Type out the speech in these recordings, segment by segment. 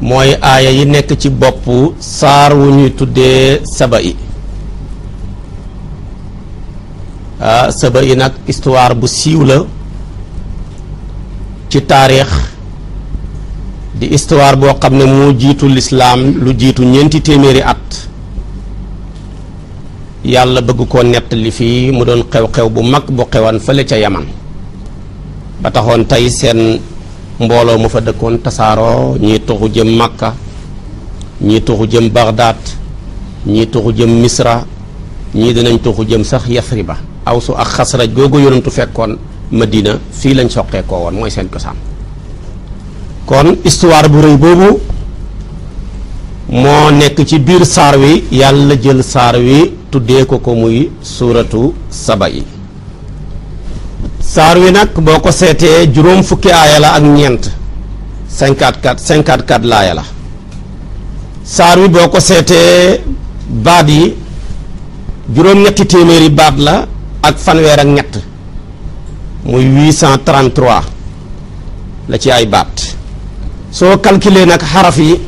mooy aaya yi nekk ci bopp saar wu ñuy tuddee saba i saba i nag histoire bu siiw la ci taarix di histoire boo xam ne moo jiitu lislaam lu jiitu ñeenti téeméeri at yàlla bëgg koo nettali fii mu doon xew-xew bu mag bu xewan fële ca yaman ba taxoon tey seen mbooloo mu fa dëkkoon tasaaroo ñii tuxu jëm Makka ñi tuxu jëm Bagdad ñii tuxu jëm Misra ñii dinañ tuxu jëm sax ba awsu ak xasraj googu yonentu fekkoon Madina fii lañ soqee koo woon mooy seen cosaan kon histoire bu rëy boobu moo nekk ci biir saar wi yàlla jël saar wi tuddee ko ko muy suuratu saba yi saar wi nag boo ko seetee juróom fukki aaya la ak ñeent 54 54 laaya la saar wi boo ko seetee baat yi juróom-ñetti téeméeri baat la ak fanweer ak ñett muy 833 la ci ay baat soo calculer nag xaraf yi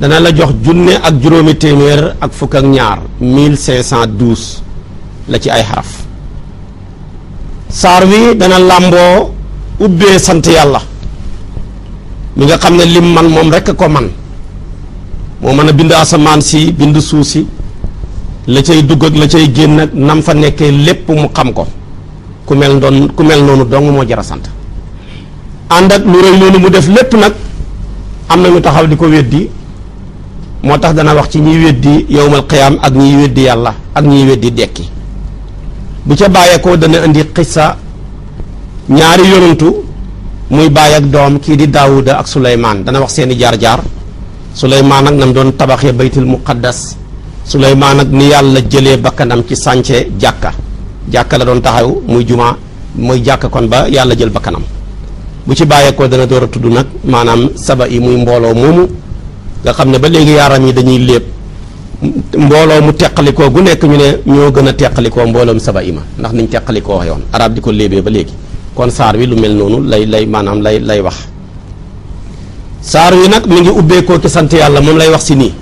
dana la jox junne ak juróomi téeméer ak fukk ak ñaar la ci ay xaraf saar wi dana làmboo ubbee sant yàlla mi nga xam ne lim man moom rekk ko man moo mën a bind asamaan si bind suuf si la cay dugg ak la cay génn ak nam fa nekkee lépp mu xam ko ku mel doon ku mel noonu dong moo jara sant ànd ak lu rëy noonu mu def lépp nag am na ñu taxaw di ko weddi moo tax dana wax ci ñiy weddi yowmal qiyaam ak ñiy weddi yàlla ak ñiy weddi dekki bu ca bàyyeekoo dana indi xissa ñaari yonantu muy bàyyi ak doom kii di daawuda ak suleymaan dana wax seeni jaar-jaar suleymaan ak nam doon tabaxee baytul muqaddas suleymaan ak ni yàlla jëlee bakkanam ci sànce jàkka jàkka la doon taxaw muy juma muy jàkka kon ba yàlla jël bakkanam bu ci bàyyeekoo dana door a tudd nag maanaam saba yi muy mbooloo moomu nga xam ne ba léegi yaaram yi dañuy léeb mbooloo mu teqalikoo gu nekk ñu ne ñoo gën a teqalikoo mbooloom saba ima ndax niñ teqalikoo waxe woon arab di ko léebee ba léegi kon saar wi lu mel noonu lay lay maanaam lay lay wax saar wi nag mi ngi ubbeekoo ci sant yàlla moom lay wax si nii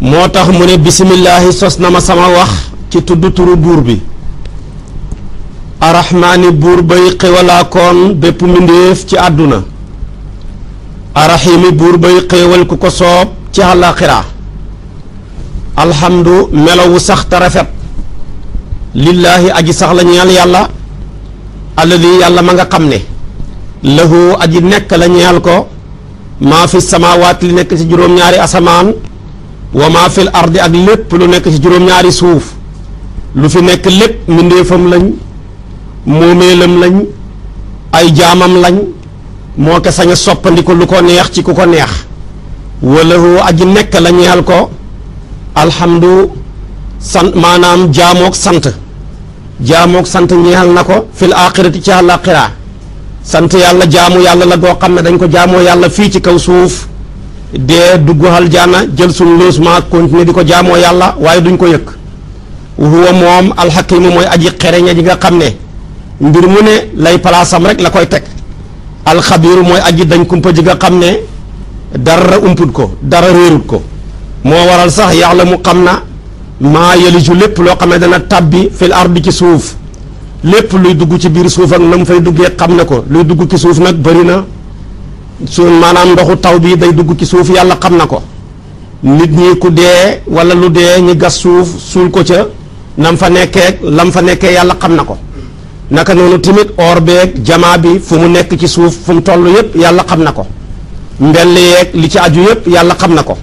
moo tax mu ne bisimillahi sos na ma sama wax ci tudd turu buur bi arahmaani buur bay xéwalaa koon bépp mbindéef ci àdduna arahimi buur bay xéewal ku ko soob ci àllaaxiraa alhamdu melowu sax te rafet lillaahi aji sax la yàlla alladi yàlla ma nga xam ne lahu aji nekk la ñeel ko maa fi samaawaat li nekk ci juróom-ñaari asamaan wa maa fil ardi ak lépp lu nekk ci juróom-ñaari suuf lu fi nekk lépp mbindéefam lañ moomeelam lañ ay jaamam lañ moo ko sañ soppandiku lu ko neex ci ku ko neex wa lahu aji nekk la ñeel ko alhamdu sant maanaam jaamook sant jaamook sant ñeexal na ko fil aaxirati ci àllaaxira sant yàlla jaamu yàlla la goo xam ne dañ ko jaamoo yàlla fii ci kaw suuf dee dugg aljaana jël suñ loosement continuer di ko jaamoo yàlla waaye duñ ko yëg huwa moom alxakimu mooy aji xereña ji nga xam ne mbir mu ne lay palaasam rek la koy teg alxabiiru mooy aji dañ kumpa ji nga xam ne dara umput ko dara réerut ko moo waral sax mu xam na maa yaliju lépp loo xam ne dana tabbi fil ardi ci suuf lépp luy dugg ci biir suuf ak na mu fay duggee xam na ko luy dugg ci suuf nag bëri na su maanaam ndoxu taw bi day dugg ci suuf yàlla xam na ko nit ñi ku dee wala lu dee ñi gas suuf suul ko ca nam fa nekkee lam fa nekkee yàlla xam na ko naka noonu tamit or beeg jamaa bi fu mu nekk ci suuf fu mu toll yëpp yàlla xam na ko mbell yeeg li ci aju yëpp yàlla xam na ko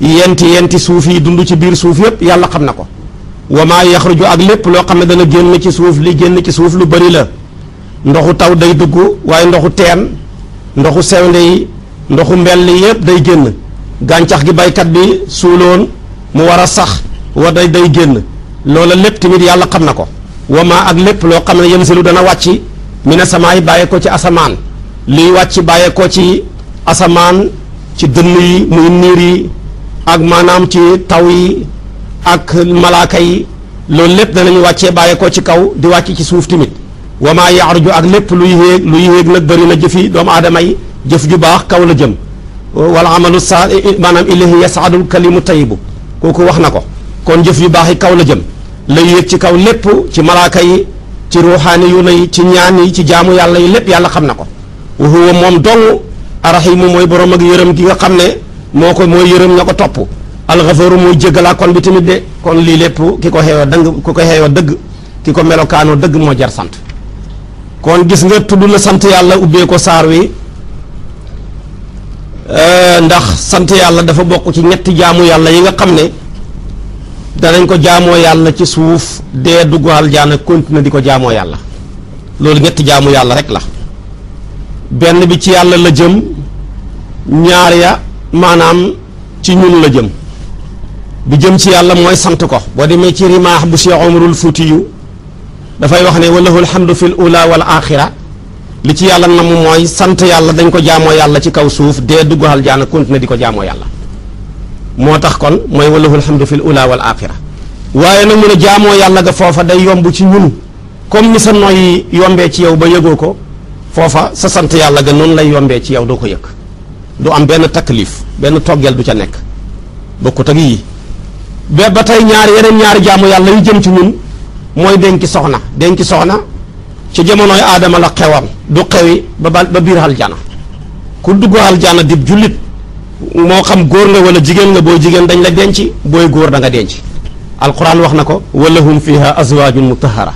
yenti yenti suuf yi dund ci biir suuf yëpp yàlla xam na ko wa maa yaxruju ak lépp loo xam ne dana génn ci suuf li génn ci suuf lu bëri la ndoxu taw day dugg waaye ndoxu teen ndoxu sewnde yi ndoxu mbell yëpp day génn gàncax gi baykat bi suuloon mu war a sax wa day day génn loola lépp tamit yàlla xam na ko wa maa ak lépp loo xam ne yem si dana wàcc mi ne samaa yi bàyyee ko ci asamaan luy wàcc bàyyeekoo ci asamaan ci dënn yi muy niir yi ak maanaam ci taw yi ak malaaka yi loolu lépp danañu wàccee bàyyee ko ci kaw di wàcc ci suuf tamit wa maa yaaruju ak lépp lu yéeg luy yéeg nag bëri na jëfi doomu aadama yi jëf ju baax kaw la jëm wal amalu sa maanaam ilayhi yasaadul kalimu tayibu kooku wax na ko kon jëf yu baax yi kaw la jëm lay yéeg ci kaw lépp ci malaaka yi ci ruuxaani yu nay ci ñaan yi ci jaamu yàlla yi lépp yàlla xam na ko wa moom dong arahimu mooy borom ak yërëm gi nga xam ne moo ko mooy yërëm ña ko topp alxafaaru mooy jéggalaa kon bi tamit de kon lii lépp ki ko xeeyoo dëgg ki ko xeeyoo dëgg ki ko melokaanoo dëgg moo jar sant kon gis nga tudd na sant yàlla ubbee ko saar wi euh, ndax sant yàlla dafa bokk ci ñetti jaamu yàlla yi nga xam ne danañ ko jaamoo yàlla ci suuf dee dugg aljaana continuer di ko jaamoo yàlla loolu ñetti jaamu yàlla rek la benn bi ci yàlla la jëm ñaar ya maanaam ci ñun la jëm bi jëm ci yàlla mooy sant ko boo demee ci rimaax bu Cheikh Omarul Fuutiyu dafay wax ne walahul hamdu fil ula wal axira li ci yàlla na mu mooy sant yàlla dañ ko jaamoo yàlla ci kaw suuf dee dugg aljaana continué di ko jaamoo yàlla moo tax kon mooy walahul hamdu fil ula wal axira waaye nag mu ne jaamoo yàlla ga foofa day yomb ci ñun comme ni sa nooy yombee ci yow ba yëgoo ko foofa sa sant yàlla ga noonu lay yombee ci yow doo ko yëg du am benn taklif benn toggeel du ca nekk bokkut ak yii ba ba tey ñaari yeneen ñaari jaamu yàlla yu jëm ci ñun mooy denki soxna denki soxna ci jamonoy aadama la xewam du xewi ba ba biir aljana ku dugg aljana dib jullit moo xam góor nga wala jigéen nga booy jigéen dañ la denc booy góor danga nga denc alquran wax na ko walahum fiha azwajun mutahara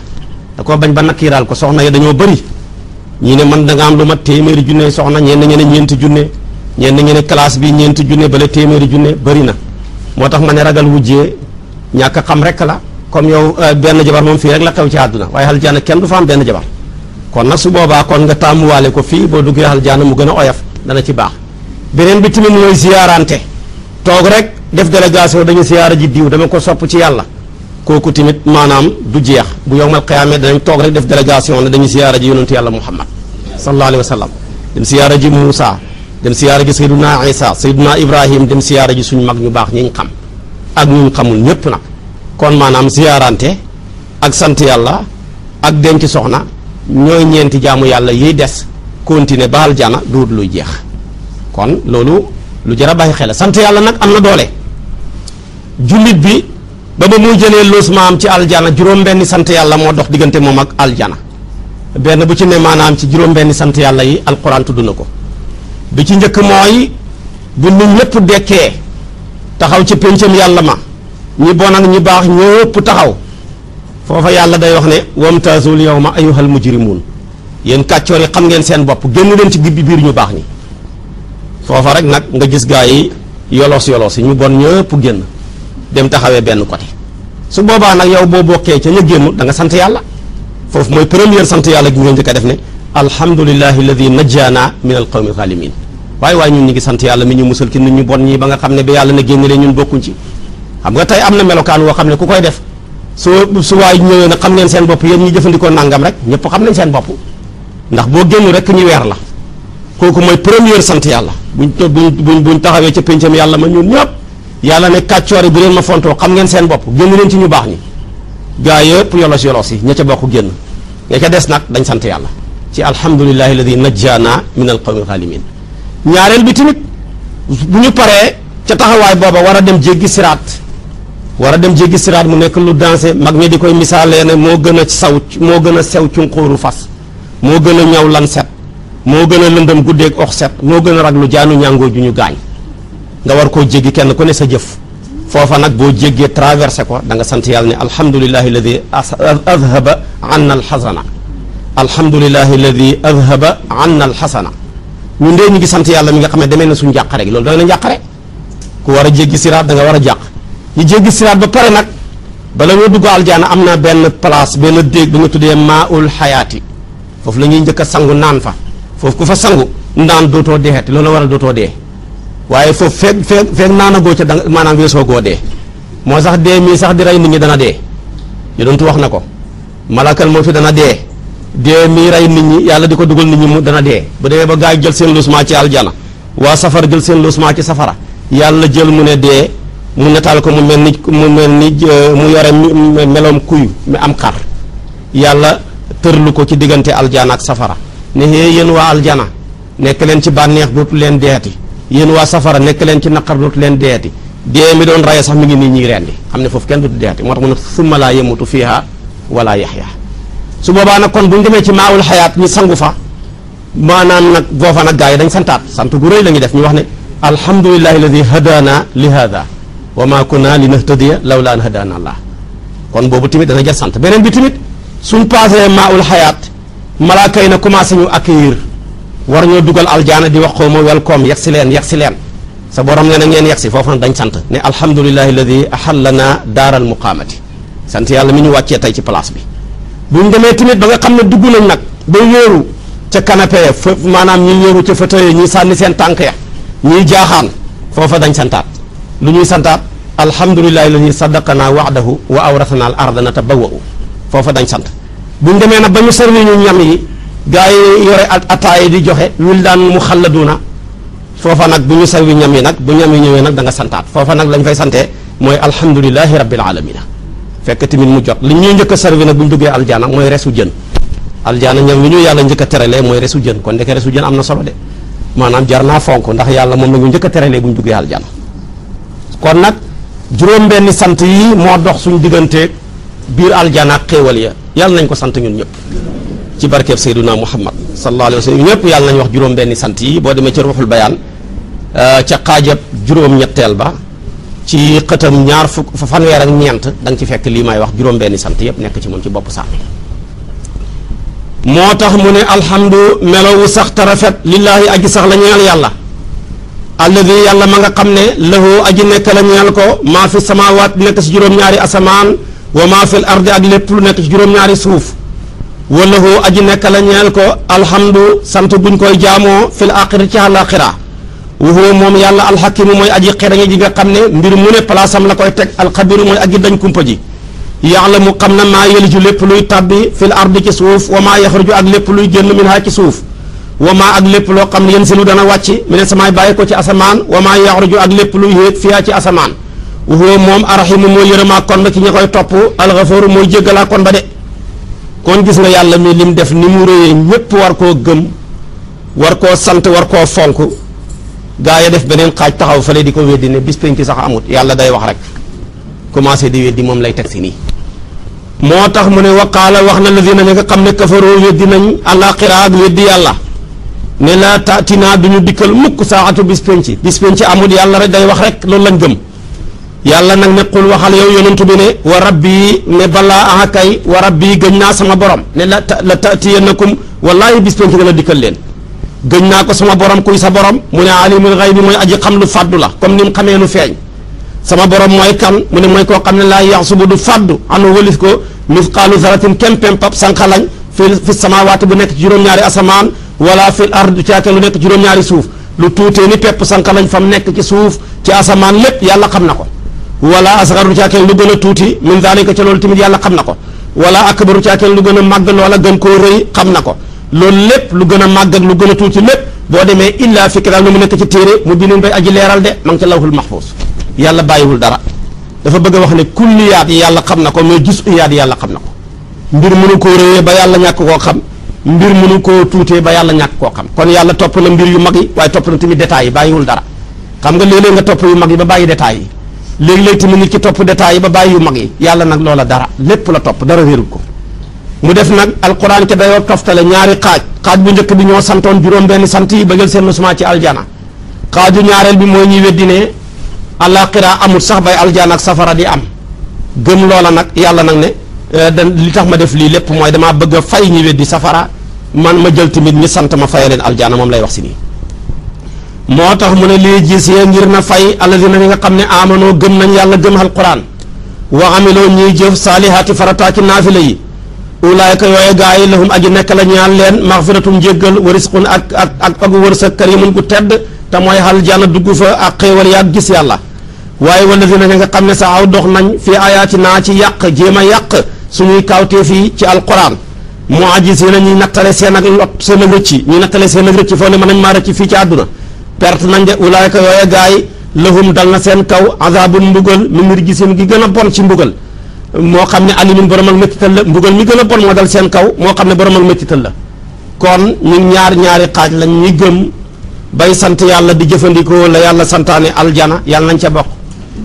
da ko bañ ba nakkiiraal ko soxna yi dañoo bëri ñii ne man da nga am lu ma téeméeri junne soxna ñeen ñeneen ñeenti junne ñenn ngeen ne classe bi ñeenti junne bale téeméeri junne bari na moo tax ma ne ragal wujjee ñàkk xam rek la comme yow euh, benn jabar moom fii rek la xew ci àdduna waaye aljana kenn du fa am benn jabar kon nag su boobaa kon nga tàmmuwaale ko fii boo duggee aljana mu gën a oyof dana ci baax beneen bi tamit mooy ziyaarante toog rek def délégation dañu ziyaara ji diw dama ko sopp ci yàlla kooku tamit maanaam du jeex bu yowmal qiyaamee danañ toog rek def délégation ne dañu ziyaara ji yonentu yàlla muhammad sallallahu alayhi wa sallam dem ziyaara ji Muusa dem siyaara ji sayduna isa sayduna ibrahim dem siyaara ji suñu mag ñu baax ñiñ xam ak ñuñ xamul ñépp nag kon maanaam siyaarante ak sant yàlla ak denc soxna ñooy ñeenti jaamu yàlla yiy des continuer ba aljana duut luy jeex kon loolu lu jar a bàyyi xel sant yàlla nag am na doole jullit bi ba ba muy jëlee loos maam ci aljana juróom-benni sant yàlla moo dox diggante moom ak aljana benn bu ci ne maanaam ci juróom-benni sant yàlla yi alquran tudd na ko bi ci njëkk mooy bu nit ñëpp dekkee taxaw ci péncam yàlla ma ñi bon ak ñi baax ñëpp taxaw foofa yàlla day wax ne wamtaazul yawma ayyuhal mujrimuun yéen kàccoor yi xam ngeen seen bopp génn leen ci gibbi biir ñu baax ñi foofa rek nag nga gis gaa yi yolos yolos yi ñu bon ñëpp génn dem taxawee benn côté su boobaa nag yow boo bokkee ca ña génn da nga sant yàlla foofu mooy première sant yàlla gi nga njëkk def ne alhamdulillahi alladi najjaana min alqawmi zalimin waaye waaye ñun ñu ngi sant yàlla mi ñu musal ci nit ñu bon ñi ba nga xam ne ba yàlla na génn leen ñun bokkuñ ci xam nga tey am na melokaan woo xam ne ku koy def soo su waay ñëwee na xam leen seen bopp yéen ñu jëfandikoo nangam rek ñëpp xam nañ seen bopp ndax boo génn rek ñu weer la kooku mooy première sant yàlla bu buñ buñ taxawee ca péncam yàlla ma ñun ñëpp yàlla ne kàccoore bu leen ma fontoo xam ngeen seen bopp génn leen ci ñu baax ñi gaa yëpp yolos yolos yi ña ca bokk génn ña ca des dañ sant yàlla ci alhamdulillahi alladi najjana min alqawmi alxaalimin ñaareel bi tamit bu ñu paree ca taxawaay booba war a dem jéggi siraat war a dem jéggi siraat mu nekk lu dansé mag ñi di koy misaalee ne moo gën a saw moo gën a sew cunqóoru fas moo gën a ñaw lan set moo gën a lëndëm guddeeg ox set moo gën a rag lu jaanu ñàngoo ju ñu gaañ nga war koo jéggi kenn ko ne sa jëf foofa nag boo jéggee traversé ko da nga sant yàlla ne alhamdulilahi alladi adhaba an na alxasana alhamdulilahi alladi adhaba an na alxasana ñun dee ñu ngi sant yàlla mi nga xam ne demee na suñ njàqare gi loolu doy na njàqare ku war a jéggi siraat da nga war a jàq ñu jéggi siraat ba pare nag bala ñoo dugg aljaana am na benn place benn déeg bu nga tuddee maaul xayaati foofu la ñuy njëkk a sangu naan fa foofu ku fa sangu naan dootoo deexeeti loolu war a dootoo dee waaye foofu feeg feeg feeg naan goo ca danga maanaam weesoo goo dee moo sax dee mii sax di rey nit ñi dana dee yonentu wax na ko malakal moo fi dana dee dee mi rey nit ñi yàlla di ko dugal nit ñi mu dana dee bu demee ba gaay jël seen losement ci aljana waa safara jël seen losement ci safara yàlla jël mu ne dee mu nataal ko mu mel ni mu mel ni euh, mu yore meloom kuy mu am xar yàlla tërlu ko ci diggante aljana ak safara ne hee yéen waa aljana nekk leen ci bànneex dootu leen deeti yéen waa safara nekk leen ci naqar dootu leen deeti dee mi doon raye sax mi ngi nii ñuy rendi am ne foofu kenn du deeti moo tax mu ne summa laa yemutu su boobaa nag kon bu ñu demee ci maawul xayaat ñu sangu fa maanaam nag boofa nag gars yi dañ santaat sant gu rëy la def ñu wax ne alhamdulilahi alladi hadana li hada wa ma kunna li nahtadiya lawla an hadana allah kon boobu tamit dana jar sant beneen bi tamit suñ passé maawul xayaat malaa yi na commencé ñu accueillir war ñoo dugal aljaana di wax ko ma welcome yegsi leen yegsi leen sa borom ne na ngeen yegsi foofu nag dañ sant ne alhamdulilahi alladi ahallana daaral muqaamati sant yàlla mi ñu wàccee tey ci place bi buñ demee tamit ba nga xam ne dugg nañ nag ba wéeru ca canapé ya maanaam ñi wéeru ca fauteuil ya ñuy sànni seen tànk ya ñuy jaaxaan foofa dañ santaat lu ñuy santaat alhamdulilahi la ñuy saddaqanaa wa'dahu wa awratanaa al arda natabawwa'u foofa dañ sant buñ demee nag ba ñu servi ñu ñam yi gaa yi yore ak ataay di joxe daan mu xal la du na foofa nag bu ñu servi ñam yi nag bu ñam yi ñëwee nag danga santaat foofa nag lañ fay santee mooy alhamdulilahi rabbil alamina fekk tamit mu jot li ñuy njëkk a servi nag bu ñu duggee aljana mooy resu jën aljana ñam wi ñu yàlla njëkk a mooy resu jën kon ndeke resu jën am na solo de maanaam jar naa fonk ndax yàlla moom la ñu njëkk a teralee bu ñu duggee aljana kon nag juróom-benni sant yi moo dox suñu digganteeg biir aljana ak xéewal ya yàlla nañ ko sant ñun ñëpp ci barkeeb Seyduna Muhammad sallallahu alayhi wa sallam ñëpp yàlla nañ wax juróom-benni sant yi boo demee ci ruuxul bayaan euh, ca xaajab juróom ba ci xëtam ñaar fukk fanweer ñeent da nga ci fekk lii may wax juróom-benni sant yëpp nekk ci moom ci bopp sax moo tax mu ne alhamdu melowu sax te rafet lillaahi aji sax la ñeel yàlla alladi yàlla ma nga xam ne lahu aji nekk la ñeel ko maa fi samaawaat nekk ci juróom-ñaari asamaan wa maa fil ardi ak lépp lu nekk si juróom-ñaari suuf wa lahu aji nekk la ñeel ko alhamdu sant buñ koy jaamoo fil aaxiri ci àllaaxira wa huwa moom yàlla alxakimu mooy aji xerañe ji nga xam ne mbir mu ne palaasam la koy teg alxabiru mooy aji dañ kumpa ji mu xam na maa yeliju lépp luy tàbbi fil ardi ci suuf wa maa yaxruju ak lépp luy génn min haa ci suuf wa maa ak lépp loo xam ne yéen si lu dana wàcc mi ne samaay bàyyi ko ci asamaan wa maa yaxruju ak lépp luy yéeg fiyaa ci asamaan wa huwa moom arrahimu mooy yërëmaa kon ba ci ña koy topp alxafooru mooy jéggalaa kon ba de gis nga yàlla mi lim def ni mu réyee ñépp war koo gëm war sant war koo fonk gaa ya def beneen xaaj taxaw fa fële di ko weddi ne bis penc sax amut yàlla day wax rek commencé di weddi moom lay teg si nii moo tax mu ne waqaala wax na ladina ne nga xam ne kafaroo weddi nañ alaxira ak weddi yàlla ne laa taatinaa duñu dikkal mukk saatu bis ci bis penc amut yàlla rek day wax rek loolu lañ gëm yàlla nag ne qul waxal yow yonentu bi ne wa rabbi ne balaa akay wa rabbi gëñ naa sama borom ne la la taatiyannakum wallaahi bis penc dana dikkal leen gëñ naa ko sama borom kuy sa borom mu ne alimul xaybi mooy aji xam lu fàddu la comme ni mu xamee lu feeñ sama borom mooy kan mu ne mooy koo xam ne laa yaxsubu du fàddu anu wëlif ko misqaalu zaratin kempem pap sànqalañ fi fi samawaati bu nekk ci juróom-ñaari asamaan wala fil ard caake nekk juróom-ñaari suuf lu tuutee ni pepp sànqalañ fa nekk ci suuf ci asamaan lépp yàlla xam na ko wala asgaru caake lu gën a tuuti min ko ca loolu tamit yàlla xam na ko wala ak caake lu gën a màgg loola gën koo xam na ko loolu lépp lu gën a màgg ak lu gën a tuuti lépp boo demee illa fikra lu mu nekk ci téere mu binun bay aji de ma ngi ca lawhul mahfuz yàlla dara dafa bëgg wax ne kulliyaat yi yàlla xam na ko mais gis uyaat yàlla xam na ko mbir mënu koo réyee ba yàlla ñàkk koo xam mbir mënu koo tuutee ba yàlla ñàkk koo xam kon yàlla topp na mbir yu mag yi waaye topp na tamit détails yi bàyyiwul dara xam nga léeg-léeg nga topp yu mag yi ba bàyyi détails yi léeg-léeg tamit nit ci topp détails yi ba bàyyi yu mag yi yàlla nag loola dara lépp la topp dara réerul ko mu def nag alquran ca dayoo toftale ñaari xaaj xaaj bu njëkk bi ñoo santoon juróom-benn sant yi bëggal seen musuma ci aljana xaaju ñaareel bi mooy ñuy weddi ne alaaxira amul sax bay aljana ak safara di am gëm loola nag yàlla nag ne eh, da li tax ma def lii lépp mooy damaa bëgg a fay ñi weddi safara man ma jël tamit ñi sant ma fay leen aljana moom lay wax si nii moo tax mu ne lii gis yee ngir na fay alladina nga xam ne amanoo gëm nañ yàlla gëm alquran wa amiloo ñuy jëf saalihaati farataaki naafila yi ulaayka yooye gaa yi lahum aji nekk la ñaan leen maxfiratum njéggal wa risqun ak ak ak pagu wërsëg karimun gu tedd te mooy xal janna dugg fa ak xéewal yàgg gis yàlla waaye walladina ña nga xam ne sax aw dox nañ fii ayaati naa ci yàq jéem a yàq suñuy kawtee fii ci alquran mu ajisina ñuy nattale seen ak lot seen ak rëcci ñuy nattale seen ak rëcci foo ne mën nañ maa rëcci fii ci àdduna perte nañ de ulaayka yooye gaa yi dal na seen kaw azabun mbugal mu ngir gisin gi gën a bon ci mbugal moo xam ne alimun borom ak méttital la mbugal mi gën a bon moo dal seen kaw moo xam ne borom ak méttital la kon ñu ñaar ñaari xaaj lañ ñi gëm bay sant yàlla di jëfandikoo la yàlla santaane aljana yàlla nañ ca bokk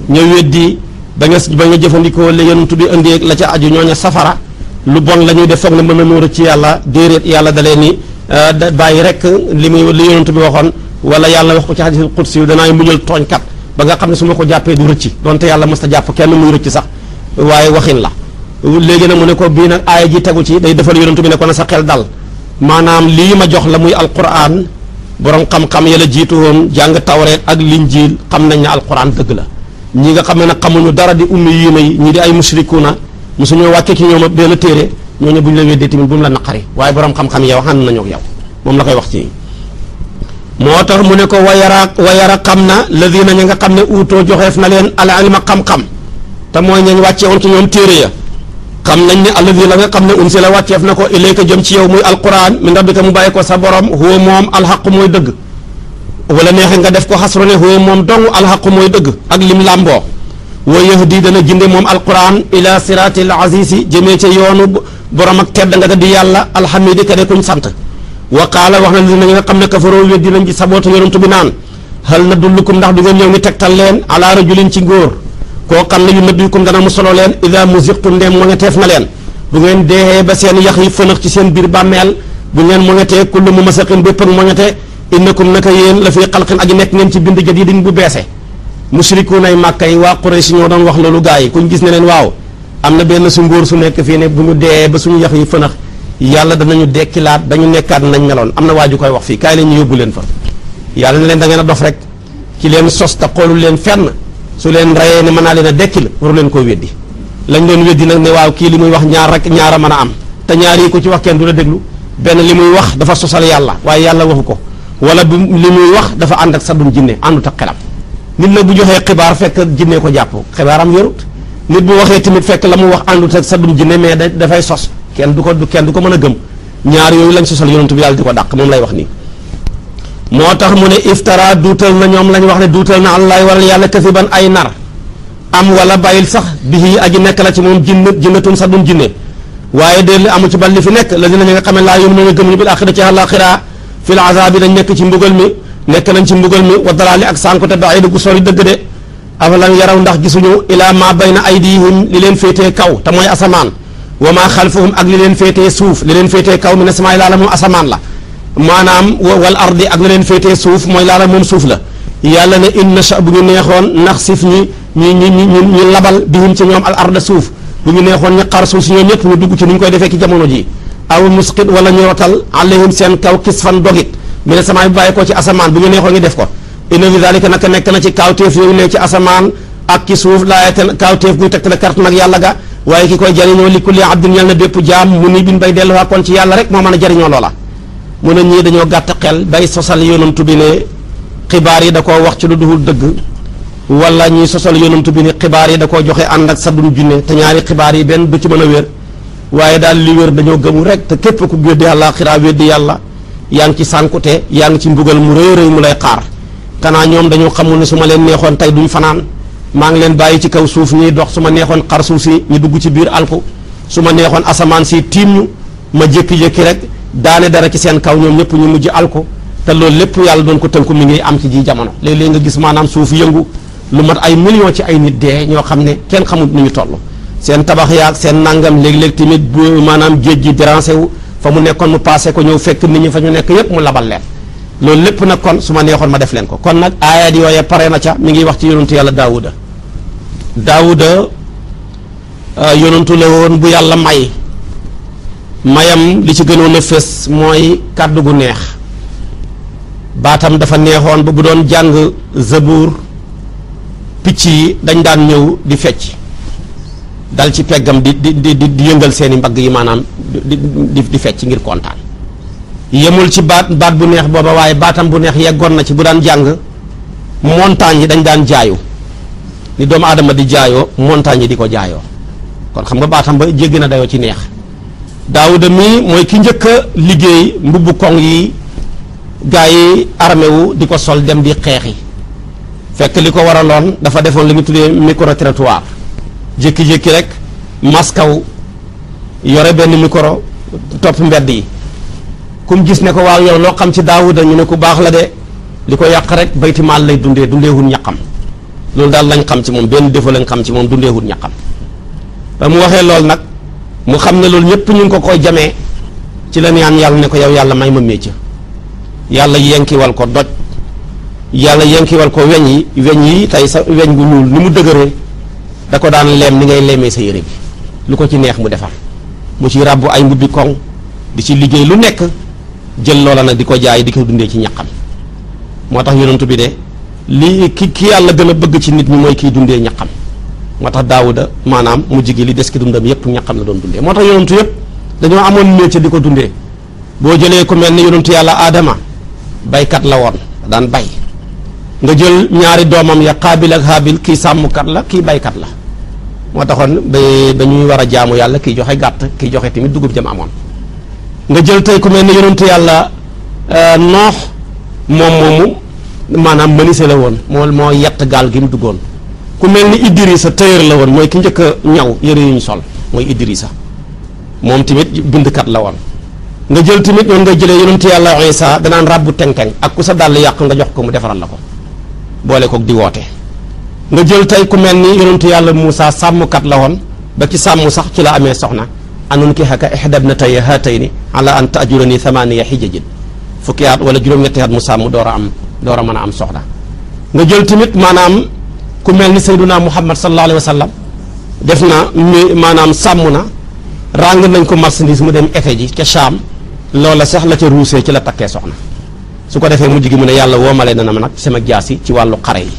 ña weddi ba nga ba nga jëfandikoo la yonent bi indi ak la ca aju ñooña safara lu bon la ñuy def foog ne mën na nuuru ci yàlla déeréet yàlla dalee ni euh, bàyyi rek li muy li yonent bi waxoon wala yàlla wax ko ci hadiisul qudsi yu danaay muñal tooñkat ba nga xam ne su ma ko jàppee du rëcci donte yàlla mës ta jàpp kenn muy rëcci sax waaye waxin la léegi nag mu ne ko bii nag aaya ji tegu ci day defal yonentu bi ne ko na sa xel dal maanaam lii ma jox la muy alquran borom xam-xam yàlla jiitu woon jàng tawreet ak linjiil xam nañ ne alquran dëgg la ñi nga xam ne nag xamuñu dara di ummi yi na ñi di ay musrikuuna mosu ñoo wàcce ci ñoom benn téere ñooñu bu ñu la weddee bu mu la naqari borom xam-xam yow xam nañu ak yow moom la koy wax ci moo tax mu ne ko wayara wayara xam na ladina ñi nga xam ne uutoo joxeef na leen al ilma xam-xam te mooy ñañ wàccee woon ci ñoom téere ya xam nañ ne alladi la nga xam ne unsi la wàcceef na ko ilayka jëm ci yow muy alquran min rabbika mu bàyyi ko sa borom huwa moom alxaqu mooy dëgg wala neexee nga def ko xasru ne huwa moom dong alxaqu mooy dëgg ak lim làmboo wa di dana ginde moom alquran ila siratil azizi jëme ca yoonu borom ak tedd nga ko di yàlla alhamidi ka de kuñ sant wa qaala wax na li nga xam ne kafaroo weddi nañ ci sabootu yonent bi naan hal nadullukum ndax du ngeen ñëw ni tegtal leen ala rajulin ci góor koo xam ne yu nabbikum dana mu solo leen ida muziqtum ndem mu na leen bu ngeen deexee ba seen yax yi fënax ci seen biir bàmmeel bu ngeen mu nga tee kullu mu masaqin bépp ak mu nga te innakum naka yéen la fi xalqin aji nekk neen ci bind din bu beese mushrikuunay màkka yi waa Quraysh ñoo doon wax loolu gaa yi kuñ gis ne leen waaw am na benn su ngóor su nekk fii ne bu ñu dee ba suñu yax yi fënax yàlla danañu dekkilaat dañu nekkaat nañ meloon am na wax fii kaay leen ñu yóbbu leen fa yàlla ne leen da ngeen a dof rek ci leen sos te xoolul leen fenn su leen rayee ne mën naa leen a dekkil waru leen koo weddi lañ doon weddi nag ne waaw kii li muy wax ñaar rek ñaar a mën a am te ñaar yi ko ci wax kenn du la déglu benn li muy wax dafa sosal yàlla waaye yàlla waxu ko wala bu li muy wax dafa ànd ak saddum jinne àndut ak xelam nit nag bu joxee xibaar fekk jinne ko jàpp xibaaram yorut nit bu waxee tamit fekk la mu wax àndut ak saddum jinne mais dafay sos kenn du ko kenn du ko mën a gëm ñaar yooyu lañ sosal yonent bi lay wax nii moo tax mu ne iftara duutal na ñoom lañ wax ne duutal na allah waral yàlla kasiban ay nar am wala bàyyil sax bihi aji nekk la ci moom jinn jinnatun sax dum jinne waaye déet li amu ci ban li fi nekk la dina ñi nga xam ne laa yuminuuna gëmuñu bil axira ci àllaaxira fil azaabi dañ nekk ci mbugal mi nekk nañ ci mbugal mi wa dalaali ak sànku te ba'iid gu sori dëgg de afalam yaraw ndax gisuñu ilaa maa bayna aydihim li leen féete kaw te mooy asamaan wa maa xalfahum ak li leen féetee suuf li leen féetee kaw mi ne samaay laala moom asamaan la maanaam wal ardi ak la leen féetee suuf mooy laala moom suuf la yàlla ne in nasha bu ñu neexoon nax sif ñi ñu ñu ñu ñu labal bihim ci ñoom al arda suuf bu ñu neexoon ñu xar suuf si ñoom ñëpp ñu dugg ci ni ñu koy defee ci jamono ji aw musqit wala ñu rotal alayhim seen kaw kis fan dogit mi samaan bi bàyyi ko ci asamaan bu ñu neexoon ñu def ko inna fi dalika naka nekk na ci kaawteef yooyu ne ak ci suuf laayatan kaawteef guy tegtale carte nag yàlla ga waaye ki koy jariñoo li kulli abdin yàlla na bépp jaam mu ni bin bay delluwaa kon ci yàlla rek moo mën a jariñoo loola mu ne ñii dañoo gàtt xel bay sosal yonantu bi ne xibaar yi da koo wax ci lu dul dëgg wala ñuy sosal yonantu bi ne xibaar yi da koo joxe ànd ak saddum junne te ñaari xibaar yi benn du ci mën a wér waaye daal li wér dañoo gëmu rek te képp ku weddi àllaaxira weddi yàlla yaa ngi ci sànkute yaa ngi ci mbugal mu rëy rëy mu lay xaar xanaa ñoom dañoo xamul ne su ma leen neexoon tey duñ fanaan maa ngi leen bàyyi ci kaw suuf ñuy dox su ma neexoon xar suuf si ñu dugg ci biir alku su ma neexoon asamaan si tiim ma jékki rek daane dara ci seen kaw ñoom ñëpp ñu mujj alko te loolu lépp yàlla doon ko tënku mu ngi am ci ji jamono léeg-léeg nga gis maanaam suuf yëngu lu mat ay million ci ay nit dee ñoo xam ne kenn xamut nu ñu toll seen tabax yaag seen nangam léeg-léeg tamit bu maanaam géej gi dérancé wu fa mu nekkoon mu passé ko ñëw fekk nit ñi fa ñu nekk yépp mu labal leen loolu lépp nag kon su ma neexoon ma def leen ko kon nag aayat yooye pare na ca mi ngi wax ci yonentu yàlla daawuda daawuda ah, yonentu la woon bu yàlla may mayam li ci gënoon a fës mooy kàddu gu neex baatam dafa neexoon ba bu doon jàng zabuur picc yi dañ daan ñëw di fecc dal ci peggam di di di di yëngal seeni mbagg yi maanaam di di fecc ngir kontaan yemul ci baat baat bu neex booba waaye baatam bu neex yeggoon na ci bu daan jàng montagne yi dañ daan jaayu ni doomu aadama di jaayoo montagne yi di ko jaayoo kon xam nga baatam ba jéggi na dayoo ci neex daawuda mi mooy ki njëkk a liggéey mbubbu koŋ yi gaa yi armé di ko sol dem di xeexi fekk li ko waraloon dafa defoon li ñu tuddee micro trottoir jékki-jékki rek maskaw yore benn micro topp mbedd yi kum gis ne ko waaw yow loo xam ci daawuda ñu ne ku baax la de li ko yàq rek bayti maal lay dundee dundeewul ñaqam loolu daal lañ xam ci moom benn défaut lañ xam ci moom dundeewul ñaqam ba mu waxee loolu nag mu xam ne loolu ñëpp ñu ngi ko koy jamee ci la ñaan yàlla ne ko yow yàlla may ma métier yàlla yenkiwal ko doj yàlla yenkiwal ko weñ yi weñ yi tey sa weñ gu ñuul ni mu dëgëree da ko daan leem ni ngay leemee sa yére bi lu ko ci neex mu defar mu ci ràbbu ay mbubbi koŋ di ci liggéey lu nekk jël loola nag di ko jaay di ko dundee ci ñaqam moo tax yonentu bi de lii ki ki yàlla gën a bëgg ci nit ñi mooy kiy dundee ñaqam moo tax daawuda maanaam mu jigi li des ki dundam yëpp ñaqam la doon dundee moo tax yonantu yëpp dañoo amoon métier di ko dundee boo jëlee ku mel ni yonantu yàlla aadama baykat la woon daan bay nga jël ñaari doomam ya xaabil kii sàmmkat la kii baykat la moo taxoon ba ba war a jaamu yàlla kii joxe gàtt kii joxe tamit dugub jam amoon nga jël tey ku mel ni yonantu yàlla euh, noox moom moomu maanaam mënise la woon moo moo yett gaal gi mu duggoon ku mel ni Idrissa tailleur la woon mooy ki njëkk a ñaw yëre ñu sol mooy Idrissa moom tamit bindkat la woon nga jël tamit noonu nga jëlee ti yàlla Isa danaan ràbbu teng-teng ak ku sa dàll yàq nga jox ko mu defaral la ko boole koog di woote nga jël tey ku mel ni ti yàlla Moussa sàmmkat la woon ba ci sàmmu sax ci la amee soxna anun ki xaka ihdab na tey haatay ni ala an taajurani thamaniya xijajin fukki at wala juróom-ñetti at mu sàmm door am door a mën a am soxna ku mel ni sayduna muhammad sallallahu alayhi wa sallam def na mi maanaam sàmm na ràng nañ ko marchandise mu dem été ji ca Cham loola sax la ca ruusee ci la takkee soxna su ko defee mu gi mu ne yàlla woo woomale na ma nag sama jaas yi ci wàllu xare yi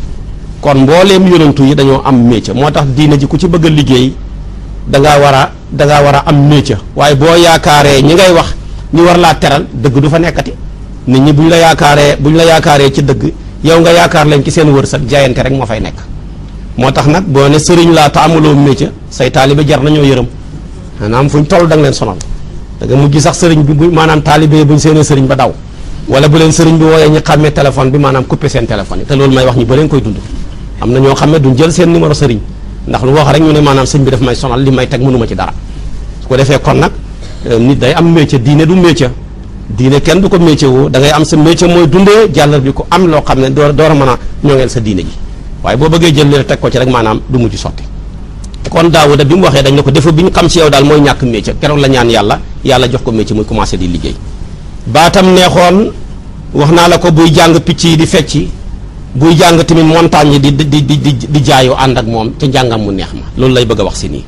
kon mbooleem yonantu yi dañoo am métier moo tax diina ji ku ci bëgg a liggéey dangaa war a dangaa war a am métier waaye boo yaakaaree ñi ngay wax ñu war laa teral dëgg du fa nekkati nit ñi buñ la yaakaaree buñ la yaakaaree ci dëgg yow nga yaakaar leen ci seen wërsëg jaayante rek moo fay nekk moo tax nag boo ne sëriñ laa taamuloo métier say taalibe jar nañoo yërëm maanaam fuñ toll da nga leen sonal da nga mujj sax sëriñ bi bu maanaam taalibe buñ seenee sëriñ ba daw wala bu leen sëriñ bi wooyee ñu xàmmee téléphone bi maanaam coupé seen téléphone yi te loolu may wax ñu ba leen koy dund am na ñoo xam ne duñ jël seen numéro sëriñ ndax lu wax rek ñu ne maanaam sëñ bi daf may sonal li may teg mënuma ci dara ko defee kon nag euh, nit day am métier diine du métier diine kenn du ko métier dangay da ngay am sa métier mooy dundee jàllar bi ko am loo xam ne door door a mën a ñoŋeel sa diine ji waaye boo bëggee jël leen teg ko ci rek maanaam du mujj sotti kon Daawuda bi mu waxee dañ ne ko defa bi ñu xam si yow daal mooy ñàkk métier keroog la ñaan yàlla yàlla jox ko métier muy commencé di liggéey baatam neexoon wax naa la ko buy jàng picc yi di fecci buy jàng tamit montagne yi di di di di jaayoo ànd ak moom te njàngam mu neex ma loolu lay bëgg wax si nii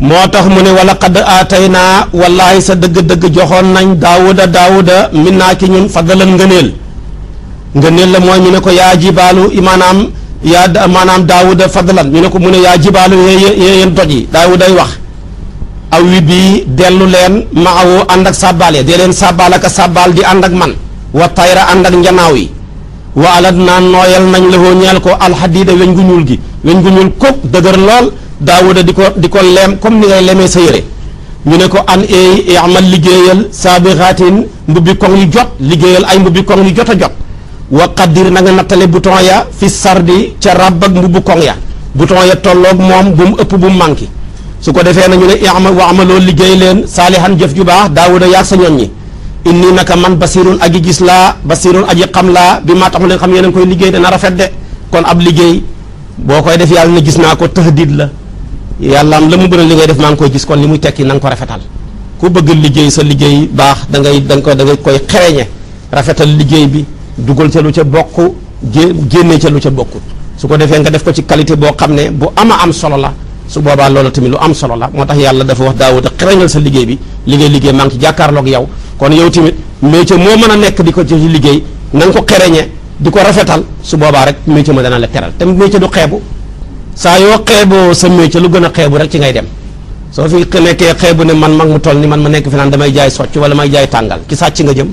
moo tax mu ne wala qad aataynaa wallaahi sa dëgg-dëgg joxoon nañ daawuda daawuda min ki ñun faddalan ngëneel ngëneel la mooy ñu ne ko yaa jibaalu imaanaam yaa maanaam daawuda faddalan ñu ne ko mu ne yaa jibaalu yee yéen doj yi daawuday wax aw wi bii dellu leen maawu ànd ak sàbbaal ya dee leen sàbbaal sàbbaal di ànd ak man wa tayra ànd ak njanaaw yi wa alat naa nooyal nañ la foo ñeel ko alxadiida weñ gu ñuul gi weñ gu ñuul ko dëgër lool daawuda di ko di ko leem comme ni ngay lemee sa yére ñu ne ko an eey amal liggéeyal saabixaatin mbubbi koŋ yu jot liggéeyal ay mbubbi koŋ yu jot a jot wa qaddir na nga nattale bouton ya fi sardi ca ràbb ak mbubbu koŋ ya bouton ya tolloog moom bu mu ëpp bu mu manqué su ko defee nañu ne wa amaloo liggéey leen saalihan jëf ju baax daawuda ak sa ñoon yi inni naka man basirun aji gis laa basirun aji xam laa bi maa taxu leen xam yéen a koy liggéey dana rafet kon ab liggéey boo koy def yàlla na gis naa ko tahdid la yàlla am la mu bëri li ngay def maa ngi koy gis kon li muy tekki na ko rafetal ku bëgg liggéey sa liggéey baax da ngay koy da ngay koy xereñe rafetal liggéey bi dugal ca lu ca bokk gé génnee ca lu ca bokkut su ko defee nga def ko ci qualité boo xam ne bu ama am solo la su boobaa loolu tamit lu am solo la moo tax yàlla dafa wax a xereñal sa liggéey bi li ngay liggéey maa ngi ci jàkkaarlook yow kon yow tamit métier moo mën a nekk di ko ci liggéey nañ ko xereñe di ko rafetal su boobaa rek métier ma dana la teral te métier du xeebu saa yoo xeeboo sa métier lu gën a xeebu rek ci ngay dem soo fi nekkee xeebu ne man mag mu toll ni man ma nekk fi damay jaay socc wala may jaay tàngal ci sàcc nga jëm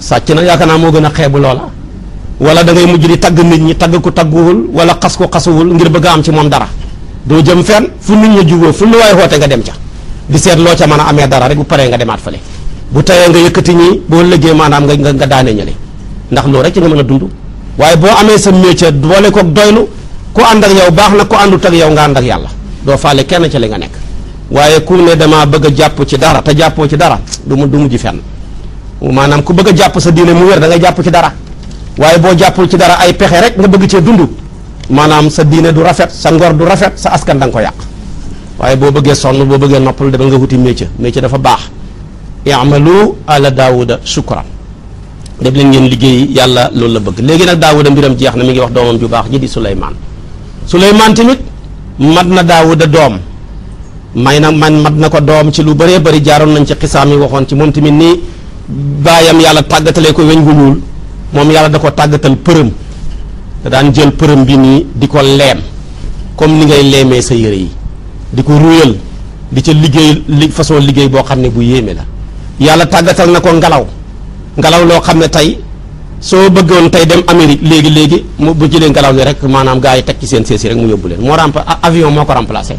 sàcc na yaakaar naa moo gën a xeebu loola wala da ngay mujj di tagg nit ñi tagg ku tagguwul wala xas ko xasuwul ngir bëgg a am ci moom dara doo jëm fenn fu nit ñi juboo fu lu waay xoote nga dem ca di seet loo ca mën a amee dara rek bu paree nga demaat fële bu tayee nga yëkkati ñi boo liggéey maanaam nga nga daane ñële ndax loolu rek ci nga mën a dund waaye boo amee sa métier boole koog doylu ku ànd ak yow baax na ku àndut ak yow nga ànd ak yàlla doo faale kenn ca li nga nekk waaye ku ne damaa bëgg jàpp ci dara te jàppoo ci dara du mu du mujj fenn maanaam ku bëgg jàpp sa diine mu wér da ngay jàpp ci dara waaye boo jàppul ci dara ay pexe rek nga bëgg cee dund maanaam sa diine du rafet sa ngor du rafet sa askan da nga boo bëggee sonn boo bëggee noppal demal nga wuti métier métier dafa baax i'malu ala daawuda shukran def leen ngeen liggéey yàlla loolu la bëgg léegi nag daawuda mbiram jeex na mi ngi wax doomam ju baax ji di suleymaan suleymaan tamit mat na daawuda doom may na man mat na ko doom ci lu bëree bari jaaroon nañ ci xisaam yi waxoon ci moom tamit nii baayam yàlla tàggatalee ko weñ gu ñuul moom yàlla da ko tàggatal përëm daan jël përëm bi nii di ko leem comme ni ngay leemee sa yére yi di ko ruyal di ca liggéey li façon liggéey boo xam ne bu yéeme la yàlla tàggatal na ko ngelaw ngelaw loo xam ne tey soo bëggoon tey dem Amérique léegi léegi mu bu jëlee ngelaw li rek maanaam gars yi teg ci seen seesi rek mu yóbbu leen moo rempa avion moo ko remplacé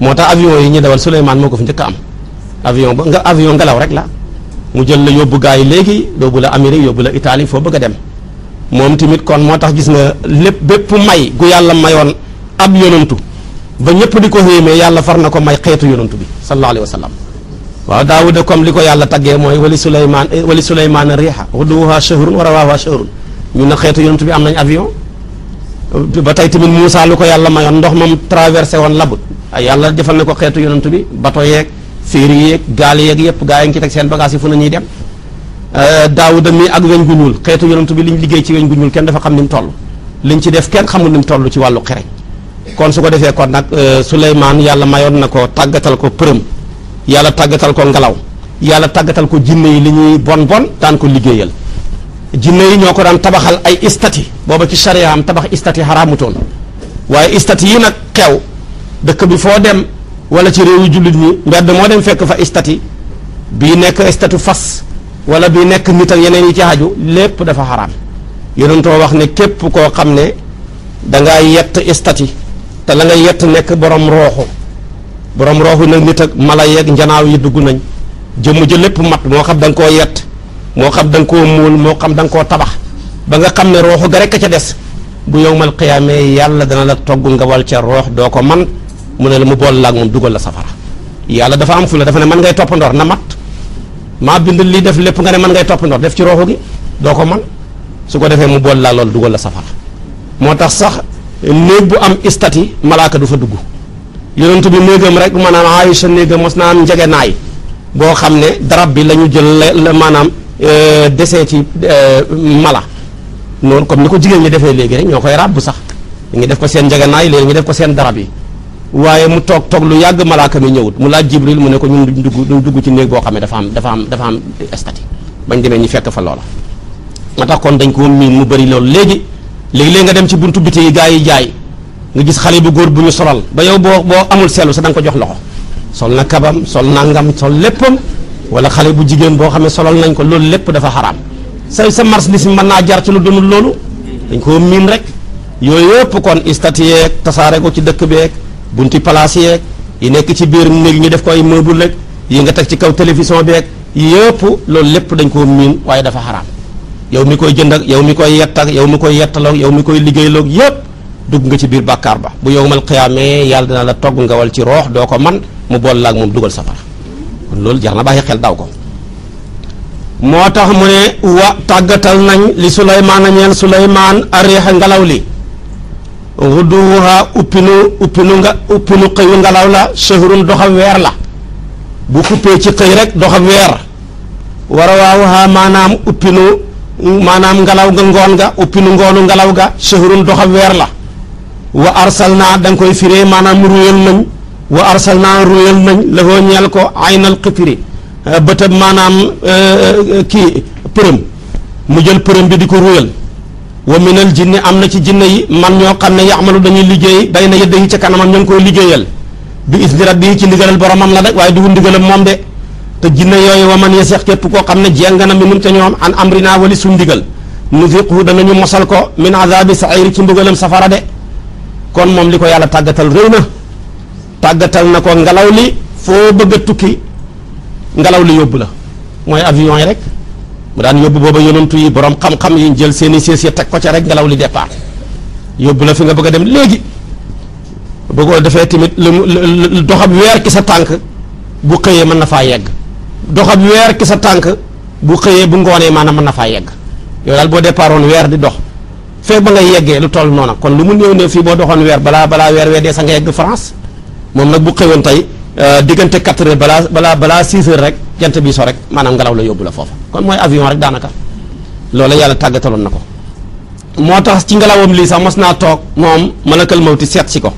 moo tax avion yi ñu dawal Souleymane moo ko fi njëkk am avion ba nga avion ngelaw rek la mu jël la yóbbu gaa yi léegi yóbbu la Amérique yóbbu la Italie foo bëgg a dem moom tamit kon moo tax gis nga lépp bépp may gu yàlla mayoon ab yonantu ba ñëpp di ko xéemee yàlla far na ko may xeetu yonantu bi sallallahu alayhi wa sallam waaw daawuda comme li ko yàlla taggee mooy wali suleymaan eh, wali suleymaan riixa xuduwuha shahrun wa rawaaha shahrun ñun na xeetu yonent bi am nañ avion ba tey tamit Moussa lu ko yàlla mayoon ndox moom traversé woon labut ay yàlla defal na ko xeetu yonent bi bato yeeg féeri yeeg gaal yeeg yëpp gaa yi ngi ci teg seen bagage yi fu na ñuy dem euh, daawuda mi ak weñ gu ñuul xeetu yonent bi li ñu liggéey ci weñ gu ñuul kenn dafa xam ni mu toll liñ ci def kenn xamul ni mu tollu ci wàllu xereñ kon su ko defee kon nag euh, Suleymaan yàlla mayoon na ko tàggatal ko përëm yàlla tàggatal ko ngelaw yàlla tàggatal ko jinne yi li ñuy bon bon daan ko liggéeyal jinne yi ñoo ko daan tabaxal ay istati booba ci charia am tabax istati xaraamutoon waaye istati yi nag xew dëkk bi foo dem wala ci réew yu jullit ñi mbedd moo dem fekk fa istati bii nekk istatu fas wala bii nekk nit yeneen yi ci xaju lépp dafa xaraam yonentoo wax ne képp koo xam ne dangaa yett istati te la nga yett nekk borom rooxu borom rooxu nag nit ak mala yeeg njanaaw yi dugg nañ jëmm ji lépp mat moo xam danga nga koo yett moo xam da nga koo muul moo xam da nga koo tabax ba nga xam ne rooxu ga rek a ca des bu yowmal qiyaamee yàlla dana la togg nga wal ca roox doo ko man mu ne la mu bool laag moom dugal la safara yàlla dafa am fu la dafa man ngay toppandoor na mat maa bind lii def lépp nga ne man ngay toppandoor def ci rooxu doo ko man su ko defee mu bool laa loolu dugal la safara moo tax sax néeg bu am istati malaaka du fa dugg yonent bi néegam rek maanaam Aïcha néegam mos naa am njegenaay boo xam ne darab bi lañu jël la maanaam euh, dessin ci euh, mala noonu comme ni ko jigéen ñi defee léegi rek ñoo koy ràbb sax ñu def ko seen njegenaay léegi ñu def ko seen darab yi waaye mu toog toog lu yàgg malaaka mi ñëwut mu laaj jibril mu ne ko ñun duñ dugg duñ dugg ci néeg boo xam ne dafa am dafa am dafa am estati bañ demee ñu fekk fa loola ma tax kon dañ ko miin mu bari loolu léegi léegi léegi nga dem ci buntu biti yi gaa yi jaay nga gis xale bu góor bu ñu solal ba yow boo boo amul seelu sa da ko jox loxo sol na kabam sol nangam sol léppam wala xale bu jigéen boo xam ne solal nañ ko loolu lépp dafa xaraam sa sa marchandise mën naa jar ci lu dunul loolu dañ koo miin rek yooyu yëpp kon istati yeeg tasaare ko ci dëkk beeg bunti palaas yeeg yi nekk ci biir néeg ñu def koy ay meuble yi nga teg ci kaw télévision beeg yëpp loolu lépp dañ koo miin waaye dafa xaraam yow mi koy jënd yow mi koy yett ak yow mi koy yettaloog yow mi koy liggéeyloog yëpp dugg nga ci biir bàkkaar ba bu yowmal xiyaamee yàlla dina la togg ngawal ci roox doo ko man mu bool laag moom dugal safara kon loolu jar na bàyyi xel daw ko moo tax mu ne wa tàggatal nañ li suleymaan a ñeel suleymaan a réexa ngelaw li ghuduwuha uppinu uppinu nga uppinu xëyu ngelaw la shahrun doxab weer la bu xuppee ci xëy rek doxab weer maanaam uppinu maanaam ngelaw nga uppi nga uppinu ngoonu ngelaw ga dox doxab weer la wa arsalnaa da nga koy firee maanaam ruyal nañ wa arsalnaa ruyal nañ la ko ñeel ko aynal xitiri euh, bëtëb maanaam euh, euh, kii përëm mu jël përëm bi di ko ruyal wa minal jinni am na ci jinne yi man ñoo xam ne yaxmalu dañuy liggéey day na yëdda yi ca kanamam ña ngi koy liggéeyal bi isni rabbi yi ci ndigalal boromam la rek waaye du ndigalal moom de te jinne yooyu wa man yasex képp koo xam ne jénga na minum ca ñoom an amrina wali suñ ndigal nuziqhu danañu mosal ko min azabi sairi ci mbugalam safara de kon moom li ko yàlla tàggatal rëy na tàggatal na ko ngelaw li foo bëgg a tukki ngelaw li yóbbu la mooy avion yi rek mu daan yóbbu booba yonantu yi borom xam-xam yi jël seen i sées ya teg ko ca rek ngelaw li départ yóbbu la fi nga bëgg a dem léegi bu ko defee tamit lu doxab weer ki sa tànk bu xëyee mën na faa yegg doxab weer ki sa tànk bu xëyee bu ngoonee maanaam mën na faa yegg yow daal boo départoon weer di dox fee ba ngay yeggee lu toll noonu kon lu mu néew néew fii boo doxoon weer balaa balaa weer wee dee sa nga yegg France moom nag bu xëwoon tey euh, diggante 4 heures balaa balaa balaa 6 heures rek jant bi rek maanaam ngelaw la yóbbu la foofa kon mooy avion rek daanaka loola yàlla tàggataloon na ko moo tax ci ngelawam lii sax mos naa toog moom malakal mawti seet si ko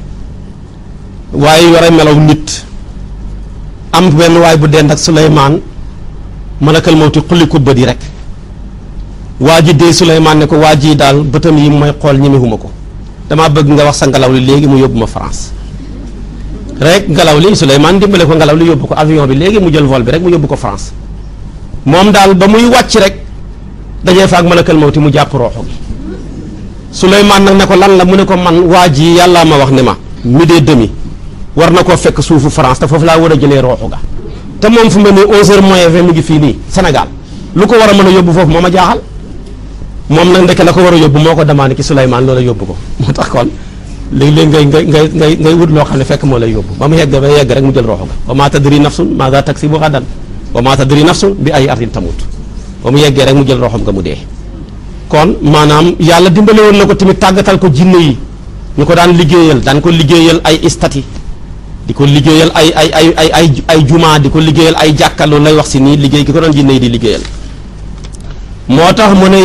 waaye yore melaw nit am benn waay bu dend ak Suleymaan malakal mawti xulli ko bët yi rek waa ji dee Souleymane ne ko waa ji daal bëtam yi may xool ñemewuma ko damaa bëgg nga wax sa ngelaw li léegi mu yóbbu ma France rek ngelaw li Souleymane dimbale ko ngelaw li yóbbu ko avion bi léegi mu jël vol bi rek mu yóbbu ko France moom daal ba muy wàcc rek dajee faak malakal ti mu jàpp rooxu gi Souleymane nag ne ko lan la mu ne ko man waa ji yàllaa ma wax ne ma midi demi war na ko fekk suufu France te foofu laa war a jëlee rooxu ga te moom fu mu ne nii mu ngi fii nii Sénégal lu ko war a mën a yóbbu foofu moo ma jaaxal moom nag ndeke la ko war a yóbbu moo ko demandé ci Souleymane loola yóbbu ko moo tax kon léegi-léegi ngay ngay ngay ngay wut loo xam ne fekk moo lay yóbbu ba mu yegg ba yegg rek mu jël roxo ga wa maa tadri nafsun maadaa taksibu xadan wa maa tadri nafsun bi ay ardin tamut ba mu yeggee rek mu jël roxam nga mu dee kon maanaam yàlla dimbale woon na ko tamit tàggatal ko jinne yi ñu ko daan liggéeyal daan ko liggéeyal ay istati di ko liggéeyal ay ay ay ay ay ay jumaa di ko liggéeyal ay jàkka loolu lay wax si nii liggéey ki ko doon jinne yi di liggéeyal moo tax mu ne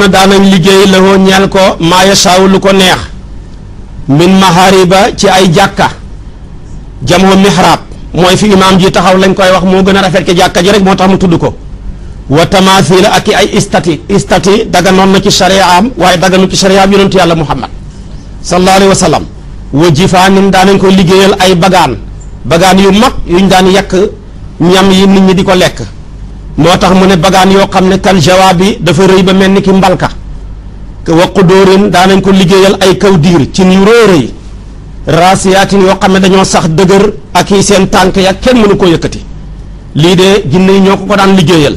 na daanañ liggéey lahoo ñeel ko maa yasaaw lu ko neex min mahariba ci ay jàkka jamoo mihrab mooy fi imaam ji taxaw lañ koy wax moo gën a rafet ke jàkka ji rek moo tax mu tudd ko wa tamathila ak i ay istati istati daganoon na ci shariaam waaye daganu ci shariaam yonentu yàlla muhammad sallallahu alayhi wa sallam wa jifaanin daanañ ko liggéeyal ay bagaan bagaan yu mag yuñ daan yàq ñam yi nit ñi di ko lekk moo tax mu ne bagaan yoo xam ne kal jawaab yi dafa rëy ba mel ni ki mbalka waqu daa daanañ ko liggéeyal ay kaw diir ci ni rëy rëy raasiyaatin yoo xam ne dañoo sax dëgër ak yi seen tànk ya kenn mënu koo yëkkati lii de jinne yi ñoo ko ko daan liggéeyal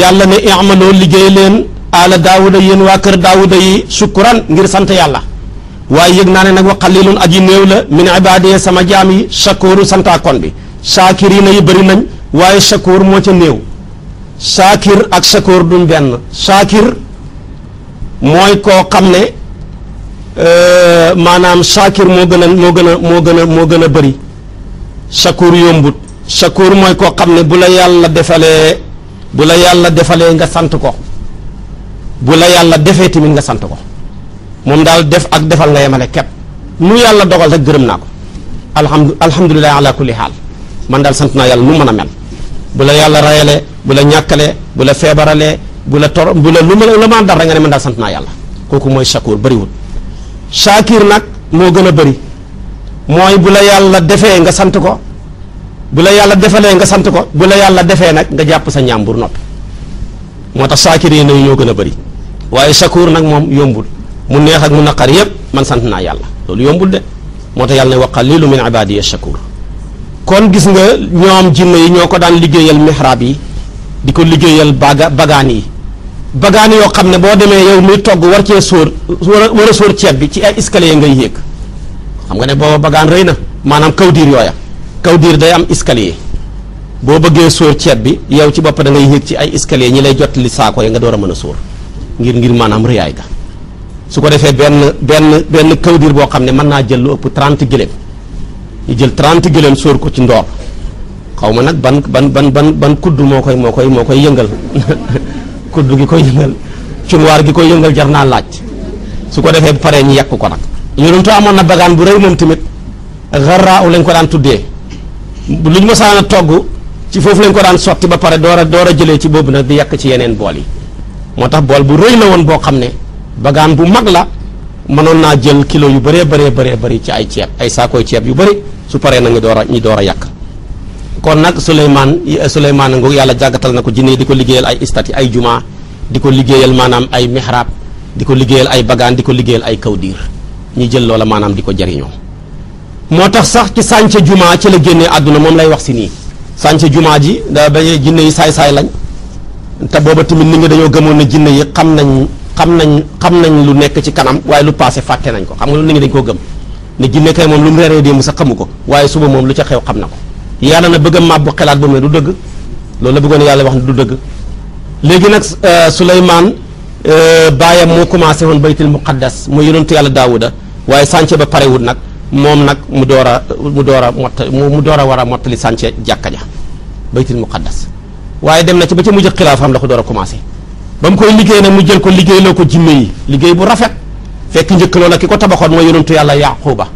yàlla ne imaloo liggéey leen ala daawuda yéen waa kër daawuda yi sukkuran ngir sant yàlla waaye yëg naa ne nag wa qalilun aji néew la min ibaadiya sama jaam yi shakooru santaakon bi shaakiriina yi bëri nañ waaye shakoor moo ca néew saakir ak sakoor duñ benn saakir mooy koo xam ne euh, maanaam saakir moo gën a moo gën a moo gën a moo gën a bëri sakoor yombut sakoor mooy koo xam ne bu la yàlla defalee bu la yàlla defalee nga sant ko bu la yàlla defee tamit nga sant ko moom daal def ak defal nga yemale kepp mu yàlla dogal rek gërëm naa ko alhamdu alhamdulilah ala kulli xaal man daal sant naa yàlla nu mën a mel bu la yàlla rayale bu la ñàkkale bu la feebaralee bu la tor bu la lu la maan dal rek nga ne man daal sant naa yàlla kooku mooy shakuur bëriwul shaakir nag moo gën a bëri mooy bu la yàlla defee nga sant ko bu la yàlla defalee nga sant ko bu la yàlla defee nag nga jàpp sa ñaambur noppi moo tax shaakir yi nañu ñoo gën a bëri waaye shakuur nag moom yombul mu neex ak mu naqar yëpp man sant naa yàlla loolu yombul de moo tax yàlla ne wa qalilu min ibadiya shakuur kon gis nga ñoo am jinne yi ñoo ko daan liggéeyal mihraab yi di ko liggéeyal baga bagaan yi bagaan yoo xam ne boo demee yow muy togg war cee sóor war war ceeb bi ci ay escalier ngay yéeg xam nga ne booba bagaan rëy na maanaam kaw yooya kaw day am escalier boo bëggee soor ceeb bi yow ci bopp da ngay yéeg ci ay escalier ñi lay jot li saako yi nga door a mën a sóor ngir ngir maanaam rëyaay ga su ko defee benn benn benn kaw boo xam ne mën naa jël lu ëpp 30 ñu jël 30 gëléem sóor ko ci ndoor xaw ma nag ban ban ban ban ban kudd moo koy moo koy moo koy yëngal kudd gi koy yëngal cunwaar gi koy yëngal jar naa laaj su ko defee paree ñu yàq ko nag yonentu amoon na bagaan bu rëy moom tamit xarraa lañ ko daan tuddee lu ñu mosaan a togg ci foofu lañ ko daan sotti ba pare door a door a jëlee ci boobu nag di yàkk ci yeneen bool yi moo tax bool bu rëy la woon boo xam ne bagaan bu mag la mënoon naa jël kilo yu bëree bëree bëree bari ci ay ceeb ay saakooy ceeb yu bëri su paree na ñu door a ñu door a yàq kon nag Souleymane Souleymane ngu yàlla jàggatal na ko jinne di ko liggéeyal ay ay juma di ko liggéeyal maanaam ay mihrab di ko liggéeyal ay bagaan di ko liggéeyal ay kawdiir ñu jël loola maanaam di ko jariñoo moo tax sax ci sànce juma ci la génnee àdduna moom lay wax si nii sànce juma ji da ba jinne yi saay-saay lañ te booba tamit nit ñi dañoo gëmoon na jinne yi xam nañ xam nañ xam nañ lu nekk ci kanam waaye lu passé fàtte nañ ko xam nga lu nit ñi dañ koo gëm ne jinne kay moom lu mu reeree démb sa xamu ko waaye suba moom lu ca xew xam na ko yàlla na bëgg a màbbu xelaat bu mu ne du dëgg loolu la bëggoon yàlla wax ne du dëgg léegi nag euh, Suleymaan euh, baayam moo commencé woon baytul muqaddas mu yonentu yàlla daawuda waaye sànce ba parewut nag moom nag mu door a mu door a mott mu door a war a mottali sànce jàkka ja baytul muqaddas waaye dem na ci ba ca mujj xilaafam la ko door a commencé ba mu koy liggéey nag mu jël ko liggéey loo ko jinne yi liggéey bu rafet fekk njëkk loola ki ko tabaxoon mooy yonentu yàlla yaquba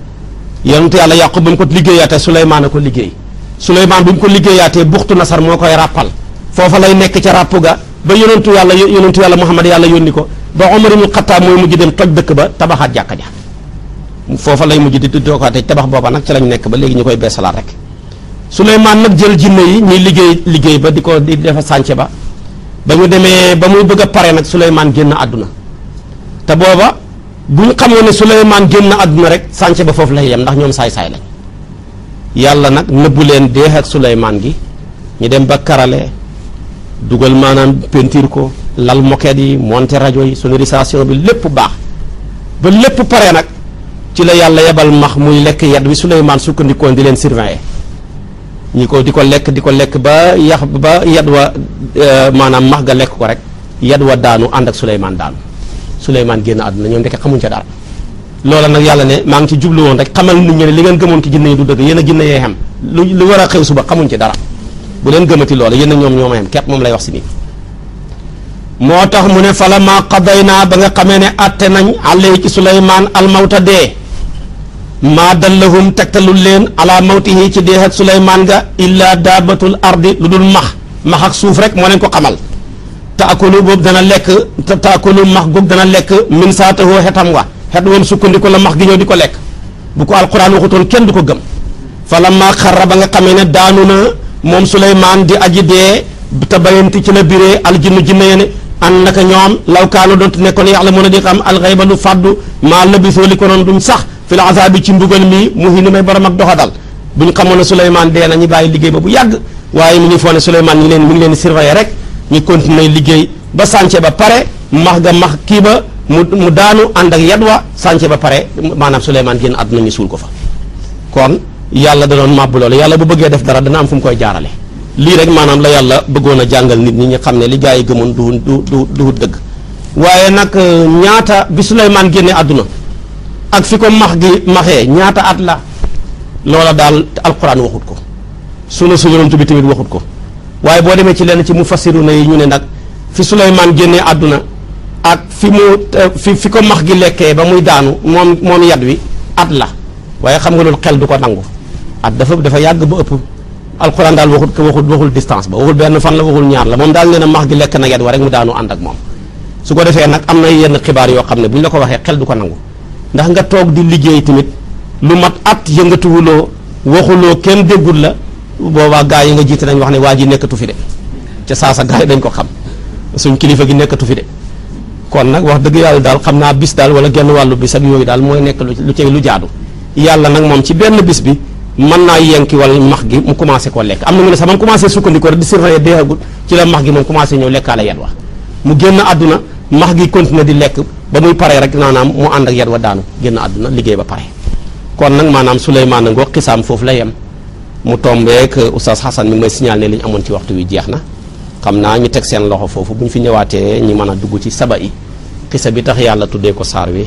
yonentu yàlla yaquba ba mu ko liggéeyaatee suleymaan a ko liggéey suleymaan bu mu ko liggéeyaatee buxtu nasar moo koy ràppal foofa lay nekk ca ràpp ga ba yonentu yàlla yonentu yàlla muhammad yàlla yónni ko ba omar ibnu xataab mooy mujj dem toj dëkk ba tabaxaat jàkka ja foofa lay mujj di dookaate tabax booba nag ca lañ nekk ba léegi ñu koy beesalaat rek suleymaan nag jël jinne yi ñuy liggéey liggéey ba di ko di defa sànce ba ba ñu demee ba muy bëgg a pare nag suleymaan génn àdduna te booba bu ñu xamoon ne Suleymaan génn àdduna rek sànce ba foofu lay yem ndax ñoom saay-saay lañ yàlla nag nëbbu leen deex ak Suleymaan gi ñu dem ba karale dugal maanaam pentiir ko lal moquette yi monter rajo yi sonorisation bi lépp baax ba lépp pare nag ci la yàlla yebal max muy lekk yedd wi Suleymaan sukkandikoon di leen surveiller ñu ko di ko lekk di ko lekk ba yax ba yat wa euh, maanaam max ga lekk ko rek yedd wa daanu ànd ak Suleymaan daanu Souleymane génn àdduna ñoom ndeke xamuñ ca dara loola nag yàlla ne maa ngi ci jublu woon rek xamal nit ñi ne li ngeen gëmoon ci jinne yi du dëgg yéen a jinne yee xam lu lu war a xew suba xamuñ ci dara bu leen gëmati loola yéen a ñoom ñoo ma yem moom lay wax si nii moo tax mu ne fala ma qaday naa ba nga xamee ne atte nañ allee ci Souleymane almawta dee maa dallahum tegtalul leen ala mawtihi ci dee ak Souleymane ga illa daabatul ardi lu dul max max suuf rek moo leen ko xamal taakulu boobu dana lekk taakulu max googu dana lekk min saatahoo xetam wa xet woon sukkandiku la max gi ñëw di ko lekk bu ko alquran waxutoon kenn du ko gëm fa lamma xarra ba nga xamee ne daanu na moom Suleymaan di aji dee te bayanti ci la biree aljinnu jinne yene an naka ñoom law kaanu doonte nekkoon yàlla mën a di xam alxayba du fàddu maa labisoo li ko noon duñ sax fil azaabi ci mbugal mi mu hi ni may borom ak doxadal buñ xamoon ne Suleymaan dee na ñu bàyyi liggéey ba bu yàgg waaye mi ngi foo ne Suleymaan ñi leen mi ngi leen surveiller rek ñu continuer liggéey ba sànce ba pare max ga max kii ba mu daanu ànd ak yadwa sànce ba pare maanaam Suleymaan génn àdduna ñu suul ko fa kon yàlla da doon màbb loolu yàlla bu bëggee def dara dana am fu mu koy jaarale lii rek maanaam la yàlla bëggoon a jàngal nit ñi ñu xam ne li gaa yi gëmoon du du du du dëgg waaye nag euh, ñaata bi Suleymaan génne àdduna ak fi ko max gi maxee ñaata at la loola daal alquran waxut ko sunu suñu bi tamit waxut ko waaye boo demee ci lenn ci mu fassiruna yi ñu ne nag fi Suleymaan génnee àdduna ak fi mu fi fi ko max gi lekkee ba muy daanu moom moom yat wi at la waaye xam nga loolu xel du ko nangu at dafa dafa yàgg ba ëpp alxuraan daal waxul waxul waxul distance ba waxul benn fan la waxul ñaar la moom daal nee na max gi lekk na yat wa rek mu daanu ànd ak moom su ko defee nag am na yenn xibaar yoo xam ne bu ñu la ko waxee xel du ko nangu ndax nga toog di liggéey tamit lu mat at yëngatuwuloo waxuloo kenn déggul la boobaa gaa yi nga jiite nañ wax ne waa ji nekkatu fi de ca saasa gaa yi dañ ko xam suñ kilifa gi nekkatu fi de kon nag wax dëgg yàlla daal xam naa bis daal wala genn wàllu bis ak yooyu daal mooy nekk lu cay lu jaadu yàlla nag moom ci benn bis bi mën naa yenki wala max gi mu commencé koo lekk am na ñu ne sax commencé sukkandiku rek di surveiller deexagul ci la max gi moom commencé ñëw lekkaale yan wax mu génn àdduna max gi continué di lekk ba muy paree rek naanaam mu ànd ak yan wa daanu génn àdduna liggéey ba pare kon nag maanaam Suleymaan ngoo xisaam foofu la yem mu tombeek oustaz Xasan mi ngi may signal ne li amoon ci waxtu wi jeex na xam naa ñu teg seen loxo foofu bu ñu fi ñëwaatee ñi mën a dugg ci saba yi xisa bi tax yàlla tuddee ko saar wi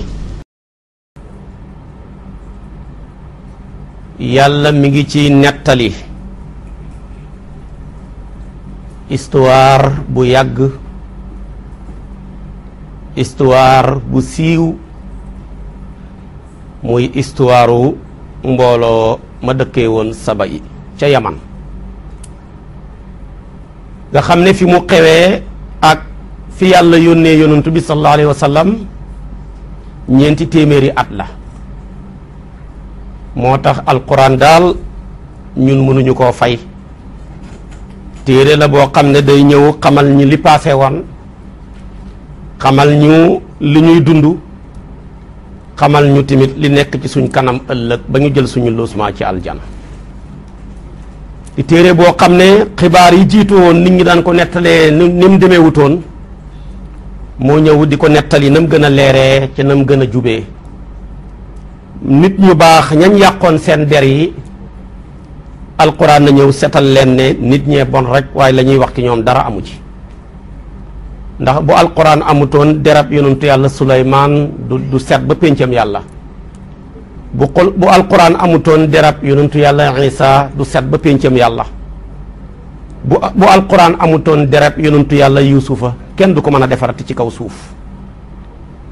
yàlla mi ngi ci nettali histoire bu yàgg histoire bu siiw muy istuwaaru mbooloo ma dëkkee woon saba yi ca yaman nga xam ne fi mu xewee ak fi yàlla yónnee yonantu bi sallallahu alayhi wa ñeenti téeméeri at la moo tax alquran daal ñun mënuñu koo fay téere la boo xam ne day ñëw xamal ñu li paase woon xamal ñu li ñuy dund xamal ñu tamit li nekk ci suñ kanam ëllëg ba ñu jël suñu loosement ci aljana di téere boo xam ne xibaar yi jiitu woon nit ñi daan ko nettalee ni mu demee moo ñëw di ko nettali na mu gën a leeree ca na gën a jubee nit ñu baax ñañ yàqoon seen der yi alquran na ñëw setal leen ne nit ñee bon rek waaye lañuy wax ci ñoom dara amu ci ndax bu alquran amutoon derab yonentu yàlla suleymaan du du set ba péncam yàlla bu qul bu alquran amutoon derab yonentu yàlla isa du set ba péncam yàlla bu bu alquran amutoon derab yonentu yàlla yuusufa kenn du ko mën a defarat ci kaw suuf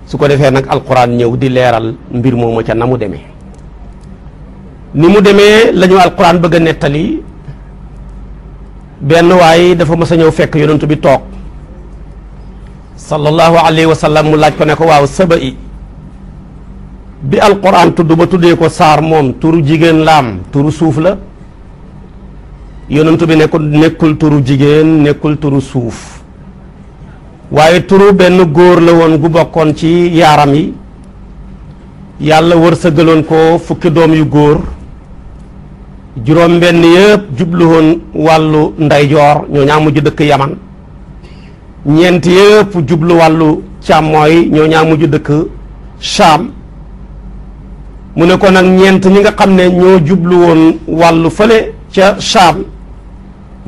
su ko defee nag alxuraan ñëw di leeral mbir moomu ca na mu demee ni mu demee lañu ñu alquran bëgg nettali benn waay dafa mas a ñëw fekk yonentu bi toog sallallahu alayhi wa mu laaj ko ne ko waaw saba i bi alquran tudd ba tuddee ko saar moom turu jigéen laam turu suuf la yonentu bi ne ko nekkul turu jigéen nekkul turu suuf waaye turu benn góor la woon gu bokkoon ci yaaram yi yàlla wër wërsëgaloon ko fukki doom yu góor juróom benn yëpp jubluwoon wàllu ndeyjoor ñoo ñaa mujj dëkk yaman ñeent yëpp jublu wàllu càmmooy ñoo ñaa mujj dëkk Sham mu ne ko nag ñeent ñi nga xam ne ñoo jublu woon wàllu fële ca Sham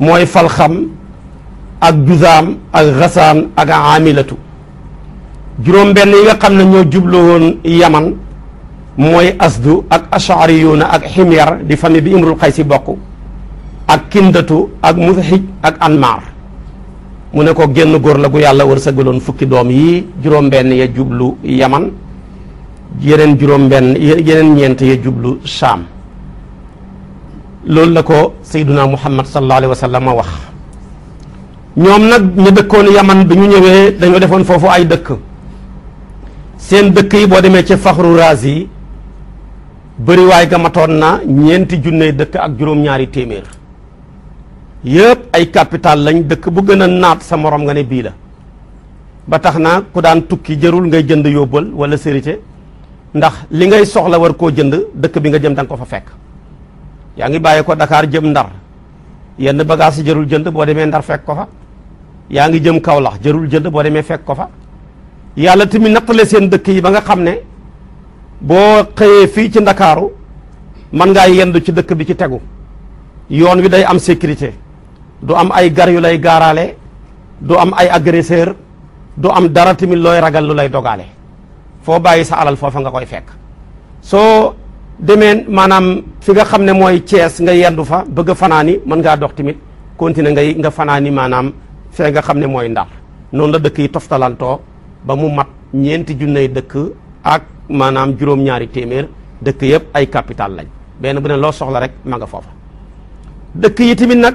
mooy falxam ak juzaam ak xasaan ak amilatu juróom benn yi nga xam ne ñoo jublu woon yaman mooy asdu ak ashariyuuna ak ximyar di famille bi imrul xay si bokk ak kindatu ak mushij ak anmar mu ne ko génn góor la gu yàlla wërsëgaloon fukki doom yii juróom-benn ya jublu yaman yeneen juróom-benn yeneen ñeent ya jublu saam loolu la ko sayduna muhammad sallallahu alayhi wa sallam wax ñoom nag ñu dëkkoon yaman bi ñu ñëwee dañoo defoon foofu ay dëkk seen dëkk yi boo demee ci faxru raas yi bëriwaay gamatoon na ñeenti junney dëkk ak juróom-ñaari téeméer yëpp ay capital lañ dëkk bu gën a naat sa morom nga ne bii la ba tax na ku daan tukki jërul ngay jënd yóbbal wala sérité ndax li ngay soxla war koo jënd dëkk bi nga jëm da nga ko fa fekk yaa ngi bàyyi ko Dakar jëm Ndar yenn bagage yi jërul jënd boo demee Ndar fekk ko fa yaa ngi jëm Kaolack jërul jënd boo demee fekk ko fa yàlla tamit nattale seen dëkk yi ba nga xam ne boo xëyee fii ci Ndakaaru mën ngaa yendu ci dëkk bi ci tegu yoon wi day am sécurité du am ay gar yu lay gaaraale du am ay agresseur du am dara tamit looy ragal lu lay dogaale foo bàyyi sa alal foofa nga koy fekk soo demee maanaam fi nga xam ne mooy Thiès nga yendu fa bëgg fanaani mën ngaa dox tamit continuer ngay nga fanaani maanaam fee nga xam ne mooy Ndar noonu la dëkk yi toftalantoo ba mu mat ñeenti junney dëkk ak maanaam juróom-ñaari téeméer dëkk yëpp ay capital lañ benn bu ne loo soxla rek ma nga foofa dëkk yi tamit nag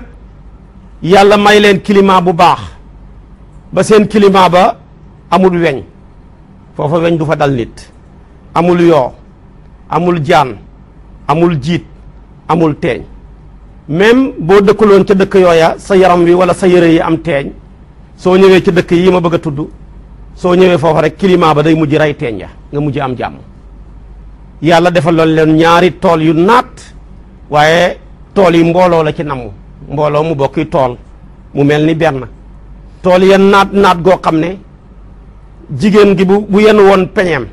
yàlla may leen climat bu baax ba seen climat ba amul weñ foofa weñ du fa dal nit amul yoo amul jaan amul jiit amul teeñ même boo dëkkaloon ca dëkk yooya sa yaram wi wala sa yére yi am teeñ soo ñëwee ca dëkk yi ma bëgg a tudd soo ñëwee foofa rek climat ba day mujj rey teeñ ya nga mujj am jàmm yàlla defal loolu leen ñaari tool yu naat waaye tool yi mbooloo la ci namm mbooloo mu bokki tool mu mel ni benn tool yenn naat naat goo xam ne jigéen gi bu bu yenn woon peñeem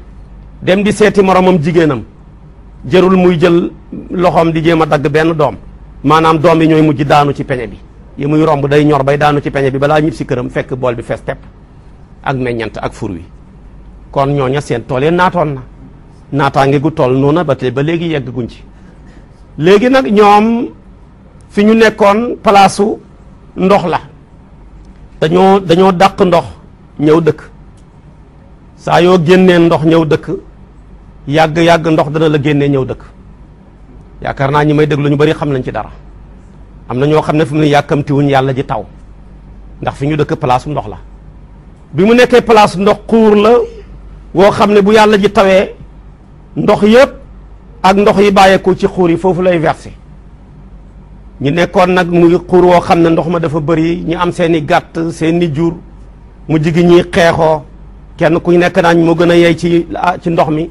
dem di seeti moromam jigéenam jërul muy jël loxoom di jéem a dagg benn doom maanaam doom yi ñooy mujj daanu ci peñe bi yi muy romb day ñor bay daanu ci peñe bi balaa ñib si këram fekk bool bi fees tepp ak meññant ak fur wi kon ñooña seen tool yi naatoon na naataange gu tool noona ba tey ba léegi yegg guñ ci léegi nag ñoom fi ñu nekkoon palaasu ndox la dañoo dañoo dàq ndox ñëw dëkk saa yoo génnee ndox ñëw dëkk yàgg-yàgg ndox dana la génnee ñëw dëkk yaakaar naa ñi may déglu ñu bari xam nañ ci dara am na ñoo xam ne fi mu ne yàkkamtiwuñ yàlla ji taw ndax fi ñu dëkk palaasu ndox la bi mu nekkee palaasu ndox xuur la woo xam ne bu yàlla ji tawee ndox yëpp ak ndox yi bàyyeekoo ci xuur yi foofu lay wersi ñu nekkoon nag muy xuur woo xam ne ndox ma dafa bëri ñu am seeni gàtt seeni jur mu jigi ñuy xeexoo kenn ku nekk naañ moo gën a yey ci ah, ci ndox mi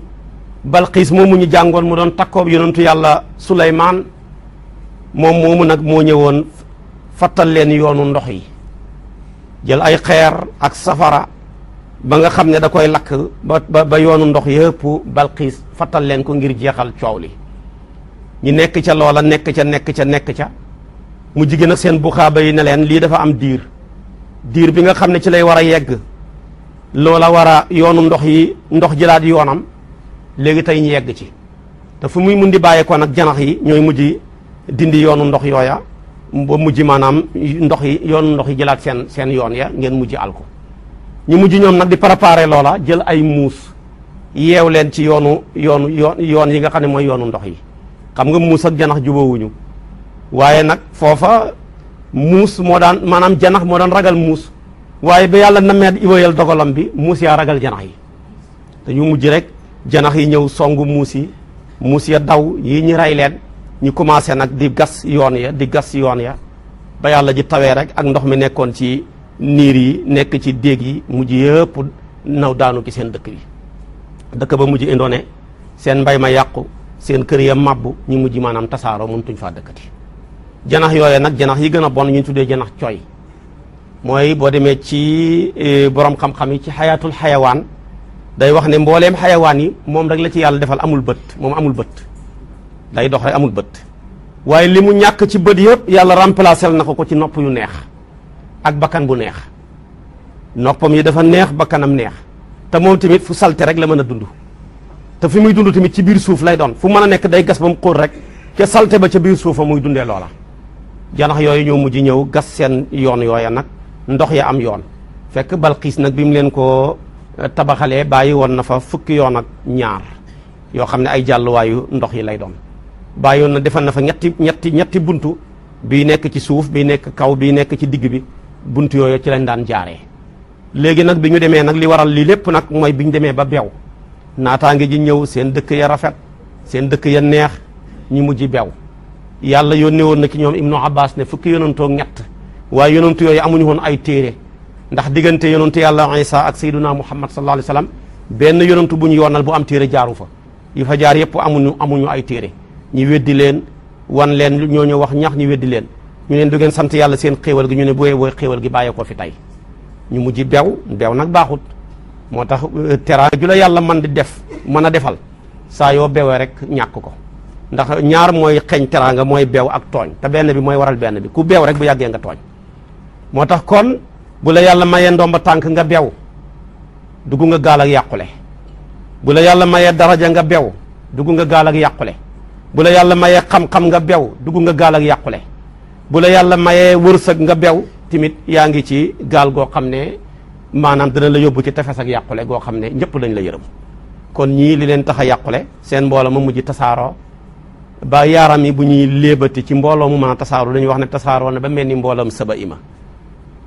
balxiis moomu ñu jàngoon mu doon takkoob yonentu yàlla suleymaan moom moomu nag moo ñëwoon fattal leen yoonu ndox yi jël ay xeer ak safara ba nga xam ne da koy lakk ba ba yoonu ndox yëpp balxiis fattal leen ko ngir jeexal coow li ñi nekk ca loola nekk ca nekk ca nekk ca mu jigéen nag seen buxaaba yi ne leen lii dafa am diir diir bi nga xam ne ci lay war a yegg loola war a yoonu ndox yi ndox jëlaat yoonam léegi tey ñu yegg ci te fu muy mun di bàyyeekoo nag janax yi ñooy mujj dindi yoonu ndox yoo ya ba mujj maanaam ndox yi yoonu ndox yi jëlaat seen seen yoon ya ngeen mujj àll ko ñu mujj ñoom nag di préparer loola jël ay muus yeew leen ci yoonu yoonu yoon yoon yi nga xam ne mooy yoonu ndox yi xam nga muus ak janax jubóowuñu waaye nag foofa muus moo daan maanaam janax moo daan ragal muus waaye ba yàlla na meet iwoyal dogalam bi muus yaa ragal janax yi dañu mujj rek janax yi ñëw song muus yi muus ya daw yi ñi rey leen ñu commencé nag di gas yoon ya di gas yoon ya ba yàlla ji tawee rek ak ndox mi nekkoon ci niir yi nekk ci déeg yi mujj yëpp naw daanu ki seen dëkk bi dëkk ba mujj indoone seen mbay ma yàqu seen kër ya mabbu ñu mujj maanaam tasaaroo mënutuñ faa dëkkati janax yooye nag janax yi gën a bon ñu tuddee janax cooy mooy boo demee ci e, borom xam-xam yi ci xayaatul xayawaan day wax ne mbooleem xayawaan yi moom rek la ci yàlla defal amul bët moom amul bët day dox rek amul bët waaye li mu ñàkk ci bët yëpp yàlla remplacé na ko ko ci nopp yu neex ak bakkan bu neex noppam yi dafa neex bakkanam neex te moom tamit fu salte rek la mën a dund te fi muy dund tamit ci biir suuf lay doon fu mën a nekk day gas ba mu xóot rek ca salte ba ca biir suufa muy dundee loola janax yooyu ñoo mujj ñëw gas seen yoon yooya nag ndox ya am yoon fekk balxiis nag bi mu leen koo eh, tabaxalee bàyyi woon na fa fukki yoon ak ñaar yoo xam ne ay jàlluwaayu ndox yi lay doon bàyyi woon na defal na fa ñetti ñetti ñetti buntu bii nekk ci suuf bii nekk kaw bii nekk ci digg bi buntu yooyu ci lañ daan jaaree léegi nag bi ñu demee nag li waral lii lépp nag mooy bi ñu demee ba beew naataange ji ñëw seen dëkk ya rafet seen dëkk ya neex ñi mujji bew yàlla yónnee woon na ki ñoom ibnu abbas ne fukki yonantoo ñett waaye yonantu yooyu amuñu woon ay téere ndax diggante yonantu yàlla isa ak sayduna muhammad sallallahu alayhi wasallam benn yonantu bu ñu yoonal bu am téere jaaru fa yi fa jaar yëpp amuñu amuñu ay téere ñi weddi leen wan leen ñooñu wax ñax ñi weddi leen ñu leen du ngeen sant yàlla seen xéewal gi ñu ne booyee booy xéewal gi bàyyee ko fi tey ñu mujj bew bew nag baaxut moo tax euh, teraanga ju la yàlla man di def mën a defal saa yoo bewee rek ñàkk ko ndax ñaar mooy xeeñ teraanga mooy bew ak tooñ te benn bi mooy waral benn bi ku beew rek bu yàggee nga tooñ moo tax kon bu la yàlla mayee ndomba tànk nga bew dugg nga gaal ak yàqule bu la yàlla mayee daraja nga beew dugg nga gaal ak yàqule bu yàlla mayee xam-xam nga beew dugg nga gaal ak yàqule bu la yàlla mayee wërsëg nga bew tamit yaa ngi ci gaal goo xam ne maanaam dana la yóbbu ci tefes ak yàqule goo xam ne ñëpp dañ la yërëm kon ñii li leen tax a yàqule seen mbooloo ma mujj tasaaroo ba yaaram yi bu ñuy léebati ci mbooloo mu mën a tasaaroo dañuy wax ne tasaaroo na ba mel ni mbooloom saba ima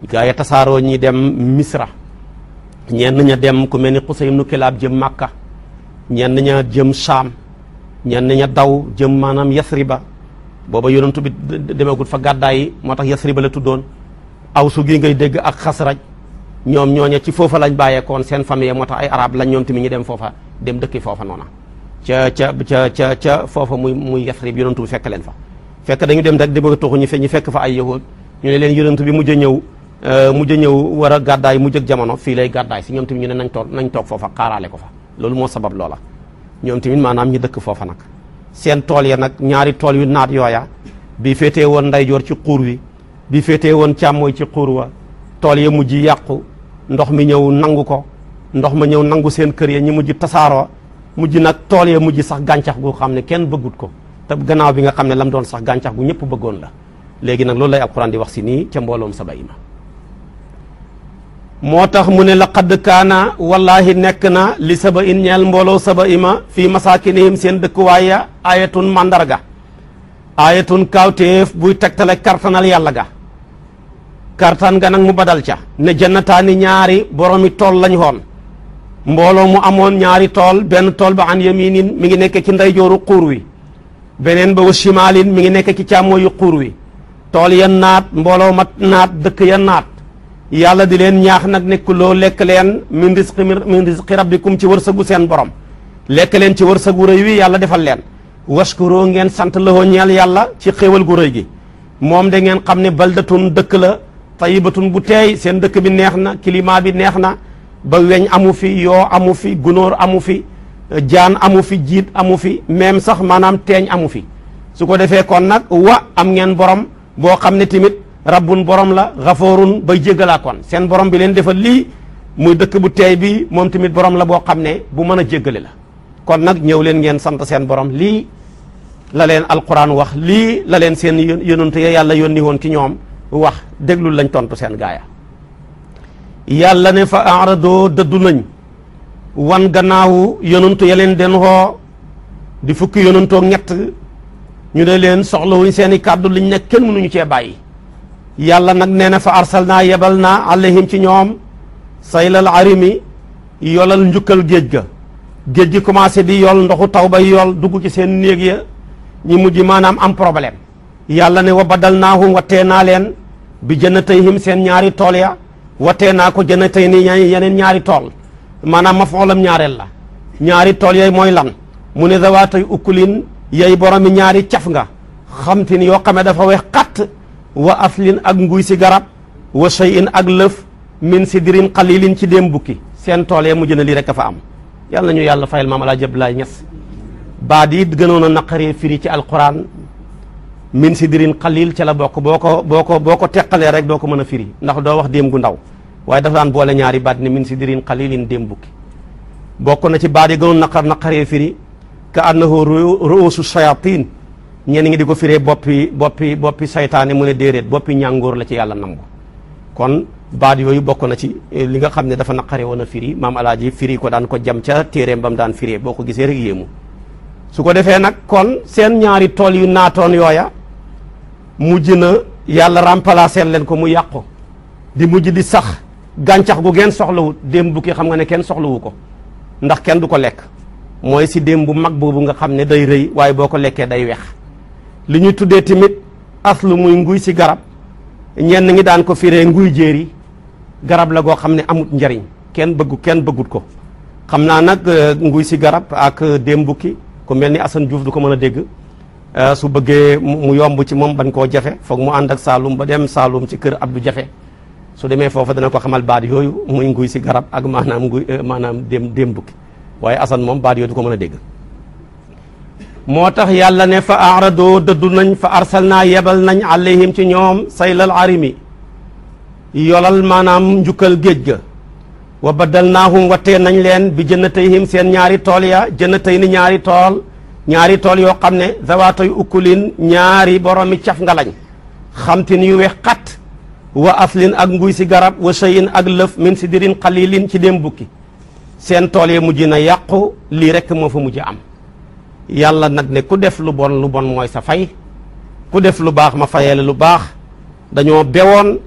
gaa yi tasaaroo ñi dem misra ñeen ña dem ku mel ni Qusay ibnu Kilaab jëm Màkka ñenn ña jëm Saam ñenn ña daw jëm maanaam Yasriba booba yonentu bi demagul fa gàddaay moo tax Yasriba la tuddoon aw su gi ngay dégg ak Xasraj ñoom ñooña ci foofa lañ bàyyeekoon seen famille moo tax ay arab lañ ñoom tamit ñu dem foofa dem dëkki foofa noona ca ca ca ca ca foofa muy muy Yasrib yonent bi fekk leen fa fekk dañu dem rek di bëgg a tuxu ñu fe ñu fekk fa ay yahud ñu ne leen yonent bi mujj a ñëw euh, mujj a ñëw war a gàddaay mujj ak jamono fii lay gàddaay si ñoom tamit ñu ne nañ toog nañ toog foofa xaaraale ko fa loolu moo sabab loola ñoom tamit maanaam ñi dëkk foofa nag seen tool ya nag ñaari tool yu naat yooya bi féetee woon ndeyjoor ci xuur wi bi féetee woon càmmooy ci xuur wa tool ya mujj yàqu ndox mi ñëw nangu ko ndox ma ñëw nangu seen kër ya ñi mujj tasaaroo mujj nag tool ya mujj sax gàncax gu xam ne kenn bëggut ko te gannaaw bi nga xam ne lam doon sax gàncax gu ñëpp bëggoon la léegi nag loolu lay alquran di wax si nii ca mbooloom sabayima moo tax mu ne laqad kaana wallahi nekk na li saba in ñeel mbooloo saba ima fii masaakinihim seen dëkkuwaay ya ayatun mandarga ayatun kaawteef buy tegtale kartanal yàlla ga kartaan nga nag mu badal ca ne jannataani ñaari boromi tool lañ xoon mbooloo mu amoon ñaari tool benn tool ba an yaminin mi ngi nekk ci ndeyjooru xuur wi beneen ba wa shimaalin mi ngi nekk ci càmmooyu xuur wi tool ya naat mbooloo mat naat dëkk ya naat yàlla di leen ñaax nag nekkuloo lekk leen min risqi min risqi rabbikum ci wërsëgu seen borom lekk leen ci wërsëgu rëy wi yàlla defal leen washkuroo ngeen sant lahoo ñeel yàlla ci xéewal gu rëy gi moom da ngeen xam ne baldatun dëkk la tayibatun bu teey seen dëkk bi neex na climat bi neex na ba weñ amu fi yoo amu fi gunóor amu fi jaan amu fi jiit amu fi même sax maanaam teeñ amu fi su ko defee kon nag wa am ngeen borom boo xam ne tamit rabbun borom la xafoorun ba jéggalaa koon seen borom bi leen defal lii muy dëkk bu teey bii moom tamit borom la boo xam ne bu mën a jéggale la kon nag ñëw leen ngeen sant seen borom lii la leen alquran wax lii la leen seen yonent ya yàlla yónni woon ci ñoom wax déglul lañ tontu seen gaaya yàlla ne fa arado dëddu nañ wan gannaawu yonantu ya leen den xoo di fukki yonantoog ñett ñu ne leen soxlawuñ seen i kàddu liñ nekk mënuñu cee bàyyi yàlla nag nee na fa arsal naa yebal naa alayhim ci ñoom saylal arimi yolal njukkal géej ga géej gi commencé di yol ndoxu taw ba yol dugg ci seen néeg ya ñi mujj maanaam am problème yàlla ne wa badal naahum wattee naa leen bi jannatayhim seen ñaari tool ya watee naa ko jannatay ni yeneen ñaari tool maanaam mafoolam ñaareel la ñaari tool yooyu mooy lan mu ne zawaatay ukkulin yay boromi ñaari caf nga xamtin yoo xamee dafa wex xatt wa aslin ak nguy si garab wa shay'in ak lëf min sidrin qalilin ci déem bukki seen tool ya mu jëna lii rek a fa am yàlla na ñu yàlla fayal maam alaa jëb laay ñes baat yi gënoon a naqaree firi ci alquran min sidrin xalil ca la bokk boo ko boo ko boo ko teqalee rek doo ko mën a firi ndax doo wax dém gu ndaw waaye dafa daan boole ñaari baat ne min sidrin xalilin déem bukki bokk na ci baat yi gënoon naqar naqaree firi ka annahu ruusu shayatin ñenn ngi di ko firee boppi boppi boppi saytaane mu ne déedéet boppi ñàngoor la ci yàlla nangu kon baat yooyu bokk na ci eh, li nga xam ne dafa naqare woon a firi maam alaaji firi ko daan ko jam ca téeréem ba mu daan firee boo ko gisee rek yéemu su ko defee nag kon seen ñaari tool yu naatoon yooya mujj na yàlla remplacer leen ko mu yàqu di mujj di sax gàncax gu ngeen soxlawut démb bukki xam nga ne kenn soxlawu ko ndax kenn du ko lekk mooy si démb bu mag boobu nga xam ne day rëy waaye boo ko lekkee day wex li ñuy tuddee tamit aslu muy nguuy si garab ñenn ngi daan ko firee nguy jéeri garab la goo xam ne amut njariñ kenn bëggu kenn bëggut ko xam naa nag euh, nguy si garab ak euh, démb bukki ku mel ni Assane Diouf du ko mën a dégg Euh, su bëggee mu yomb ci moom bañ koo jafe foog mu ànd ak Saalum ba dem Saalum ci kër Abdou Jafe su demee foofu dana ko xamal baat yooyu muy nguy si garab ak maanaam nguy euh, maanaam dem dem bukki waaye Assane moom baat yooyu du ko mën a dégg. moo tax yàlla ne fa arado dëddu nañ fa arsal naa yebal nañ alayhim ci ñoom say saylal arimi yolal maanaam njukkal géej ga wa badal naahum wattee nañ leen bi jënnatayhim seen ñaari tool ya jënnatay ni ñaari tool ñaari tool yoo xam ne zawaatoy ukkulin ñaari boromi caf nga lañ xamtin yu weex xat wa aslin ak nguy si garab wa shay'in ak lëf min sidirin qalilin ci dem bukki seen tool yi mujj na yàqu lii rek moo fa mujj am yàlla nag ne ku def lu bon lu bon mooy sa fay ku def lu baax ma fayeele lu baax dañoo bewoon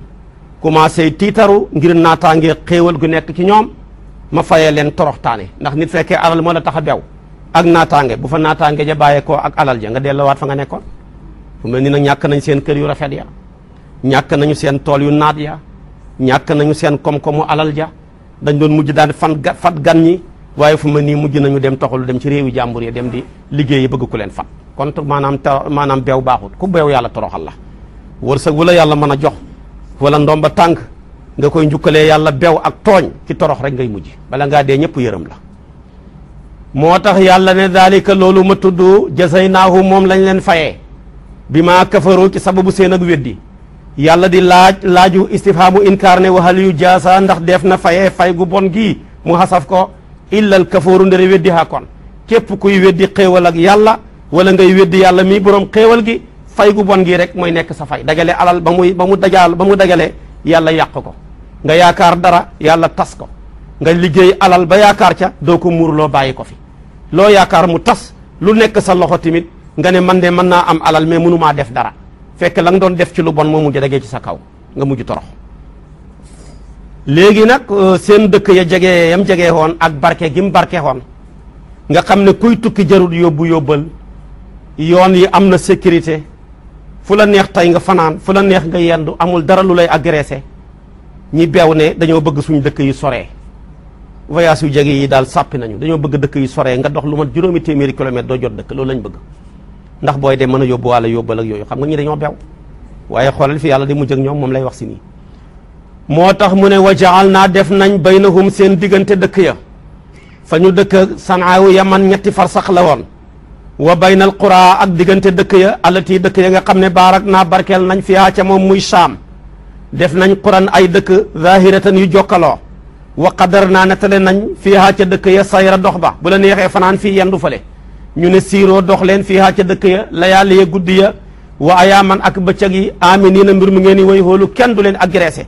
commencé tiitaru ngir naataange xéewal gu nekk ci ñoom ma fayee leen toroxtaane ndax nit fekkee alal moo la tax a bew ak naataange bu fa naataange ja bàyyeekoo ak alal ja nga delluwaat fa nga nekkoon fu mel ni nag ñàkk nañ seen kër yu rafet ya ñàkk nañu seen tool yu naat ya ñàkk nañu seen koom-koomu alal ja dañ doon mujj daan fan fat gan ñi waaye fu ma nii mujj nañu dem toxalu dem ci réewi jàmbur yi dem di liggéeyi bëgg ku leen fat kon maanaam maanaam beew baaxut ku bew yàlla toroxal la wërsëg wala yàlla mën a jox wala ba tànk nga koy njukkalee yàlla bew ak tooñ ci torox rek ngay mujj bala ngaa dee ñëpp yërëm la moo tax yàlla ne daalika loolu ma tudd jazaynaahu moom lañ leen faye bi maa kafaru ci sababu seen ak weddi yàlla di laaj laaju istifhaamu inkaar ne waxal yu jaasa ndax def na fayee fay gu bon gii mu xasaf ko illal kafooru ndere weddi ha kon képp kuy weddi xéewal ak yàlla wala ngay weddi yàlla mii borom xéewal gi fay gu bon gii rek mooy nekk sa fay dagale alal ba muy ba mu dajaal ba mu dagale yàlla yàq ko nga yaakaar dara yàlla tas ko nga liggéey alal ba yaakaar ca doo ko muurloo bàyyi ko fi loo yaakaar mu tas lu nekk sa loxo tamit nga ne man de mën naa am alal mais mënumaa def dara fekk la nga doon def ci lu bon moo mujj dagee ci sa kaw nga mujj torox léegi nag euh, seen dëkk ya jege yam jege woon ak barke gi mu barke woon nga xam ne kuy tukki jarul yóbbu yóbbal yoon yi am na sécurité fu la neex tey nga fanaan fu la neex nga yendu amul dara lu lay agressé ñi beew ne dañoo bëgg suñu dëkk yi soree voyage yu jege yi daal sàppi nañu dañoo bëgg dëkk yu sore nga dox lu ma juróomi téeméeri kilomètre doo jot dëkk loolu lañ bëgg ndax booy dem mën a yóbbu wàlla yóbbal ak yooyu xam nga ñi dañoo bew waaye xoolal fi yàlla di mu ak ñoom moom lay wax si nii moo tax mu ne wa jaal naa def nañ baynahum seen diggante dëkk ya fa ñu dëkk sanaawu man ñetti farsax la woon wa baynal qura ak diggante dëkk ya alati dëkk ya nga xam ne baarak naa barkeel nañ fiyaa ca moom muy saam def nañ quran ay dëkk zahiratan yu jokkaloo wa qadar naa nettale nañ fii haa ca dëkk ya sayra dox ba bu la neexee fanaan fii yendu fale ñu ne siiroo dox leen fii haa ca dëkk ya layaali ya guddi ya wa man ak bëccëg yi na mbir mu ngeen i way xoolu kenn du leen agressé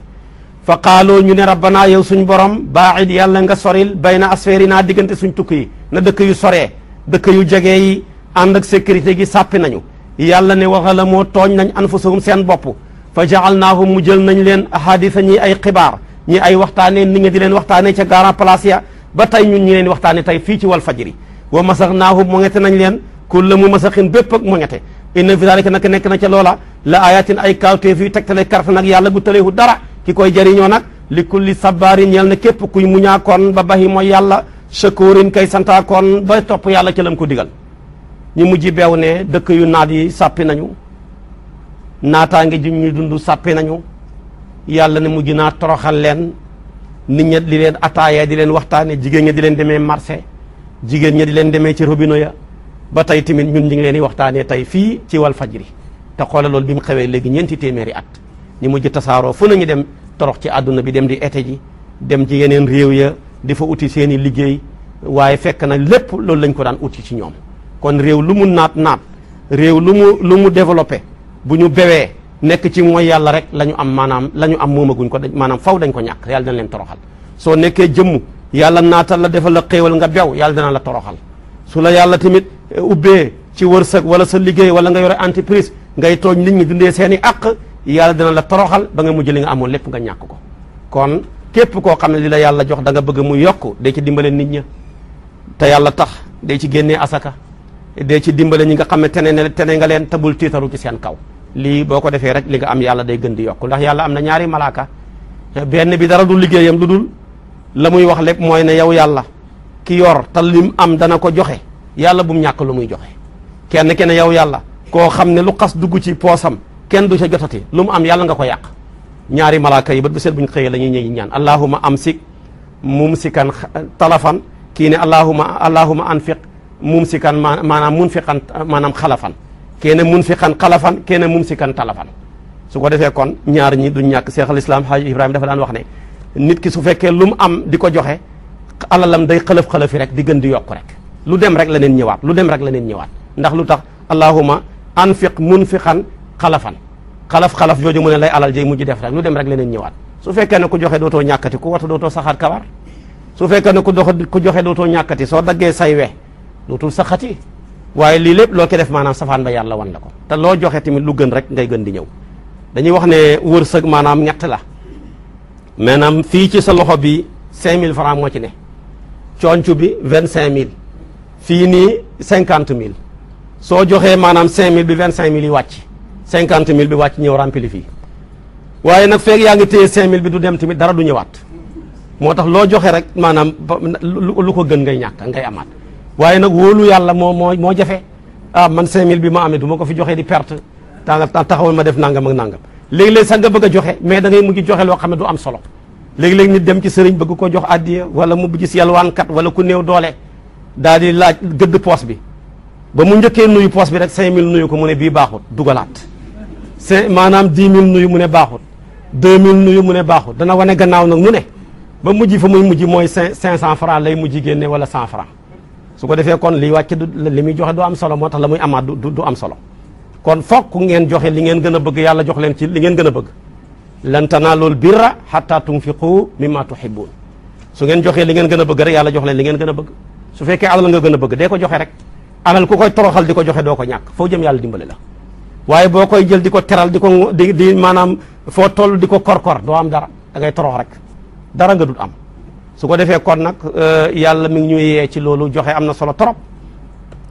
fa qaaloo ñu ne rabbanaa yow suñ borom baa'id yàlla nga soril bay bayna asfeeri naa diggante suñ tukki yi na dëkk yu soree dëkk yu jege yi ànd ak sécurité gi sàppi nañu yàlla ne waxala moo tooñ nañ anfusahum seen bopp fa ja'alnaahum mu jël nañ leen ahadisa ñi ay xibaar ñi ay waxtaanee ni nga di leen waxtaanee ca grand place ya ba tey ñun ñi leen waxtaanee tey fii ci wal fajri wa masax naahu mu ngete nañ leen kulla mu masaxin bépp ak mu ngete inna fi daalika nag nekk na ca loola la ayatin ay kawteef yu tegtale karte nag yàlla gu taleehu dara ki koy jariñoo nag li kulli sabaarin ñeel na képp kuy muñaakoon ba bayi mooy yàlla shakoorin kay santaakoon ba topp yàlla ca lam ko digal ñu mujj beew ne dëkk yu naat yi sàppi nañu naataange ji ñu dund sàppi nañu yàlla ne mujj naa toroxal leen nit ña di leen ataaya di leen waxtaane jigéen ña di leen demee marché jigéen ña di leen demee ci robinet ya ba tey tamit ñun ñu ngi leen di waxtaanee tey fii ci wal fajri te xoola loolu bi mu xewee léegi ñeenti téeméeri at ñu mujj tasaaroo fu nañu dem torox ci àdduna bi dem di été ji dem ci yeneen réew ya di fa uti seen i liggéey waaye fekk na lépp loolu lañ ko daan uti ci ñoom kon réew lu mu naat naat réew lu mu lu mu développé bu ñu bewee nekk ci mooy yàlla rek la ñu am maanaam la ñu am moomaguñ ko maanaam faw dañ ko ñàkk yàlla dina leen toroxal soo nekkee jëmmu yàlla naatal la defal la xéewal nga bew yàlla dina la toroxal su la yàlla tamit eh, ubbee ci wërsëg wala sa liggéey wala nga yore entreprise ngay tooñ nit ñi dundee seen i àq yàlla dina la toroxal ba nga mujj li nga amoon lépp nga ñàkk ko kon képp koo xam ne di la yàlla jox da nga bëgg mu yokk day ci dimbale nit ña te yàlla tax day ci génnee asaka day ci dimbale ñi nga xam ne ne tene nga leen tabul tiitaru ci seen kaw lii boo ko defee rek li nga am yàlla day gën di yokku ndax yàlla am na ñaari malaaka benn bi dara du liggéeyam lu dul la muy wax lépp mooy ne yow yàlla ki yor te lim am dana ko joxe yàlla bu mu ñàkk lu muy joxe kenn kenn yow yàlla koo xam ne lu xas dugg ci poosam kenn du ca jotati lu mu am yàlla nga ko yàq ñaari malaaka yi bët bu seet buñ xëyee la ñuy ñëw ñaan allahuma amsik mumsikan talafan kii ne allahuma allahuma anfiq mumsikan maanaam munfiqan maanaam xalafan kene mun fi xan xalafan kene mun si kan talafan su ko defee kon ñaar ñi duñ ñàkk seexal al Islam Haaj Ibrahima dafa daan wax ne nit ki su fekkee lu mu am di ko joxe alalam day xëlëf xëlëfi rek di gën di yokk rek lu dem rek leneen ñëwaat lu dem rek la neen ñëwaat ndax lu tax allahuma anfiq munfiqan xalafan xalaf xalaf jooju mu ne lay alal jëy mujj def rek lu dem rek leneen ñëwaat su fekkee ne ku joxe dootoo ñàkkati ku watu dootoo saxaat kawar su fekkee ne ku dox ku joxe dootoo ñàkkati soo daggee say we dootul saxati waaye lii lépp loo ko def maanaam safaan ba yàlla wan la ko te loo joxe tamit lu gën rek ngay gën di ñëw dañuy wax ne wërsëg maanaam ñett la maanaam fii ci sa loxo bi 5000 francs moo ci ne cooncu bi 25000 fii nii 50000 soo joxee maanaam 5000 bi 25000 yi wàcc 50000 bi wàcc ñëw rempli fii waaye nag feeg yaa ngi téye 5000 bi du dem tamit dara du ñëwaat moo tax loo joxe rek maanaam lu ko gën ngay ñàkk ngay amaat. waaye nag wóolu yàlla moo moo moo jafe ah man 5000 bi ma amee du ma ko fi joxe di perte temps taxawal ma def nangam ak nangam léegi-léeg sax nga bëgg a joxe mais da ngay mujj joxe loo xam ne du am solo léegi-léeg nit dem ci sëriñ bëgg ko jox addiya wala mu gis yalwaankat wala ku néew doole daal di laaj gëdd poos bi ba mu njëkkee nuyu poos bi rek 5000 nuyu ko mu ne bii baaxut dugalaat c'est maanaam 10 000 nuyu mu ne baaxut 2000 nuyu mu ne baaxut dana wane gannaaw nag mu ne ba mujj fa muy mujj mooy 500 francs lay mujj génne wala 100 su ko defee kon li wàcc li muy joxe du am solo moo tax la muy amaat du du am solo kon fokk ngeen joxe li ngeen gën a bëgg yàlla jox leen ci li ngeen gën a bëgg lan tanaalul birra hatta tunfiqu mimma tuhibbun su ngeen joxe li ngeen gën a bëgg rek yàlla jox leen li ngeen gën a bëgg su fekkee alal nga gën a bëgg dee ko joxe rek alal ku koy toroxal di ko joxe doo ko ñàkk foo jëm yàlla dimbali la waaye boo koy jël di ko teral di ko di di maanaam foo tol di ko korkor doo am dara da ngay rek dara nga dul am su ko defee kon nag euh, yàlla mi ngi ñuy yee ci loolu joxe am na solo trop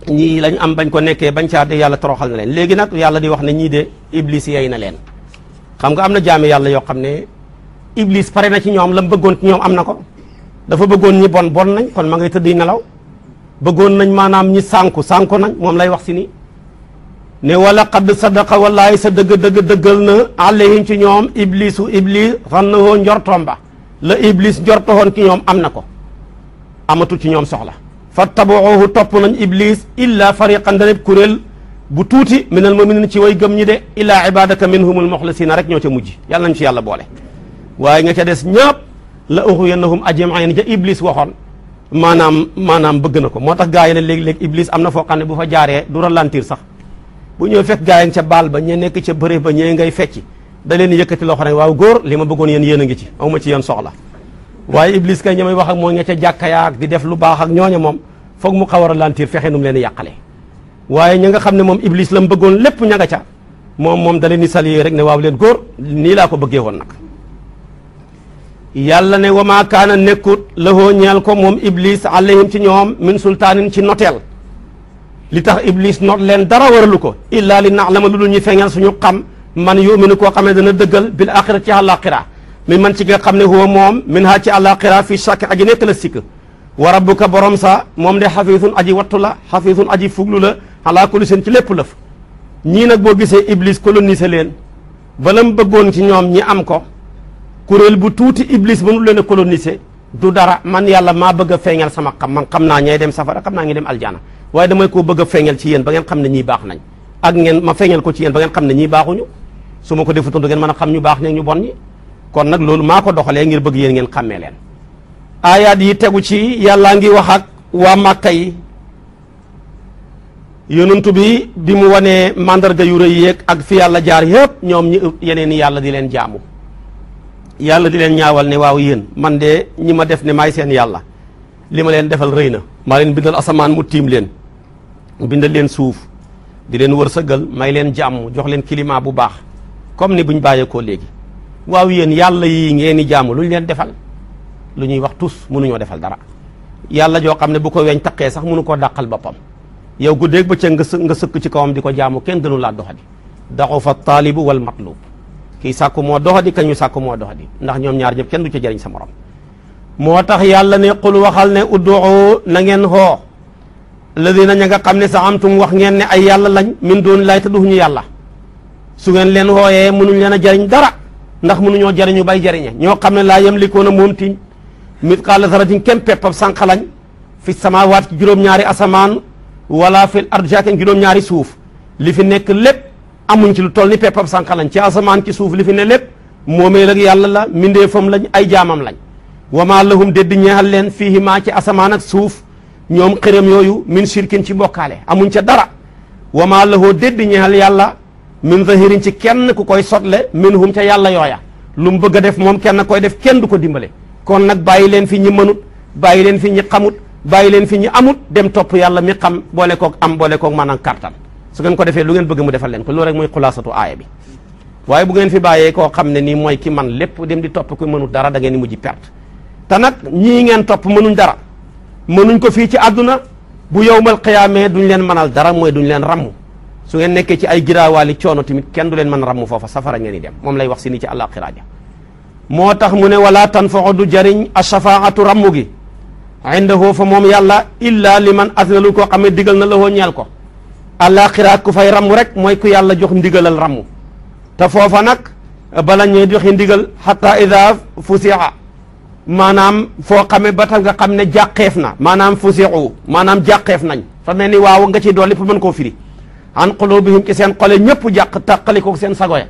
ñii lañ am bañ ko nekkee bañ caa de yàlla toroxal na leen léegi nag yàlla di wax ne ñii de iblis yey na leen xam nga am na jaami yàlla yoo xam ne iblis pare na ci ñoom la bëggoon ci ñoom am na ko dafa bëggoon ñi bon bon nañ kon ma ngay tëdd nelaw bëggoon nañ maanaam ñi sànku sànku nañ moom lay wax si ni ne wala qad sadaqa wallaay sa dëgg dëgg dëggal na alayhim ci ñoom iblisu iblis rannahu njortoom ba la iblis njortoon ki ñoom am na ko amatul ci ñoom soxla fattabaxuhu topp nañ iblis illa fariqan daneb kuréel bu tuuti minal mu'minin ci way gëm ñi de illaa ibadaka minhumul muxlasina rek ñoo ca mujj yàlla nañ ci yàlla boole waaye nga ca des ñëpp la uxwiyannahum ajma'iin ja iblis waxoon maanaam maanaam bëgg na ko moo tax gaa yi ne léeg léeg iblis am na foo xam ne bu fa jaaree du ralentir sax bu ñëw fekk gaa yi ca baal ba ñe nekk ca bëre ba ñee ngay fecci da leen yëkkati loxo ne waaw góor li ma bëggoon yéen yéen a ngi ci awma ci yéen soxla waaye iblis kay ñamay wax ak mooy nga ca jàkka yaak di def lu baax ak ñooña moom foog mu xaw a ralentir fexe nu mu leen yàqale waaye ña nga xam ne moom iblis la mu bëggoon lépp ña nga ca moom moom da leen di saluer rek ne waaw leen góor nii laa ko bëggee woon nag yàlla ne wamaa kaana nekkut lahoo ñeel ko moom iblis alayhim ci ñoom min sultaanin ci noteel li tax iblis not leen dara waralu ko illa li na'lama lu dul ñu feeñal suñu xam man yuminu koo xam ne dana dëggal bil axira ci àllaaxira mi man ci nga xam ne huwa moom min ha ci àllaaxira fii shakk aji nekk la sikk wa rabbuka borom sa moom de xafiisun aji wattu la xafiisun aji fuglu la alaa kulli seen ci lépp lëf ñii nag boo gisee iblis colonisé leen bala mu bëggoon ci ñoom ñi am ko kuréel bu tuuti iblis mënu leen a colonisé du dara man yàlla maa bëgga a feeñal sama xam man xam naa ñay dem safara xam naa ngi dem aljana waaye damay koo bëgg a feeñal ci yéen ba ngeen xam ne ñii baax nañ ak ngeen ma feeñal ko ci yéen ba ngeen xam ne ñii baaxuñu su ma ko defutoon du ngeen mën a xam ñu baax ña ñu bon ñi kon nag loolu maa ko doxalee ngir bëgg yéen ngeen xàmmee leen aayaat yi tegu ci yàllaa ngi wax ak waa màkka yi yonantu bi bi mu wanee mandarga yu rëy yéeg ak fi yàlla jaar yëpp ñoom ñi yeneen yàlla di leen jaamu yàlla di leen ñaawal ne waaw yéen man de ñi ma def ne maay seen yàlla li ma leen defal rëy na maa leen bindal asamaan mu tiim leen bindal leen suuf di leen wërsëgal may leen jàmm jox leen climat bu baax comme ni buñ bàyyeekoo léegi waaw yéen yàlla yi ngeen di lu ñu leen defal lu ñuy wax tus mënuñoo defal dara yàlla joo xam ne bu ko weñ taqee sax mënu koo dàqal boppam yow guddeeg sa nga sëkk ci kawam di ko jaamu kenn gënu laa doxadi daxufa taalibu wal matlub kii sàkku moo doxadi kañu sàkku moo di ndax ñoom ñaar ñëpp kenn du ci jëriñ sa morom moo tax yàlla ne qul waxal ne udduxu na ngeen xoo ladina ña nga xam ne sa amtum wax ngeen ne ay yàlla lañ min doon laay te yàlla su ngeen leen wooyee mënuñ leen a jariñ dara ndax mënuñoo jariñu bay jariñe ñoo xam ne laa yem likoon a moom tiñ mitqaala zaratin kem peppab sànqalañ fi samawaat ci juróom-ñaari asamaan wala fil arjaken juróom-ñaari suuf li fi nekk lépp amuñ ci lu toll ni peppab sànqalañ ci asamaan ci suuf li fi ne lépp moomeel ak yàlla la mindeefam lañ ay jaamam lañ wa wama lahum dédd ñeexal leen fii fiihimaa ci asamaan ak suuf ñoom xërëm yooyu min shirkin ci mbokkaale amuñ ca dara yàlla min zahirin ci kenn ku koy sotle minhum ca yàlla yooya lu mu bëgg def moom kenn koy def kenn du ko dimbale kon nag bàyyi leen fi ñi mënut bàyyi leen fi ñi xamut bàyyi leen fi ñi amut dem topp yàlla mi xam boole koog am boole koog maanaam kartan su ngeen ko defee lu ngeen bëgg mu defal leen ko loolu rek mooy xulaasatu aaya bi waaye bu ngeen fi bàyyee koo xam ne nii mooy ki man lépp dem di topp ko mënut dara da ngeen di mujj perte te nag ñii ngeen topp mënuñ dara mënuñ ko fii ci àdduna bu yowmal xiyaamee duñ leen mënal dara mooy duñ leen ramm su ngeen nekkee ci ay giraawaali coono tamit kenn du leen mën ramm foofa safara ngeen di dem moom lay wax si nii ci àllaaxira ja moo tax mu ne wala tanfaxu du jariñ ashafaatu ramm gi indahu fa moom yàlla illa liman asnalu koo xam ne digal na la woo ñeel ko àllaaxira ku fay ramm rek mooy ku yàlla jox ndigalal ramm te foofa nag bala ñuy joxe ndigal xata ida fusiha maanaam foo xame ba tax nga xam ne jàqeef na maanaam fusihu maanaam jàqeef nañ fa mel ni waaw nga ci dolli mën koo firi an qulubihim ci seen xole ñëpp jàq tàqalikoo seen sagoya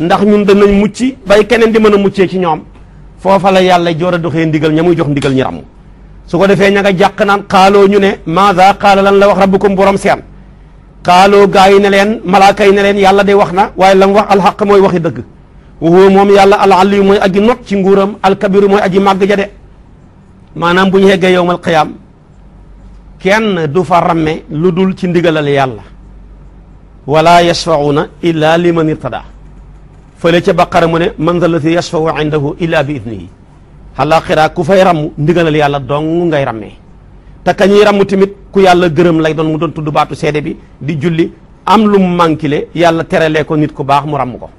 ndax ñun danañ mucc bay keneen di mën a muccee ci ñoom foofa la yàlla joor a doxee ndigal ña muy jox ndigal ñi ràmm su ko defee ña jàq naan xaaloo ñu ne maada xaala lan la wax rabbukum borom seen xaaloo gaa yi ne leen malaaka yi ne leen yàlla de wax na waaye lam wax alxaq mooy waxi dëgg waxu moom yàlla alali yu mooy aji not ci nguuram alkabiru mooy aji màgg ja de maanaam bu ñu xeggee yowmal qiyaam kenn du fa ramme lu dul ci ndigalal yàlla wala yashfauna illa liman irtada fële ca baqara mu ne man zal lati yashfau indahu illa bi idnihi alaxira ku fay ramm ndigalal yàlla dong ngay rammee te ka ñuy ramm tamit ku yàlla gërëm lay doon mu doon tudd baatu seede bi di julli am lu mu manquile yàlla terelee ko nit ku baax mu ramm ko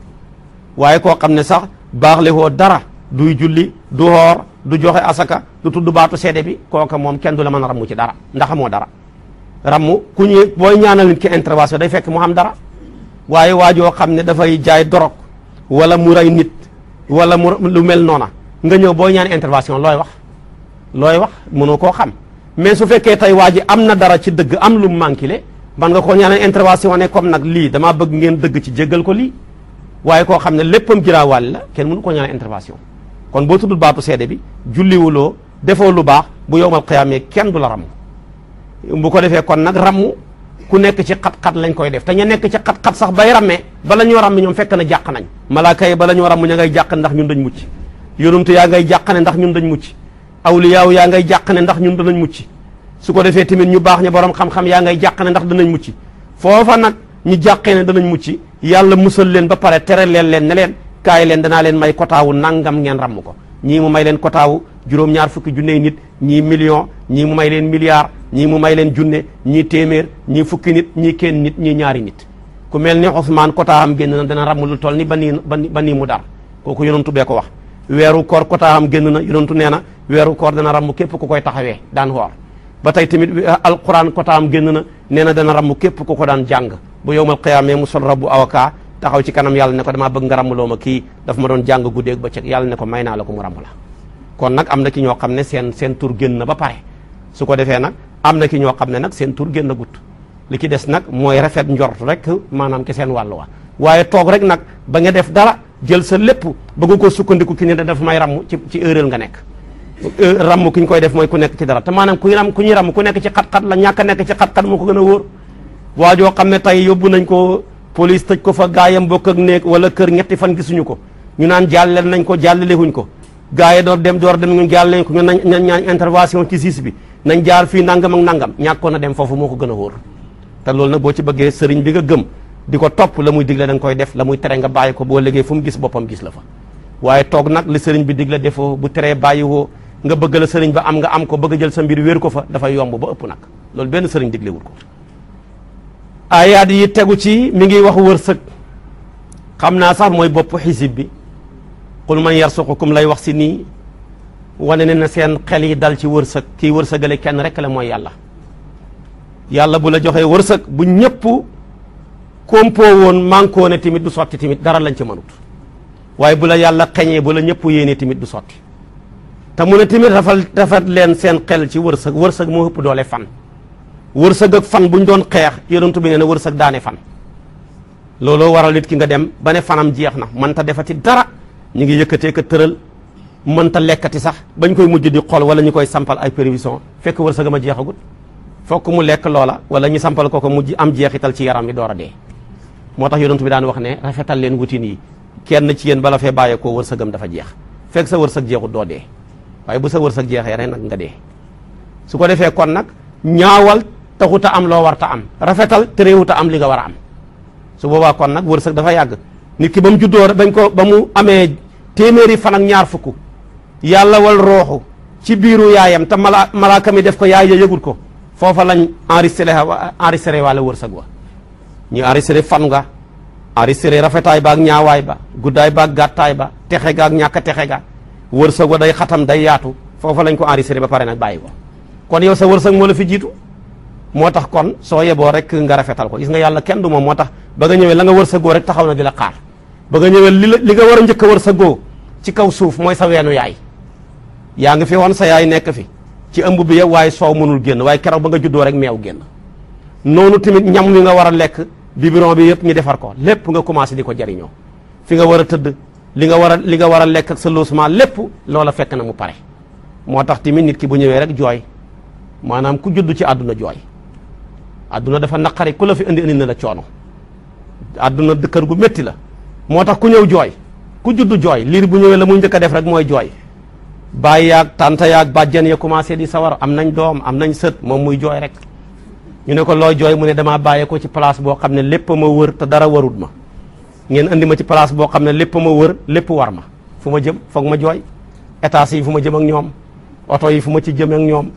waaye koo xam ne sax baax le woo dara duy julli du hoor du joxe asaka du tudd baatu seede bi kooka moom kenn du la mën a ramm ci dara ndax dara ramm ku ñu booy ñaanal nit ki intervention day fekk mu am dara waaye waajoo xam ne dafay jaay dorog wala mu rey nit wala mu lu mel noona nga ñëw booy ñaan intervention looy wax looy wax mënoo koo xam mais su fekkee tey waa am na dara ci dëgg am lu mu manqué man nga koo ñaanal intervention ne comme nag lii damaa bëgg ngeen dëgg ci jéggal ko lii waaye koo xam ne léppam giraawaale la kenn mënu ko ñaanal intervention kon boo tuddul baatu seede bi julliwuloo defoo lu baax bu yowmal qiyaamee kenn du la ram bu ko defee kon nag ramu ku nekk ci xat-xat lañ koy def te ña nekk ci xat-xat sax bay rammee bala ñoo ramm ñoom fekk ne jàq nañ malaaka yi bala ñoo ramm ña ngay jàq ndax ñun dañ mucc yonumtu yaa ngay jàq ne ndax ñun dañ mucc awliyaaw yaa ngay jàq ne ndax ñun danañ mucc su ko defee tamit ñu baax ña borom xam-xam yaa ngay jàq ne ndax danañ mucc foofa nag ñu jàqee ne danañ mucc yàlla musal leen ba pare tere leen leen ne leen kaay leen danaa leen may kotaawu nangam ngeen ramm ko ñii mu may leen kotaawu juróom-ñaar fukki junney nit ñii million ñii mu may leen milliard ñii mu may leen junne ñii téeméer ñii fukki nit ñii kenn nit ñii ñaari nit ku mel ni Ousmane kotaam génn na dana ramm lu toll ni ba nii ba nii mu dar kooku yonentu bee ko wax weeru koor kotaam génn na yonentu nee na weeru koor dana rammu képp ku koy taxawee daan woor ba tey tamit eh, alquran kotaam génn na nee na dana ramm képp ku ko daan jàng bu yowmal qiyaamee mu sol rabu awaka taxaw ci kanam yàlla ne ko damaa bëgg nga ràmmloo ma kii dafa ma doon jàng guddeeg bëccëg yàlla ne ko may naa la ko mu ràmm la kon nag am na ci ñoo xam ne seen seen tur génn na ba pare su ko defee nag am na ki ñoo xam ne nag seen tur génn gut li ci des nag mooy rafet njort rek maanaam ke seen wàllu wa waaye toog rek nag ba nga def dara jël sa lépp bëgg ko sukkandiku ki ne da daf may ràmm ci ci erreur nga nekk ràmm ki ñu koy def mooy ku nekk ci dara te maanaam kuy ràmm ku ñuy ràmm ku nekk ci xat-xat la ñàkk a nekk ci ka a wóor waa joo xam ne tey yóbbu ko police tëj ko fa gaayam bokk ak néeg wala kër ñetti fan gisuñu ko ñu naan jàllale nañ ko jàllalewuñ ko gars yi door dem door dem ñu jàllale ko ñu nañ ñaan intervention ci siis bi nañ jaar fii nangam ak nangam ñàkkoon a dem foofu moo ko gën a wóor te loolu nag boo ci bëggee sëriñ bi nga gëm di ko topp la muy digle nañ koy def la muy tere nga bàyyi ko boo liggéey fu mu gis boppam gis la fa waaye toog nag li sëriñ bi digle defoo bu teree bàyyi woo nga bëgg la sëriñ ba am nga am ko bëgg jël sa mbir wéer ko fa dafay yomb ba ëpp nag loolu benn sëriñ diglewul ko ayaat yi tegu ci mi ngiy wax wërsëg xam naa sax mooy bopp xisib bi qul man yarsuqukum lay wax si nii wane ne na seen xel yi dal ci wërsëg kii wërsëgale kenn rekk la mooy yàlla yàlla bu la joxee wërsëg bu ñëpp kompoo woon mànkoo ne tamit du sotti tamit dara lañ ci mënut waaye bu la yàlla xeñee bu la ñëpp yéenee tamit du sotti te mu ne tamit rafal rafet leen seen xel ci wërsëg wërsëg moo ëpp doole fan wërsëg ak fan bu ñu doon xeex yonentu bi nee na wërsëg daane fan looloo waral nit ki nga dem ba ne fanam jeex na mënta defati dara ñu ngi yëkkatee ka tëral mënta lekkati sax bañ koy mujj di xool wala ñu koy sampal ay prévision fekk wërsëgam a jeexagut fokk mu lekk loola wala ñu sampal ko ko mujj am jeexital ci yaram yi door a dee moo tax yonent bi daan wax ne rafetal leen wutin yi kenn ci yéen bala fee bàyyeekoo wërsëgam dafa jeex fekk sa wërsëg jeexut doo dee waaye bu sa wërsëg jeexee rek nag nga dee su ko defee kon nag ñaawal taxut a am loo war ta am rafetal terewut a am li nga war a am su boobaa kon nag wërsëg dafa yàgg nit ki ba mu juddoo bañ ko ba mu amee téeméeri fan ak ñaar fukk yàlla wal rooxu ci biiru yaayam te mala malaaka mi def ko yaay ya yëgul ko foofa lañ enregistré enregistré wala wërsëg wa ñu enregistré fan nga enregistré rafetaay ba ak ñaawaay ba guddaay ba ak gàttaay ba texe ga ak ñàkk texe ga wërsëg wa day xatam day yaatu foofa lañ ko enregistré ba pare nag bàyyi ko moo tax kon soo yeboo rek nga rafetal ko gis nga yàlla kenn du moom moo tax ba nga ñëwee la nga war sa góo rek taxaw na di la xaar ba nga ñëwee li li nga war a njëkk a war sa góo ci kaw suuf mooy sa weenu yaay yaa ngi fi woon sa yaay nekk fi ci ëmb bi yow waaye soow mënul génn waaye keroog ba nga juddoo rek meew génn noonu tamit ñam wi nga war a lekk biberon bi yëpp ñu defar ko lépp nga commencé di ko jariñoo fi nga war a tëdd li nga war a li nga war a lekk ak sa loosement lépp loola fekk na mu pare moo tax tamit nit ki bu ñëwee rek jooy maanaam ku judd ci àdduna jooy àdduna dafa naqari ku la fi indi indi na la coono àdduna dëkkër gu métti la moo tax ku ñëw jooy ku juddu jooy liir bu ñëwee la muy njëkk a def rek mooy jooy bàyyi yaag tànta yaag bàjjen ya commencé di sawar am nañ doom am nañ sët moom muy jooy rek ñu ne ko looy jooy mu ne damaa bàyyee ko ci place boo xam ne lépp ma wër te dara warut ma ngeen andi ma ci place boo xam ne lépp ma wër lépp war ma fu ma jëm foog ma jooy états yi fu ma jëm ak ñoom oto yi fu ma ci jëm ak ñoom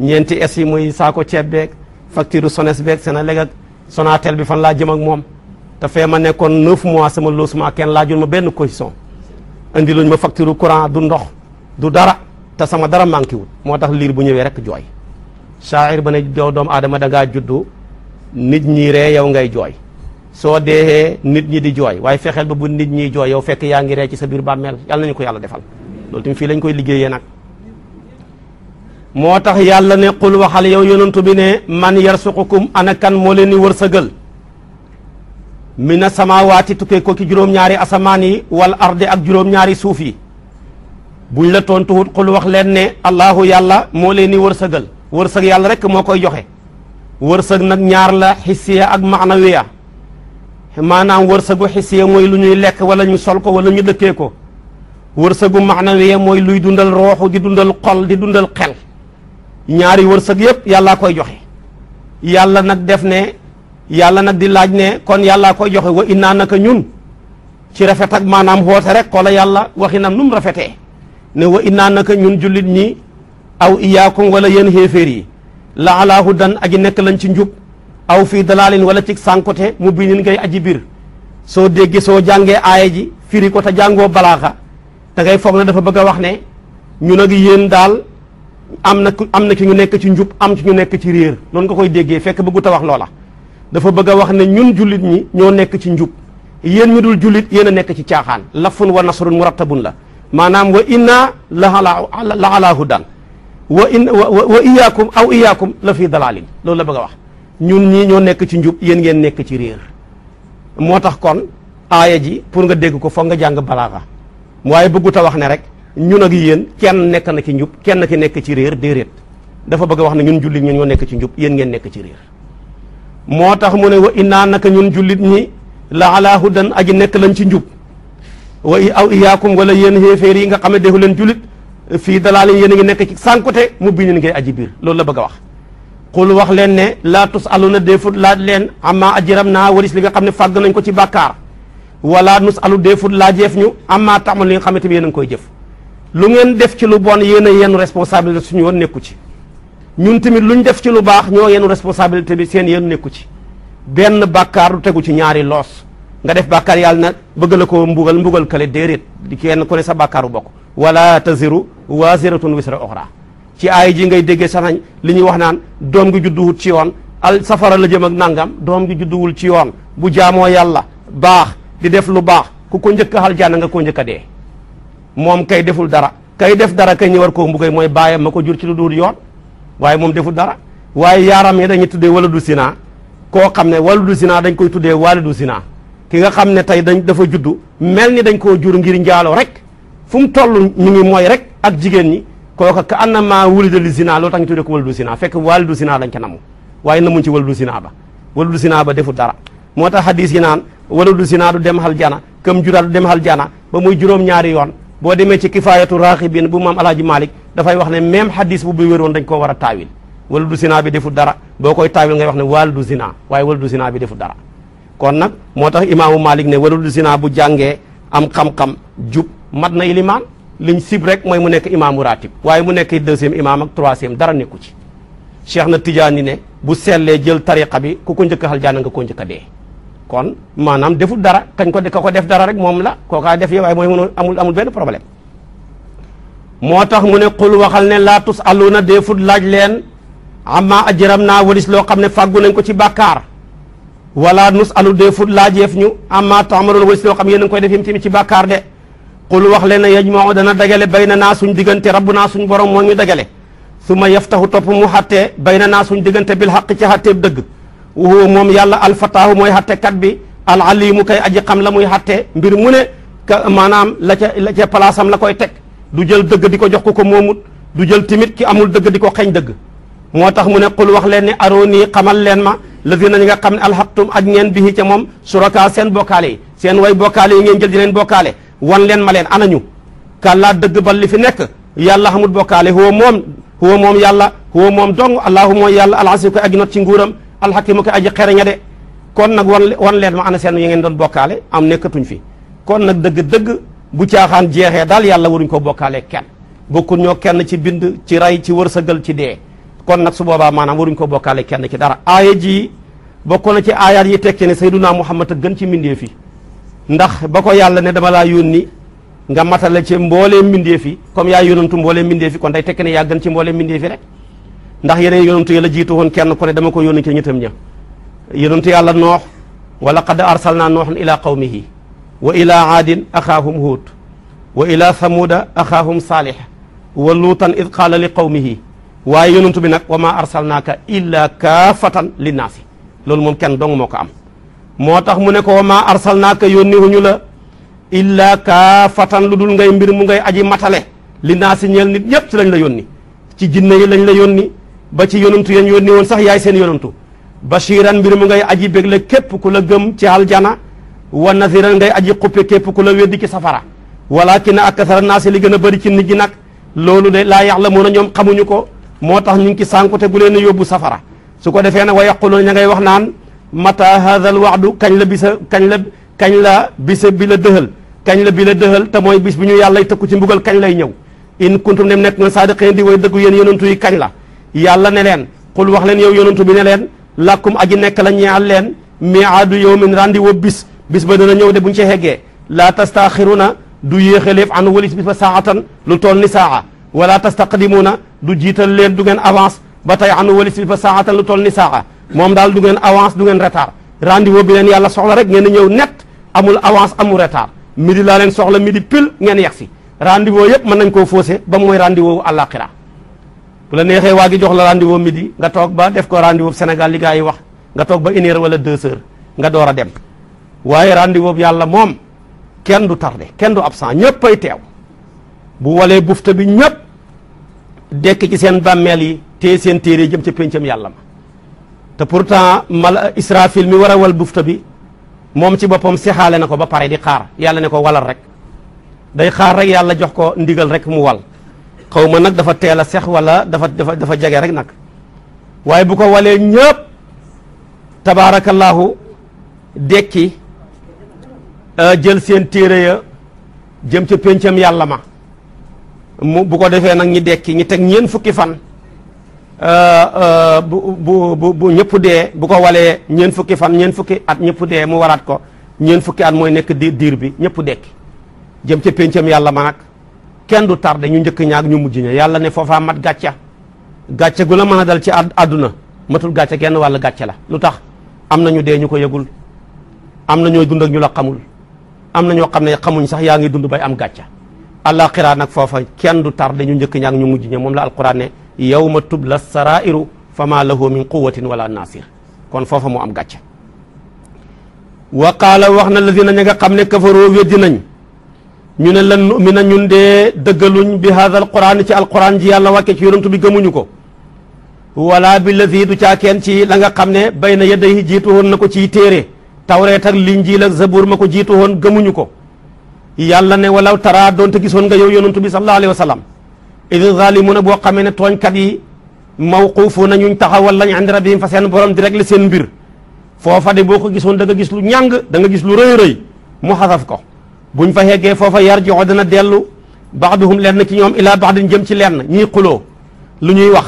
ñeenti es yi saako ceeb beeg facture SONES beeg Senelec ak sonaateel bi fan laa jëm ak moom te fee ma nekkoon 9 mois sama logement kenn laajul ma benn caution indi luñ ma facture courant du ndox du dara te sama dara manqué wul moo tax liir bu ñëwee rek jooy shaa'ir ba ne doo doom aadama da juddu nit ñii ree yow ngay jooy soo dee nit ñi di jooy waaye fexeel ba bu nit ñiy jooy yow fekk yaa ngi ree ci sa biir bàmmeel yàlla nañu ko yàlla defal loolu tamit fii lañ koy nag moo tax yàlla ne qul waxal yow yonantu bi ne man yarsuqukum ana kan moo leen di wërsëgal mina samaawaati tukkee ko ci juróom-ñaari asamaan yi wal ardi ak juróom-ñaari suuf yi buñ la tontuwut qul wax leen ne allahu yàlla moo leen di wërsëgal wërsëg yàlla rek moo koy joxe wërsëg nag ñaar la xisiya ak maanawiya maanaam wërsëgu xisiya mooy lu ñuy lekk wala ñu sol ko wala ñu dëkkee ko wërsëgu maanawiya mooy luy dundal rooxu di dundal xol di dundal xel ñaari wërsëg yëpp yàllaa koy joxe yàlla nag def ne yàlla nag di laaj ne kon yàllaa koy joxe wa innaa naka ñun ci rafet ak maanaam woote rek xoola yàlla waxinam num rafetee ne wa innaa naka ñun jullit ñi aw iyaakum wala yéen xéeféer yi la dan hudan aji nekk lañ ci njub aw fii dalaalin wala ci sànkote mu binin ngay aji biir soo dégge soo jàngee aaya ji fiiri ko te jàngoo balaaxa dangay ngay foog na dafa bëgg a wax ne ñun ak yéen daal am na am na ki ñu nekk ci njub am ci ñu nekk ci réer noonu nga koy déggee fekk bëggut a wax loola dafa bëgg a wax ne ñun jullit ñi ñoo nekk ci njub yéen dul jullit yéen nekk ci caaxaan lafun wa nasrun murattabun la maanaam wa inna la la ala hudan wa in wa iyaakum aw loolu la bëgg a wax ñun ñii ñoo nekk ci njub yéen ngeen nekk ci réer moo tax kon aaya ji pour nga dégg ko foog nga jàng balaaxa waaye bëggut a wax ne rek ñun ak yéen kenn nekk na ci njub kenn ki nekk ci réer déedéet dafa bëgg wax ne ñun jullit ñi ñoo nekk ci njub yéen ngeen nekk ci réer moo tax mu ne wa innaa naka ñun jullit ñi la ala hudan aji nekk lañ ci njub wa aw iyaakum wala yéen xéeféer yi nga xam ne defu leen jullit fii dalaalin yéen a ngi nekk ci sànkute mu bi nin ngay aji biir loolu la bëgg a wax xul wax leen ne laa tus aluna deefut laaj leen amma ajiram naa waris li nga xam ne fàgg nañ ko ci bàkkaar wala nus alu deefut laajeef ñu amma tamal li nga xam ne tamit yéen a koy jëf lu ngeen def ci lu bon yéen yenn responsabilité suñu yoon nekku ci ñun tamit ñu def ci lu baax ñoo yenn responsabilité bi seen yoon nekku ci benn bàkkaar du tegu ci ñaari loos nga def bàkkaar yàlla na bëgg la ko mbugal mbugal kale déedéet di kenn ku ne sa bàkkaaru bokk wala taziru waziratun wisra oxra ci aay ji ngay déggee sax nañ li ñuy wax naan doom gi judduwul ci yoon al safara la jëm ak nangam doom gi judduwul ci yoon bu jaamoo yàlla baax di def lu baax ku ko njëkk a xal jànn nga koo njëkk moom kay deful dara kay def dara kay ñu war koo mbugal mooy bàyyam ma ko jur ci lu dul yoon waaye moom deful dara waaye yaaram yi dañuy tuddee waladu sinaa koo xam ne waladu sinaa dañ koy tuddee waalidu sinaa ki nga xam ne tey dañ dafa juddu mel ni dañ koo jur ngir njaaloo rek fu mu toll mi ngi mooy rek ak jigéen ñi kooka ka annama maa li sinaa loolu tax ñu tuddee ko waladu sinaa fekk waalidu sinaa lañ ca namu waaye namuñ ci waladu sinaa ba waladu sinaa ba deful dara moo tax hadis yi naan waladu sinaa du dem jana kam jural du jana ba muy juróom-ñaari yoon boo demee ci kifaayatu raaxibin bu maam alaaji Malick dafay wax ne même hadis bu bu wéroon dañ koo war a taawil waldu zina bi deful dara boo koy taawil ngay wax ne waldu zina waaye waldu zina bi defu dara kon nag moo tax imaamu Malick ne waldu zina bu jàngee am xam-xam jub mat na ilimaan liñ sib rek mooy mu nekk imaamu ratib waaye mu nekk deuxième imaam ak troisième dara nekku ci Cheikh na Tijaani ne bu sellee jël tariqa bi ku ko njëkk a xal nga ko njëkk a kon maanaam deful dara kañ ko ka ko def dara rek moom la koo kookaa def yow waaye mooy mënul amul amul benn problème moo tax mu ne qul waxal ne laa tus aluna defut laaj leen amma ajram naa walis loo xam ne fàggu nañ ko ci bàkkaar wala nus alu defut laajeef ñu amma taamaroon walis loo xam yéen a ngi koy def yim ci bakkaar de qul wax leen ne yajmau dana dagale bay na naa suñ diggante rabbu naa suñ borom moo ñu dagale su ma yaftahu topp mu xattee bay na naa suñ diggante bil xaq ci xatteeb dëgg huwa moom yàlla alfataahu mooy xattekat bi alalimu kay aji xam la muy xatte mbir mu ne ka maanaam la ca la ca place la koy teg du jël dëgg di ko jox ko ko moomut du jël timit ki amul dëgg di ko xeñ dëgg moo tax mu ne qul wax leen ne aroonii xamal leen ma lazina ñi nga xam ne alxaqtum ak ngeen bihi ca moom suraka seen bokkaale yi seen way bokkaale yi ngeen jël di leen bokkaale wan leen ma leen anañu kàllaa dëgg bal li fi nekk yàlla xamul bokkaale huwa moom huwa moom yàlla huwa moom dong allahu mooy yàlla alasiku ko ak not alxakimu ko aji xereña de kon nag wan wan leen ma ana seen yi ngeen doon bokkaale am nekkatuñ fi kon nag dëgg-dëgg bu caaxaan jeexee daal yàlla waruñ ko bokkaale kenn bokkul ñoo kenn ci bind ci ray ci war wërsëgal ci dee kon nag su boobaa maanaam waruñ ko bokkaale kenn ci dara aaya ji bokk na ci aayaat yi tekki ne sayyiduna muhammad a gën ci mbindeef fi ndax ba ko yàlla ne dama laa yónni nga matale ci mboolee mbindeef yi comme yaa yónantu mboolee mbindeef yi kon day tekki ne yaa gën ci mboolee mbindeef yi rek ndax yeneen yonentu la jiitu woon kenn ku dama ko yónni ci ñettam ña yonentu yàlla noox wa laqad arsalna nooxan ila qawmihi wa ila aadin axaahum huud wa ila samuuda axaahum saalix wa luutan id li qawmihi waaye yonentu bi nag wa maa arsalnaaka illa kaafatan linnaasi loolu moom kenn dong moo ko am moo tax mu ne ko wa maa arsalnaaka yónni wuñu la illa kaafatan lu dul ngay mbir mu ngay aji matale linnaasi ñeel nit ñëpp ci lañ la yónni ci ba ci yonantu yéen yónni woon sax yaay seen yonantu bashiran mbir mu ngay aji bégle képp ku la gëm ci aljana wa nasiran ngay aji xuppe képp ku la weddi ci safara walaakina akasara naasi li gën a bëri ci nit ñi nag loolu de laa na ñoom xamuñu ko moo tax ñu ngi ci sànku te gu leen yóbbu safara su ko defee nag wa yaquluuna ña ngay wax naan mata haadal waxdu kañ la bisa kañ la kañ la bisa bi la dëhal kañ la bi la dëhal te mooy bis bi ñu yàllay tëkku ci mbugal kañ lay ñëw in kuntum nem nekk nga saadiqiin di way dëggu kañ la yàlla ne leen xul wax leen yow yonantu bi ne leen làkkum aji nekk la ñeexal leen miiaadu yawmin rendi wo bis bis ba dana ñëw de bu buñ ci heggee laa na du yéexaleef an walis bis ba saatan lu tool ni saaxa wala na du jiital leen du ngeen avance ba tey an walis bis ba saatan lu tool ni saaxa moom daal du ngeen avance du ngeen retard rendi wo bi leen yàlla soxla rek ngeen ñëw net amul avance amul retard midi laa leen soxla midi pile ngeen yegsi rendez-vous yëpp mën nañ koo faussé ba mooy rendez-vous àllaaxira bu la neexee waa gi jox la rendez mi di nga toog ba def ko rendez-vous Sénégal yi wax nga toog ba une heure wala deux heures nga door a dem waaye rendez-vous yàlla moom kenn du tardé kenn du absent ñëpp ay teew bu walee bufta bi ñëpp dekk ci seen bàmmeel yi te seen téere jëm ca péncam yàlla ma te pourtant mala Israfil mi war a wal bufta bi moom si boppam sexaale na ko ba pare di xaar yàlla ne ko walal rek day xaar rek yàlla jox ko ndigal rek mu wal xaw ma nag dafa teel a sex wala dafa dafa dafa jege rek nag waaye bu ko walee ñëpp tabaarakallaahu dekki jël seen téere ya jëm ci péncam yàlla ma mu bu ko defee nag ñi dekki ñi teg ñeen fukki fan bu bu bu bu ñëpp dee bu ko walee ñeen fukki fan ñeen fukki at ñëpp dee mu waraat ko ñeen fukki at mooy nekk diir bi ñëpp dekki jëm ca péncam yàlla ma nag kenn du tardé ñu njëkk ñaag ñu mujj ña yàlla ne foofaa mat gàcca gàcce gu la mën a dal ci àdduna matul gàcce kenn wàll gàcce la lu tax am na ñu dee ñu ko yëgul am na ñooy dund ñu la xamul am na ñoo xam ne xamuñ sax yaa ngi dund bay am gàcca àllaaxira nag foofa kenn du tardé ñu njëkk ñaak ñu mujj ña moom la alquran ne yawma tubla sarairu fama lahu min quwatin wala nasir kon foofa moo am gàcce wa wax na lazina ña xam ne kafaroo ñu ne lan na ñun de dëggaluñ bi haada alquran ci alquran ji yàlla wàkke ci yonantu bi gëmuñu ko wala bi lazi du caakeen ci la nga xam ne bay na yadayhi jiitu woon na ko ciy téere tawreet ak linjiil ak zabuur ma ko jiitu woon gëmuñu ko yàlla ne walaw tara doonte gisoon nga yow yonantu bi sallallahu alayhi wa sallam idi zalimuna boo xamee ne tooñkat yi mawquufuuna ñuñ taxawal lañ indi rabbihim fa seen borom di régler seen mbir foofa de boo ko gisoon da nga gis lu ñàng gis lu rëy rëy mu xasaf ko buñ fa heggee foofa yar joxo dana dellu ba'duhum lenn ki ñoom ilaa ba'din jëm ci lenn ñiy xuloo lu ñuy wax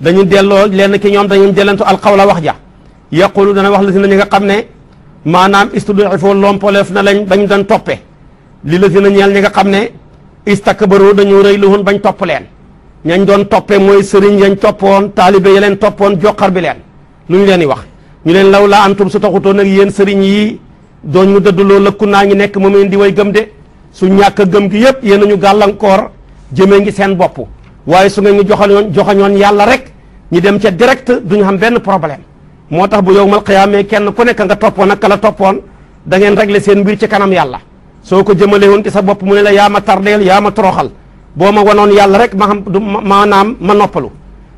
dañu delloo lenn ki ñoom dañu dellantu alqawla wax ja yaqulu dana wax la si na ñi nga xam ne maanaam istud'ifoo lompoleef na lañ bañ doon toppee li la si na ñeel ñi nga xam ne istakbaru dañu rëy lu woon bañ topp leen ñañ doon toppee mooy sëriñ yañ toppoon taalibe ya leen toppoon joxar bi leen lu ñu leen di wax ñu leen law laa antum su taxutoon nag yéen sëriñ yi dooñ mu dëdd loo lëkku naa ngi nekk moom di way gëm de su ñàkk gëm gi yépp yéen ñu gàllankoor jëmee ngi seen bopp waaye su ngeen ñu joxañoon joxañoon yàlla rek ñi dem ca du ñu xam benn problème moo tax bu yow yowmal xiyaamee kenn ku nekka nga toppoon ak kala toppoon dangeen ngeen seen mbir ci kanam yàlla soo ko jëmale woon ci sa bopp mu ne la yaa ma tardeel yaa ma toroxal boo ma wanoon yàlla rek ma xam ma maanaam ma noppalu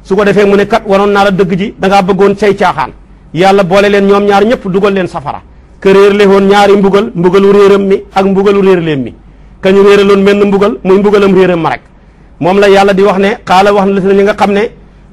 su ko defee mu ne kat wanoon naa dëgg ji da bëggoon say caaxaan yàlla boole leen ñoom ñaar ñëpp dugal leen safara kër réerle woon ñaari mbugal mbugalu réeram mi ak mbugalu réerleem mi kañu réeraloon menn mbugal muy mbugalam réeram ma rek moom la yàlla di wax ne xaala wax na la si nga xam ne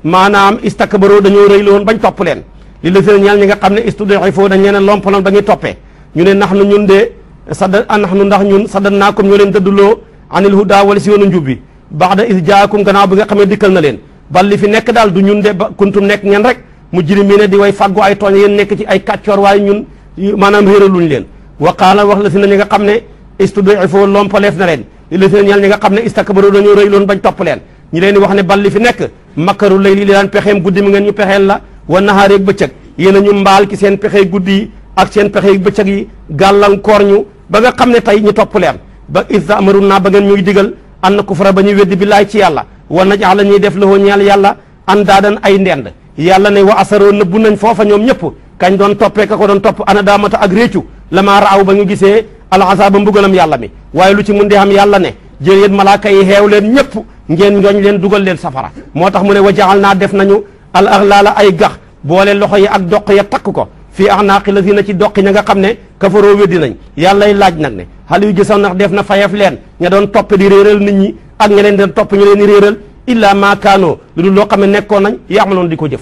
maanaam istakbaroo dañoo rëy woon bañ topp leen li la si ñaal nga xam ne istud'afuu dañ leen lompaloon ba ñuy toppee ñu ne nax nu ñun de sadda ah, nax nu ndax ñun saddadnaakum ñoo leen dëdduloo anil hudaa wala si yoonu njub bi ba'da iz jaakum gannaaw bi nga xamee dikkal na leen bal li fi nekk daal du ñun de ba kuntum nekk ngeen rek mu jiri mi di way fàggu ay tooñ yéen nekk ci ay kàccoor waaye ñun maanaam réeraluñ leen wa qaala wax la si na ñi nga xam ne istud'ifu lompaleef na leen la si na ñal ñi nga xam ne istakbaru dañoo rëy loon bañ topp leen ñi leen wax ne balli fi nekk makkaru lay li daan pexeem guddi mi ngeen ñu pexeel la wa nahaar yeeg bëccëg yéen a mbaal ki seen guddi ak seen pexe bëccëg yi gàllankoor ñu ba nga xam ne tey ñu topp leen ba istamaru naa ba ngeen ñuy digal an na kufra ba ñuy weddi billaay ci yàlla wa la ñuy def la ñeel yàlla an daadan ay ndend yàlla ne wa asaroo nëbbu nañ foofa ñoom ñëpp kañ doon toppee ka ko doon topp ana daamata ak réccu la maa raaw ba ñu gisee alaxasaaba mbugalam yàlla mi waaye lu ci mun dee xam yàlla ne jël yéen malaaka yi xeew leen ñëpp ngeen ñooñ leen dugal leen safara moo tax mu ne wa jaxal naa def nañu al axlaala ay gax boole loxo yi ak doq ya takk ko fii axnaaqi la na ci doqi ña nga xam ne kafaroo weddi nañ yàllay laaj nag ne xal yi gisoon ndax def na fayef leen ña doon toppe di réeral nit ñi ak ña leen doon topp ñu leen di réeral illaa maakaanoo lu dul loo xam ne nekkoon nañ yaamaloon di ko jëf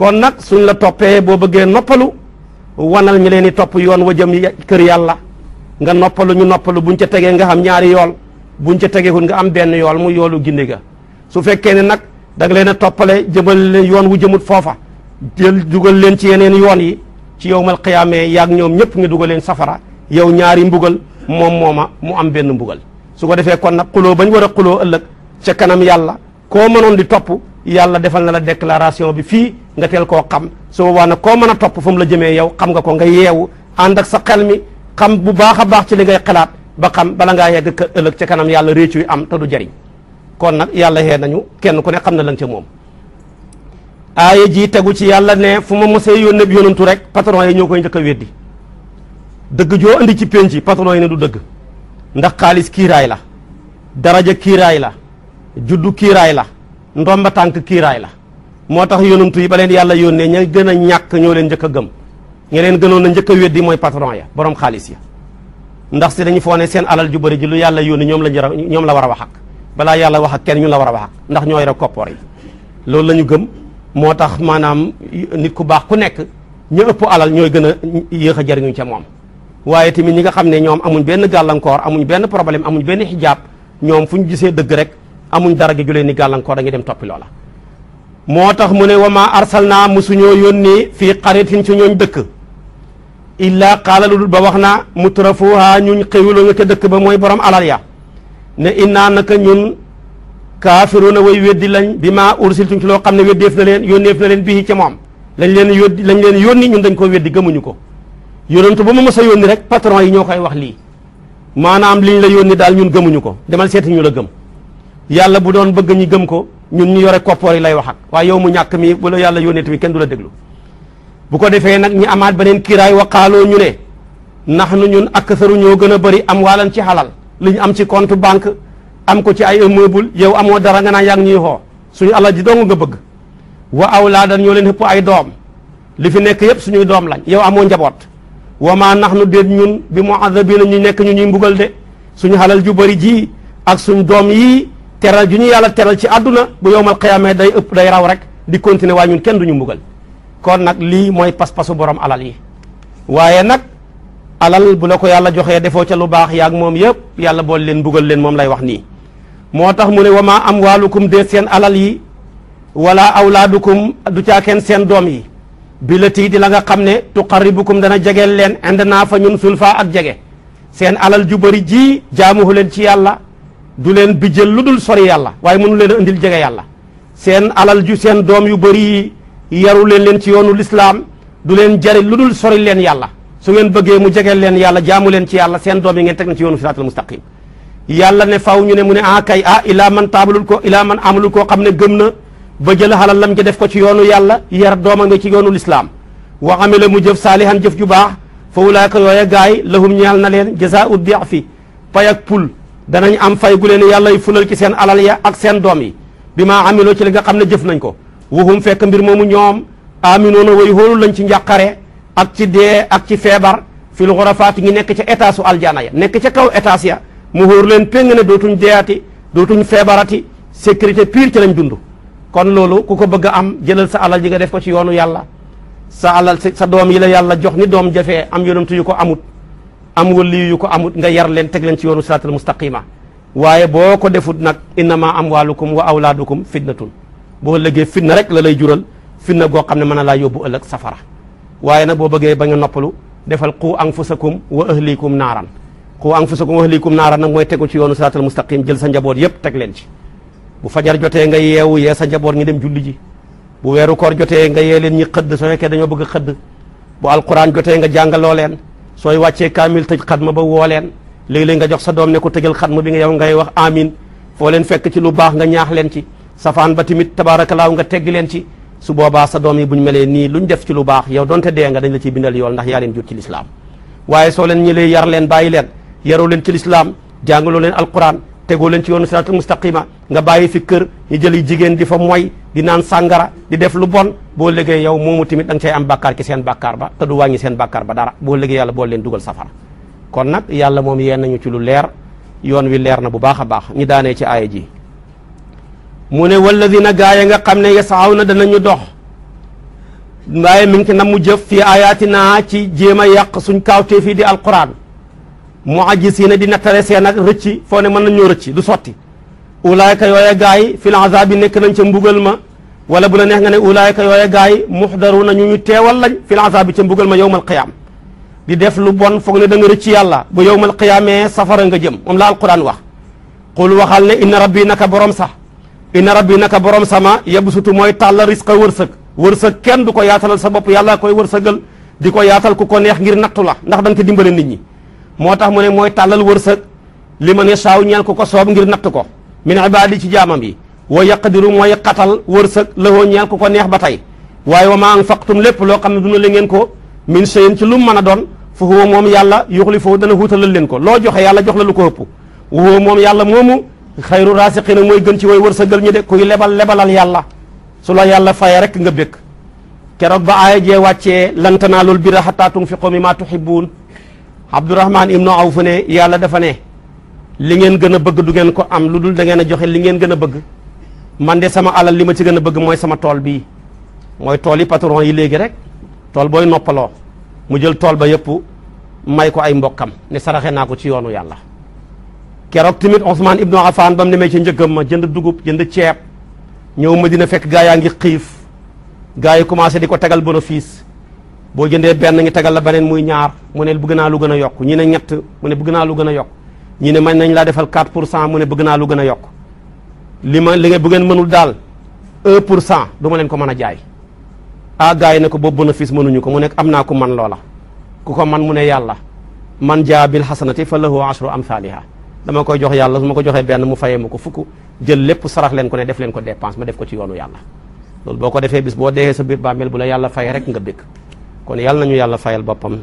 kon nag suñ la toppee boo bëggee noppalu wanal ñi leen di topp yoon wa jëm kër yàlla nga noppalu ñu noppalu buñ ca tegee nga xam ñaari yool buñ ca tegee tegeekul nga am benn yool mu yoolu ginde ga su fekkee ne nag da leen a toppale jëmal leen yoon wu jëmut foofa jël dugal leen ci yeneen yoon yi ci yowmal xiyaamee yaag ñoom ñëpp nga dugal leen safara yow ñaari mbugal moom mooma mu am benn mbugal su ko defee kon nag xuloo bañ war a xuloo ëllëg ca kanam yàlla koo mënoon di topp yàlla defal na la déclaration bi fii nga teel koo xam soo boobaa nag koo mën a topp fu mu la jëmee yow xam nga ko nga yeewu ànd ak sa xel mi xam bu baax a baax ci li ngay xalaat ba xam bala ngaa yegg ka ëllëg ca kanam yàlla réccu yi am te du jariñ kon nag yàlla xee nañu kenn ku ne xam na lan ca moom aaya jii tegu ci yàlla ne fu ma mosee yónnee yónantu rek patron yi ñoo koy njëkk a weddi dëgg joo andi ci penc yi patron yi ne du dëgg ndax xaalis kiiraay la daraja kiiraay la juddu kiiraay la ndomba tànk kiiraay la moo tax yonantu yi ba leen yàlla yónnee ña gën a ñàkk ñoo leen njëkk gëm ña gënoon a njëkk a weddi mooy patron ya boroom xaalis ya ndax si dañu foone seen alal ju bëri ji lu yàlla yónni ñoom la ñoom la war a waxak ak balaa yàlla wax ak kenn ñun la war a wax ak ndax ñoo yore koppoor yi loolu la ñu gëm moo tax maanaam nit ku baax ku nekk ñu ëpp alal ñooy gën a yéex a jariñu ca moom waaye tamit ñi nga xam ne ñoom amuñ benn gàllankoor amuñ benn problème amuñ benn xijaab ñoom fu ñu gisee dëgg rek amuñ dara gi leen ni gàllankoor da ngi dem toppi loola moo tax mu ne wa maa arsalnaa musuñoo yónni fii xaritin ci ñooñ dëkk illaa qaala dul ba wax na mutrafuha ñuñ xéwiloo nga ca dëkk ba mooy borom alal ya ne innaa naka ñun kaafiruuna way weddi lañ bi maa ursiltum ci loo xam ne weddeef na leen yónneef na leen bii ca moom lañ leen yóddi lañ leen yónni ñun dañ ko weddi gëmuñu ko yonentu ba ma mës a yónni rek patron yi ñoo koy wax lii maanaam liñ la yónni daal ñun gëmuñu ko demal seeti ñu la gëm yàlla bu doon bëgg ñi gëm ko ñun ñu yore koppoor yi lay waxat ak waaye yow mu ñàkk mi bu la yàlla yónnee tamit kenn du la déglu bu ko defee nag ñi amaat beneen kiiraay waqaaloo ñu ne ndax nu ñun aksaru ñoo gën a bëri am waa leen ci xalal li ñu am ci compte banque am ko ci ay immeuble yow amoo dara nga naan yaa ngi ñuy xoo suñu alal di dong nga bëgg wa aw awlaadan ñoo leen ëpp ay doom li fi nekk yëpp suñuy doom lañ yow amoo njaboot wa maa nax nu déet ñun bi ñu nekk ñu ñuy mbugal suñu xalal ju bëri ji ak suñu doom yii teral ju ñu yàlla teral ci àdduna bu yowmal xiyaamee day ëpp day raw rek di continuer waa ñun kenn du ñu mbugal kon nag lii mooy pas-pasu borom alal yi waaye nag alal bu la ko yàlla joxee defoo ca lu baax yaag moom yëpp yàlla bool leen mbugal leen moom lay wax nii moo tax mu ne wa maa am waalukum dee seen alal yi wala awlaadukum du caa kenn seen doom yi bi tii di la nga xam ne tuqarribukum dana jegeel leen ind naa fa ñun sulfa ak jege seen alal ju bëri ji jaamuhu leen ci yàlla du leen bi jël lu dul sori yàlla waaye mënu leen a indil jege yàlla seen alal ju seen doom yu bëri yaru leen leen ci yoonu lislaam du leen jari lu dul sori leen yàlla su ngeen bëggee mu jege leen yàlla jaamu leen ci yàlla seen doom yi ngeen teg na ci yoonu siraatal mustaqim yàlla ne faw ñu ne mu ne ah kay ah ilaa man taabalul ko ilaa man amalul koo xam ne gëm na ba jël xalal lam ja def ko ci yoonu yàlla yar doomam nga ci yoonu lislaam wa amila mu jëf saalihan jëf ju baax fa ulaaka yooya gaay lahum ñeel na leen jazaa'u di'fi payak danañ am fay gu leen yàlla fulal ci seen alal ya ak seen doom yi bi maa amiloo ci li nga xam ne jëf nañ ko wuhum fekk mbir moomu ñoom aminoona way hóolu lañ ci njàqare ak ci dee ak ci feebar fil xurafaati ngi nekk ca étage su aljaana ya nekk ca kaw étage ya mu hóor leen péng ne dootuñ deeati dootuñ feebarati sécurité pire ci lañ dund kon loolu ku ko bëgg a am jëlal sa alal ji nga def ko ci yoonu yàlla sa alal sa doom yi la yàlla jox ni doom jafe am yonantu yu ko amut am wali yu ko amut nga yar leen teg leen ci yoonu siraatal mustaqima waaye boo ko defut nag innama amwaalukum wa awlaadukum fitnatun boo lëggee fitna rek la lay jural fitna goo xam ne mën na laa yóbbu ëllëg safara waaye nag boo bëggee ba nga noppalu defal qu anfusakum wa ahlikum naaran qu anfusakum wa ahlikum naaran nag mooy tegu ci yoonu siraatal mustaqim jël sa njaboot yëpp teg leen ci bu fajar jotee nga yeewu yee sa njaboot ñi dem julli ji bu weeru koor jotee nga yee leen ñi xëdd soo fekkee dañoo bëgg xëdd bu alquran jotee nga jàngaloo leen sooy wàccee kaamil tëj xatma ba woo leen léeg-léeg nga jox sa doom ne ko tëjal xatma bi nga yow ngay wax amin foo leen fekk ci lu baax nga ñaax leen ci safaan ba tamit tabaarakalaaw nga tegg leen ci su boobaa sa doom yi buñ melee nii luñ def ci lu baax yow donte dee nga dañ la ciy bindal yool ndax yaa leen jur ci lislaam waaye soo leen ñëlee yar leen bàyyi leen yaroo leen ci lislaam jàngaloo leen alquran tegoo leen ci yoonu siraatal mustaqima nga bàyyi fi kër ñu jëli jigéen di fa mooy di naan sangara di def lu bon boo liggéey yow moomu tamit da nga cay am bàkkaar ki seen bàkkaar ba te du wàññi seen bàkkaar ba dara boo liggéey yàlla boo leen dugal safara kon nag yàlla moom yeen nañu ci lu leer yoon wi leer na bu baax a baax ñi daanee ci aaya jii mu ne walladina gaay nga xam ne yasaaw na danañu dox waaye mi ngi ci mu jëf fii ayatina ci jéem a yàq suñ kaawtee fii di alquran mu aji si na di nattale seen ak rëcci foo ne mën nañoo rëcci du sotti ulaayka yooye gaay fil azaabi nekk nañ ca mbugal ma wala bu la neex nga ne ulaayka yooye gaay muxdaruuna ñu ñu teewal lañ fil azaabi ca mbugal ma yowmal qiyaam di def lu bon foog ne da nga rëcc yàlla bu yowmal qiyaamee safara nga jëm moom la alquran wax qul waxal ne inna rabbi naka borom sax inna rabbi naka borom sama yabsutu mooy tàlla risqa wërsëg wërsëg kenn du ko yaatalal sa bopp yàllaa koy wërsëgal di ko yaatal ku ko neex ngir nattu la ndax da dimbale nit ñi moo tax mu ne mooy tàllal wërsëg li ma ne saaw ñeel ku ko soob ngir natt ko min di ci jaamam yi wa yaqdiru mooy xatal wërsëg lëhoo ñeel ku ko neex ba tey waaye wa ma anfaqtum lépp loo xam ne duna la ngeen ko min shay'in ci lu mu mën doon fa huwa moom yàlla yuxlifu dana huutalal leen ko loo joxe yàlla jox la lu ko ëpp wa huwa moom yàlla moomu xayru raasiqiina mooy gën ci way wërsëgal ñi de kuy lebal lebalal yàlla su la yàlla faye rek nga békk keroog ba aaya jee wàccee lan tanaalul birra hattaa tunfiqu mimmaa tuhibbuun Abdurahmaan ibnu Awf ne yàlla dafa ne li ngeen gën a bëgg du ngeen ko am lu dul dangeen a joxe li ngeen gën a bëgg man de sama alal li ma ci gën a bëgg mooy sama tool bii mooy tool yi patron yi léegi rek tool booy noppaloo mu jël tool ba yëpp may ko ay mbokkam ne saraxee naa ko ci yoonu yàlla keroog tamit Ousmane Ibnu Affan ba mu demee ci njëkkam ma jënd dugub jënd ceeb ñëw dina fekk gaa yaa ngi xiif gaa yi commencé di ko tagal bénéfice boo jëndee benn ngi tagal la beneen muy ñaar mu ne bëgg naa lu gën a yokk ñi ne ñett mu ne bëgg naa lu gën a yokk ñi ne mën nañ laa defal 4 pour cent mu ne bëgg naa lu gën a yokk li ma li nga bu ngeen mënul daal 1 pour cent du leen ko mën a jaay ah gars yi ne ko boobu bénéfice mënuñu ko mu nekk am naa ko man loola ku ko man mu ne yàlla man jaa bil hasanati fa lahu ashru amthaliha dama koy jox yàlla su ma ko joxee benn mu fayee ma ko fukk jël lépp sarax leen ko ne def leen ko dépense ma def ko ci yoonu yàlla loolu boo ko defee bis boo deexee sa biir bàmmeel bu la yàlla fay rek nga bëgg kon yàlla nañu yàlla fayal boppam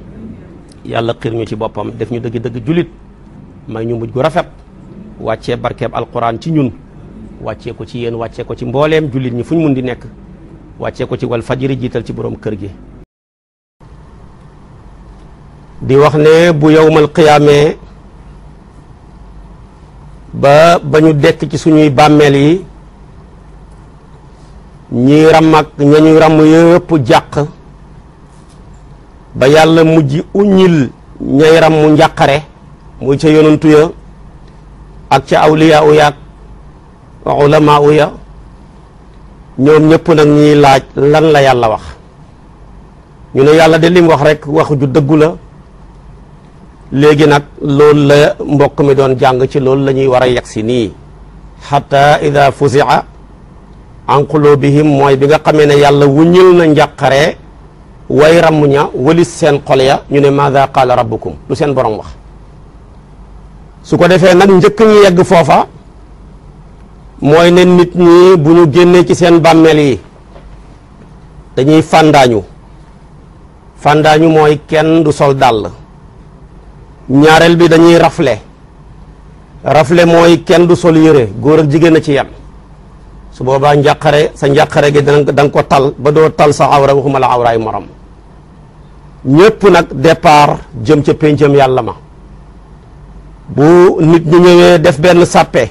yàlla xiir ñu ci boppam def ñu dëgg-dëgg julit may ñu mujj gu rafet wàccee barkeeb alquran ci ñun wàccee ko ci yéen wàccee ko ci mbooleem jullit ñi fu ñu mun di nekk wàccee ko ci wal fajiri jiital ci boroom kër gi di wax ne bu yowmal qiyaamee ba ba ñu dekk ci suñuy bàmmeel yi ñiy ràmm ak ña ñuy ràmm yëpp jàq ba yàlla mujj uññil ñay ràmmu njàqare mu ca yonantu ya ak ca awliya u yaag ulama u ya ñoom ñëpp nag ñiy laaj lan la yàlla wax ñu ne yàlla de lim wax rek wax ju dëggu la léegi nag loolu la mbokk mi doon jàng ci loolu la ñuy war a yegsi nii xata ida fusia an qulubihim mooy bi nga xamee ne yàlla wuññil na njàqare way rammuña walis seen xol ya ñu ne maada qaala rabbukum lu seen borom wax su ko defee nag njëkk ñu yegg foofa mooy ne nit ñi bu ñu génnee ci seen bàmmeel yi dañuy fàndaañu fàndaañu mooy kenn du sol dàll ñaareel bi dañuy rafle rafle mooy kenn du sol yére góor ak jigéen a ci yem su boobaa njàqare sa njàqare gi dana da ko tal ba doo tal sa awra waxuma la awraay morom ñépp nag départ jëm ca péncam yàlla ma bu nit ñi ñëwee def benn sàppe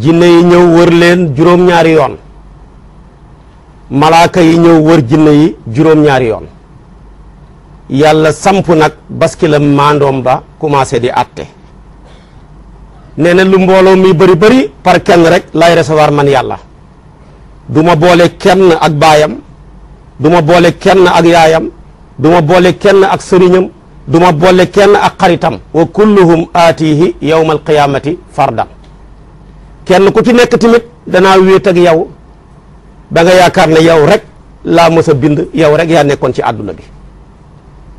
jinne yi ñëw wër leen juróom-ñaari yoon malaaka yi ñëw wër jinne yi juróom-ñaari yoon yàlla samp nag baskilam maandoom ba commencé di àtte nee na lu mbooloo mi bëri bëri par kenn rek lay recevoir man yàlla du ma boole kenn ak baayam du ma boole kenn ak yaayam du ma boole kenn ak sëriñam duma boole kenn ak xaritam wa kulluhum aatihi yawma alqiyamati fardan kenn ku ci nekk tamit danaa wéet ak yow ba nga yaakaar ne yow rek laa mës a bind yow rek yaa nekkoon ci àdduna bi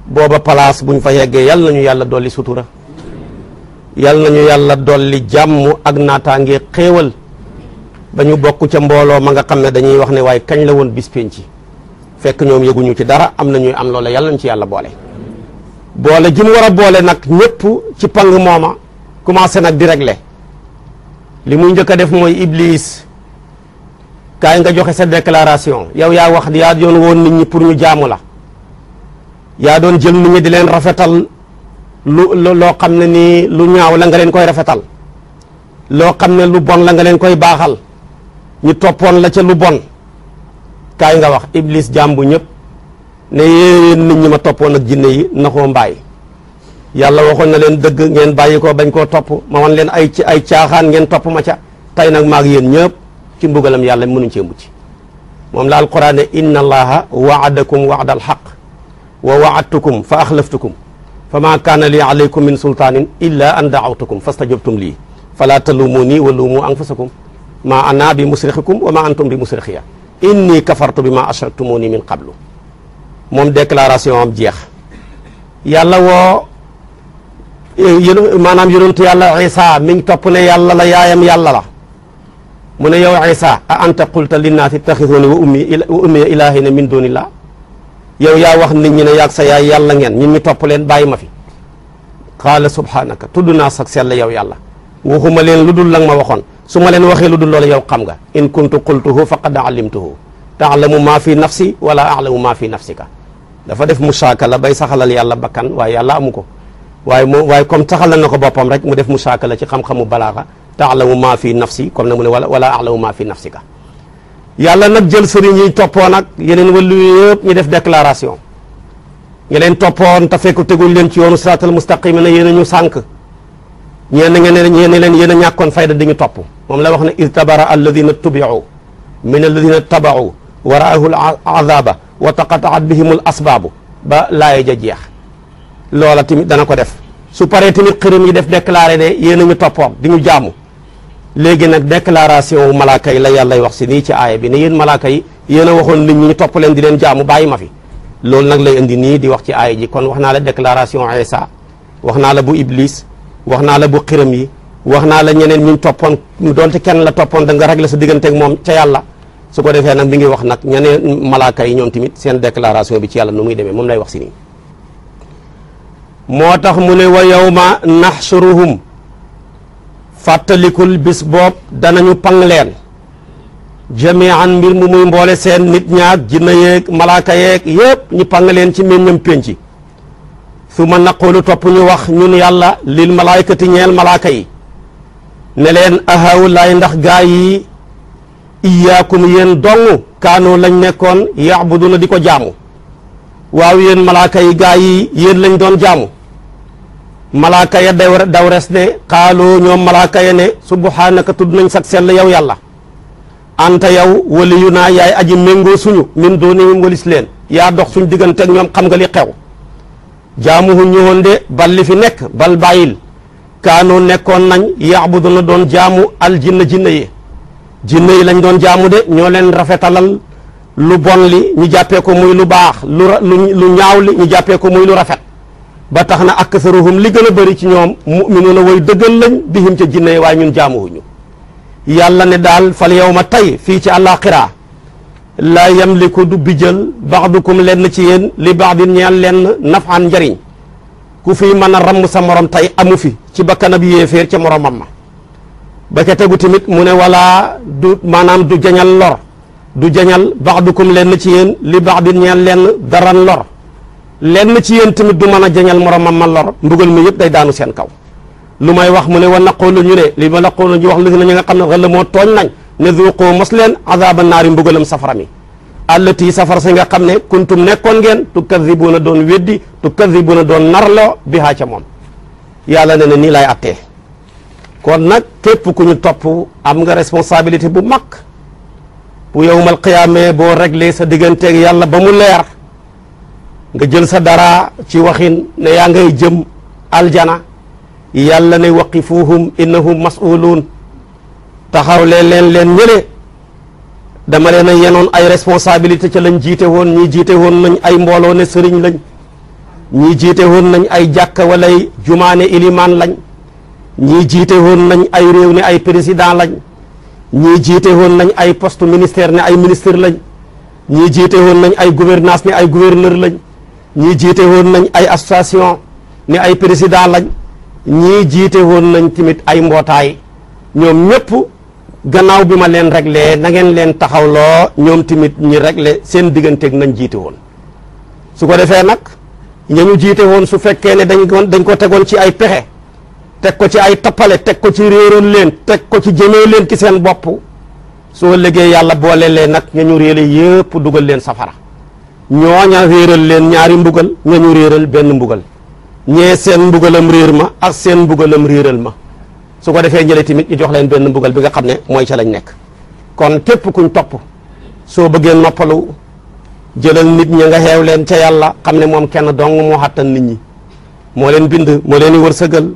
booba place buñ fa yeggee yal nañu yàlla dolli sutura yal nañu yàlla dolli jàmm ak naataange xéewal ba ñu bokk ca mbooloo ma nga xam ne dañuy wax ne waaye kañ la woon bis penc fekk ñoom yëguñu ci dara am na ñuy am loola yal nañ ci yàlla boole boole gi mu war a boole nag ñëpp ci pang mooma commencé nag di régler li muy njëkk a def mooy ibliis kaay nga joxe sa déclaration yow yaa wax yaa doon woon nit ñi pour ñu jaamu la yaa doon jël nit ñi di leen rafetal lu loo xam ne nii lu ñaaw la nga leen koy rafetal loo xam ne lu bon la nga leen koy baaxal ñu toppoon la ca lu bon kaay nga wax iblis jaam bu ñëpp ne yéen nit ñi ma toppoon nag jinne yi naxoo mbaay yàlla waxoon na leen dëgg ngeen bàyyi ko bañ koo topp ma wan leen ay ay caaxaan ngeen topp ma ca tey nag maag yéen ñëpp ci mbugalam yàlla mënuñ cee ci moom la alquran ne inna allaha waadakum waada alxaq wa waadtukum fa fa ma kaana li alaykum min sultaanin illa an fa fastajabtum lii fala talumuuni wa luumu anfusakum ma ana bi musrixikum wa ma antum bi musrixiya inni kafartu bi ma ashraktumuni min moom déclaration am jeex yàlla woo yéen maanaam yonentu yàlla Isa mi ngi topp ne yàlla la yaayam yàlla la mu ne yow Isa a anta qulta linnaasi taxisuuni wa ummi wa ummiya ilaahina min duunillah yow yaa wax nit ñi ne yaag sa yaay yàlla ngeen ñun ñu topp leen bàyyi ma fi qaala subhaanaka tudd naa sag sell yow yàlla waxuma leen lu dul la nga ma waxoon su ma leen waxee lu dul loolu yow xam nga in kuntu qultuhu faqad alimtuhu taalamu maa fi nafsi wala alamu maa fi nafsika dafa def musaakala bay saxalal yàlla bakkan waaye yàlla amu ko waaye moom waaye comme saxalal na ko boppam rek mu def musaakala ci xam-xamu balaaxa taalamu maa fi nafsi comme na mu ne wala wala alamu maa fi ka yàlla nag jël sëriñ yi toppoon ak yeneen wàllu yëpp ñu def déclaration ñu leen toppoon te fekk teguñ leen ci yoonu siraatal mustaqim ne yéen a ñu sànq ñeen ngeen ñeen leen yéen a ñàkkoon fayda di ñu topp moom la wax ne iz tabara alladina tubiu min alladina tabaau wa raahu al azaba wa taqataat bihimul asbaabu ba laaya ja jeex loola tamit dana ko def su paree tamit xërëm yi def déclaré ne yéen a ñu toppoon di ñu jaamu léegi nag déclaration wu malaaka yi la yàllay wax si nii ci aaya bi ne yéen malaaka yi yéen a waxoon nit ñu topp leen di leen jaamu bàyyi ma fi loolu nag lay indi nii di wax ci aaya ji kon wax naa la déclaration Isa wax naa la bu Iblis wax naa la bu xërëm yi wax naa la ñeneen ñu toppoon ñu doonte kenn la toppoon da nga régler sa diggante ak ca yàlla su ko defee nag mi ngi wax nag ñeneen malaaka yi ñoom tamit seen déclaration bi ci yàlla nu muy demee moom lay wax si nii moo tax mu ne wa yawma naxsuruhum fàttalikul bis boob danañu pang leen jamian mbir mu muy mboole seen nit ñaak jinne yeeg malaaka yeeg yépp ñu pang leen ci meññam pénci suma naqulu topp ñu wax ñun yàlla lil malaayikati ñeel malaaka yi ne leen ahaw laay ndax gaa yi iyaakum yéen dong kaanoo lañ nekkoon yaabuduna di ko jaamu waaw yéen malaaka yi gaa yi yéen lañ doon jaamu malaaka ya dawres ne xaaloo ñoom malaaka ya ne subhaanaka tudd nañ sag sell yow yàlla anta yow waliyu naa yaay aji méngoo suñu min doonihim walis leen yaa dox suñ diggante ñoom xam nga li xew jaamuhu ñëwoon de bal li fi nekk bal bàyyil kaanoo nekkoon nañ yaabuduna doon jaamu aljinna jinne yi jinne yi lañ doon jaamu de ñoo leen rafetalal lu bon li ñu jàppee ko muy lu baax lu lu ñaaw li ñu jàppee ko muy lu rafet ba tax na ak aksaruhum li gën a bëri ci ñoom muminuuna way dëggal lañ bihim ca jinne yi waaye ñun jaamuwuñu yàlla ne daal fal yow ma tey fii ci àllaaxira laa yamliku du bijjal baxdukum lenn ci yéen li baxdin ñeel lenn nafaan njariñ ku fi mën a ramm sa morom tey amu fi ci bakkanab yéeféer ca moromam ma ba ca gu tamit mu ne wala du maanaam du jañal lor du jañal baxdukum lenn ci yéen li baxdin ñeel lenn daran lor lenn ci yéen tamit du mën a jañal moromam ma lor mbugal mi yëpp day daanu seen kaw lu may wax mu ne wa naqoolu ñu ne li ma naqoolu ñu wax lu ñu nga xam ne xëla moo tooñ nañ ne zuuqoo mos leen azaaba naari mbugalam safara mi allati safar si nga xam ne kuntum nekkoon ngeen tukazibuna doon weddi tukazibuna doon narloo bihaa ca moom yàlla ne ne nii laay attee kon nag képp ku ñu topp am nga responsabilité bu mag bu yowmal qiyaamee boo réglé sa digganteeg yàlla ba mu leer nga jël sa dara ci waxin ne yaa ngay jëm aljana yàlla ne waqifuhum innahum mas'uluun taxaw leen leen leen ñële dama leen a yenoon ay responsabilité ca lañ jiite woon ñii jiite woon nañ ay mbooloo ne sëriñ lañ ñii jiite woon nañ ay jàkka walay jumaane ilimaan lañ ñii jiite woon nañ ay réew ne ay président lañ ñii jiite woon nañ ay poste ministère ni ay ministre lañ ñii jiite woon nañ ay gouvernance ni ay gouverneur lañ ñii jiite woon nañ ay association ni ay président lañ ñii jiite woon nañ tamit ay mbootaay ñoom ñëpp gannaaw bi ma leen réglé na ngeen leen taxawloo ñoom tamit ñi regle seen digganteeg nañ jiite woon su ko defee nag ñañu jiite woon su fekkee ne dañ ko dañ ko tegoon ci ay pexe teg ko ci ay tappale teg ko ci réeroon leen teg ko ci jëmee leen ci seen bopp soo liggéey yàlla boole leen nag ña ñu réere yëpp dugal leen safara ñooña réeral leen ñaari mbugal ña réeral benn mbugal ñee seen mbugalam réer ma ak seen mbugalam réeral ma su ko defee ñële tamit ñu jox leen benn mbugal bi nga xam ne mooy ca lañ nekk kon képp kuñ topp soo bëggee noppalu jëlal nit ñi nga xeew leen ca yàlla xam ne moom kenn dong moo xattan nit ñi moo leen bind moo leen i wërsëgal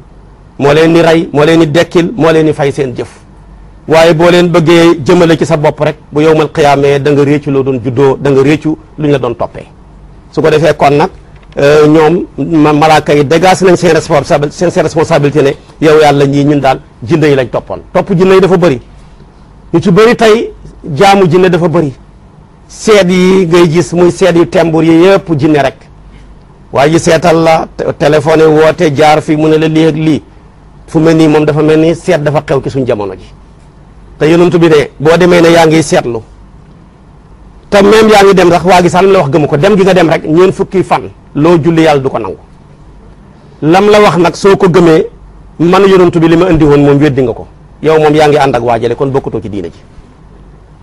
moo leen di rey moo leen di dekkil moo leen di fay seen jëf waaye boo leen bëggee jëmale ci sa bopp rek bu yowmal xiyaamee da nga réccu loo doon juddoo danga nga réccu lu ñu la doon toppee su ko defee kon nag euh, ñoom malaaka yi dégagé nañ seen responsable seen seen responsabilité ne yow yàlla ñii ñun daal jinne yi lañ toppoon topp jinne yi dafa bëri ñu ci bëri tey jaamu jinne dafa bëri seet yi ngay gis muy seet yu tembur yi yëpp jinne rek waaye ji seetal la téléphone woote jaar fi mu ne la lii lii fu mel nii moom dafa mel ni seet dafa xew ki suñ jamono ji te yonent bi ne boo demee ne yaa ngiy seetlu te même yaa ngi dem rek waa gi sax lam la wax gëmu ko dem gi nga dem rek ñeen fukki fan loo julli yàlla du ko nangu lam la wax nag soo ko gëmee man yonent bi li ma indi woon moom weddi nga ko yow moom yaa ngi ànd ak waajale kon bokkutoo ci diine ci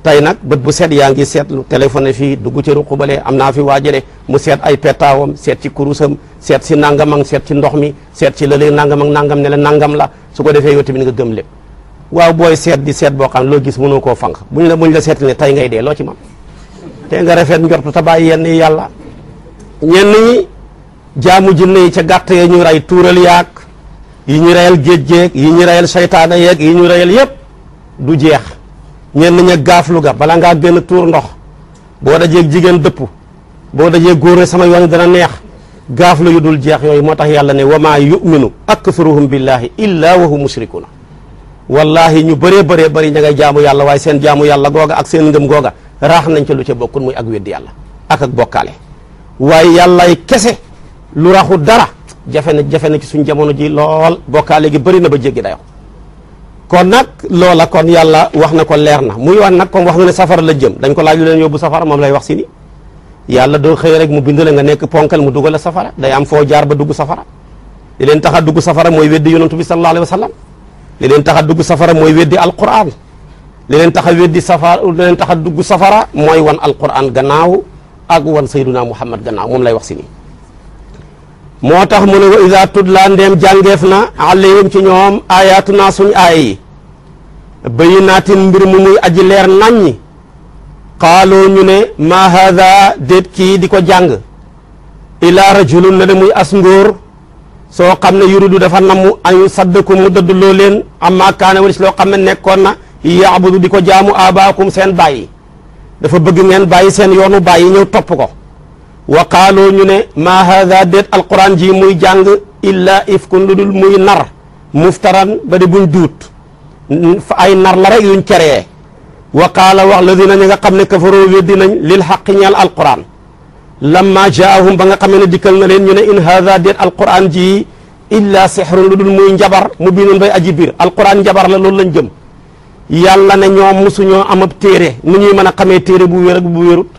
tey nag bët bu set yaa ngi seetlu téléphoné fii dugg ci ruqubale am naa fi waajale mu seet ay pettaawam seet ci kurusam seet si nangamang seet ci ndox mi seet ci lële nangam ak nangam ne la nangam la su ko defee yow tamit nga gëm lépp waaw booy seet di seet boo xam loo gis mënoo koo fànq buñ la buñ la seetal ne tey ngay dee loo ci mam te nga rafet njortu ta bàyyi yenn yi yàlla ñenn ñi jaamu jinne yi ca gàtt ya ñu rey tuural yaag yi ñu reyal géej géej yi ñu reyal seytaane yeeg yi ñu reyal yëpp du jeex ñenn ña gaaflu ga bala ngaa génn tuur ndox boo dajee jigéen dëpp boo dajee góor ne sama yoon dana neex gaaflu yu dul jeex yooyu moo tax yàlla ne wa maa yuminu aktharuhum billahi illa wa hum mushrikuuna wallahi ñu bëree bëree bëri ña ngay jaamu yàlla waaye seen jaamu yàlla googa ak seen ngëm googa raax nañ ca lu ca bokkul muy ak weddi yàlla ak ak bokkaale waaye yàllay kese lu raxu dara jafe na jafe na ci suñ jamono ji lool bokkaale gi bari na ba jéggi dayo kon nag loola kon yàlla wax na ko leer na muy wan nag comme wax na ne safara la jëm dañ ko laaj lu leen yóbbu safara moom lay wax si ni yàlla doo xëy rek mu bind la nga nekk ponkal mu dugal la safara day am foo jaar ba dugg safara li leen tax a dugg safara mooy weddi yonantu bi sallallahu alayhi wa sallam li leen tax a dugg safara mooy weddi alquran li leen tax a weddi safara li leen tax dugg safara mooy wan alquran gannaaw ak wan sayduna muhammad gannaaw moom lay wax si ni moo tax mu ne wa ida tudla na alayhim ci ñoom ayatuna suñ aaya bayinaatin mbir mu muy aji leer naññi xaaloo ñu ne ma haada déet kii di ko jàng ilaa rajulun na de muy as ngóor soo xam ne yuridu dafa namm ayu saddakum mu dëdd loo leen amma loo xam ne nekkoon na yaabudu di ko jaamu abaakum seen bàyyi dafa bëgg ngeen bàyyi seen yoonu bàyyi ñëw topp ko wa qaaloo ñu ne ma haada déet alquran ji muy jàng illa ifkun lu dul muy nar muftaran ba di buñ duut ay nar la rek yuñ créé wa qaala wax ladina ña nga xam ne kafaroo weddi nañ lil xaq ñeel alquran lamma jaahum ba nga xamee ne dikkal na leen ñu ne in haada déet alquran ji illa sixrun lu dul muy njabar mu biinun bay aji biir alquran njabar la loolu lañ jëm yàlla ne ñoom mosuñoo am ab téere nu ñuy mën a xamee téere bu wér ak bu wérut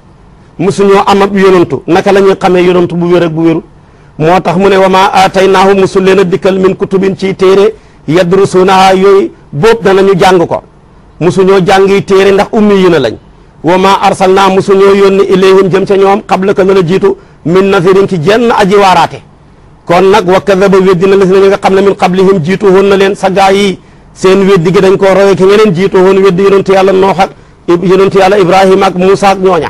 mosuñoo am ab yonantu naka la ñuy xamee yonantu bu wér ak bu wérut moo tax mu ne wa ma aataynaahum mosul leen a dikkal min kutubin ci téere yadrusunaha yooyu boobu ñu jàng ko musuñoo jàng yi téere ndax ummi yu na lañ wa ma arsalna musuñoo yónni ilayhim jëm ca ñoom qablaka na la jiitu min nazirin ci jenn aji waaraate kon nag wa kadaba weddi na la si na ñi nga xam ne min qablihim jiitu woon na leen sa gaa yi seen weddi gi dañ koo roye ki ñeneen jiitu woon weddi yonentu yàlla noox ak yonentu yàlla ibrahima ak muusa ak ñooña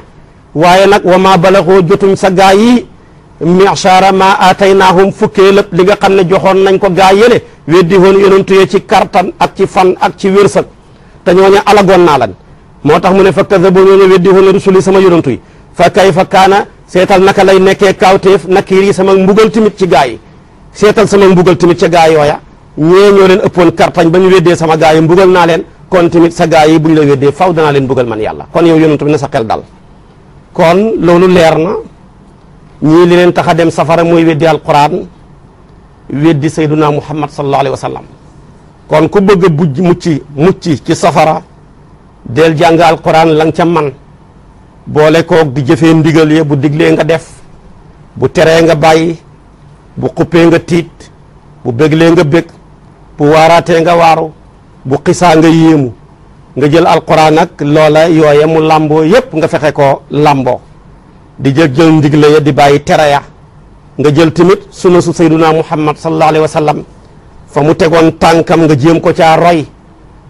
waaye nag wa ma balaxoo jotuñ sa gaa yi misaara maa aataynaahum fukkeelëb li nga xam ne joxoon nañ ko gaa yële weddi woon yonent yi ci kartan ak ci fan ak ci wërsëg te ñooñu alagoon naa lan moo tax mu ne fa kadabu ñooñu weddi woon rusuli sama yonent yi fa kayfa kaana seetal naka lay nekkee kaawteef nakiir yi sama mbugal tamit ci gaa yi seetal sama mbugal tamit ca gaa yooya ñee ñoo leen ëppoon kartañ ba ñu weddee sama gaa yi mbugal naa leen kon tamit sa gaa yi bu ñu la weddee faw danaa leen mbugal man yàlla kon yow yonent bi sa xel dal ñii li leen tax a dem safara mooy weddi alquran weddi sayduna muhammad sallallahu alayhi wa sallam kon ku bëgg a mucci mucc ci safara del jàng alquran la nga ca man boole koog di jëfee ndigal ya bu diglee nga def bu teree nga bàyyi bu xuppee nga tiit bu béglee nga bég bu waaraatee nga waaru bu xisaa nga yéemu nga jël alquran ak loola yooya mu làmboo yépp nga fexe ko làmboo di jël jël ndigle ya di bàyyi tere ya nga jël tamit sunna su sayduna muhammad sallallahu alayhi wa sallam fa mu tegoon tànkam nga jéem ko caa roy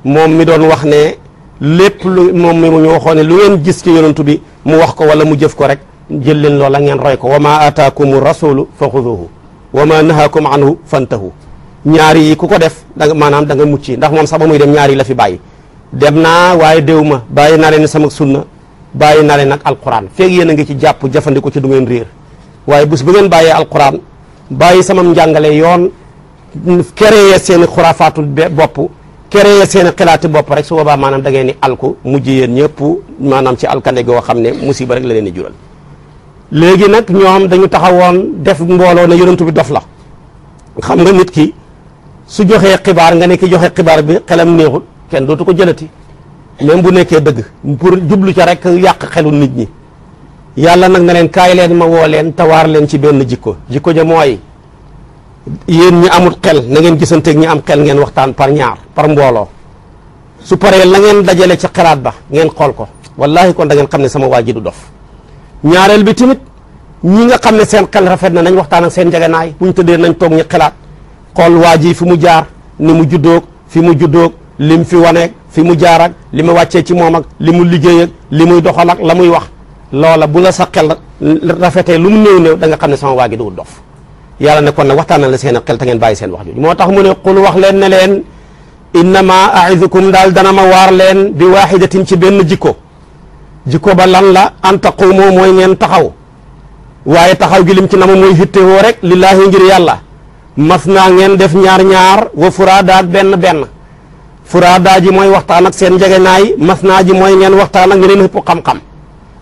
moom mi doon wax ne lépp lu moom mi mu ñu waxoon ne lu ngeen gis ci yonantu bi mu wax ko wala mu jëf ko rek jël leen loola ngeen roy ko wa maa ataakumu rasulu fa xuduhu wa ma nahaakum anhu fantahu ñaari yi ku ko def da maanaam da nga mucc ndax moom sax ba muy dem ñaari la fi bàyyi dem naa waaye dew ma bàyyi naa leen sama sunna bàyyi na leen nag alquran feeg yéen a ngi ci jàpp jëfandiku ci du ngeen réer waaye bés bu ngeen bàyyee alquran bàyyi sama njàngale yoon créer seen i xuraafaatu bopp créer seen i xilaati bopp rek su boobaa maanaam da ngeen di alku mujj yéen ñëpp maanaam ci alkande goo xam ne musiba rek la leen di jural léegi nag ñoom dañu taxawoon def mbooloo ne yonent bi dof la xam nga nit ki su joxee xibaar nga nekk ki joxe xibaar bi xelam neexul kenn dootu ko jëlati même bu nekkee dëgg pour jublu ca rek yàq xelu nit ñi yàlla nag na leen kaay leen ma woo leen tawaar leen ci benn jikko jikko ja mooy yéen ñi amul xel na ngeen gisanteeg ñi am xel ngeen waxtaan par ñaar par mbooloo su paree la ngeen dajale ci xalaat ba ngeen xool ko wallahi kon da ngeen xam ne sama waa ji du dof ñaareel bi tamit ñi nga xam ne seen xel rafet na nañ waxtaan ak seen njeganaay bu ñu tëddee nañ toog ñu xalaat xool waa ji fi mu jaar ni mu juddóog fi mu juddóog lim fi waneeg fi mu jaar li mu wàccee ci moom ak li mu liggéey li muy doxal ak la muy wax loola bu la sa xel rafetee lu mu néew néew da nga xam ne sama waa gi duwul dof yàlla ne kon nag waxtaanal la seen xel te ngeen bàyyi seen wax jooju moo tax mu ne qul wax leen ne leen a aidukum daal dana ma waar leen bi waaxidatin ci benn jikko jikko ba lan la an taquumoo mooy ngeen taxaw waaye taxaw gi lim ci nama mooy hittewoo rek lillaahi ngir yàlla mas na ngeen def ñaar-ñaar wa furaadaat benn benn furaadaa ji mooy waxtaan ak seen njegenaay masnaa ji mooy ngeen waxtaan ak ngeen ëpp xam-xam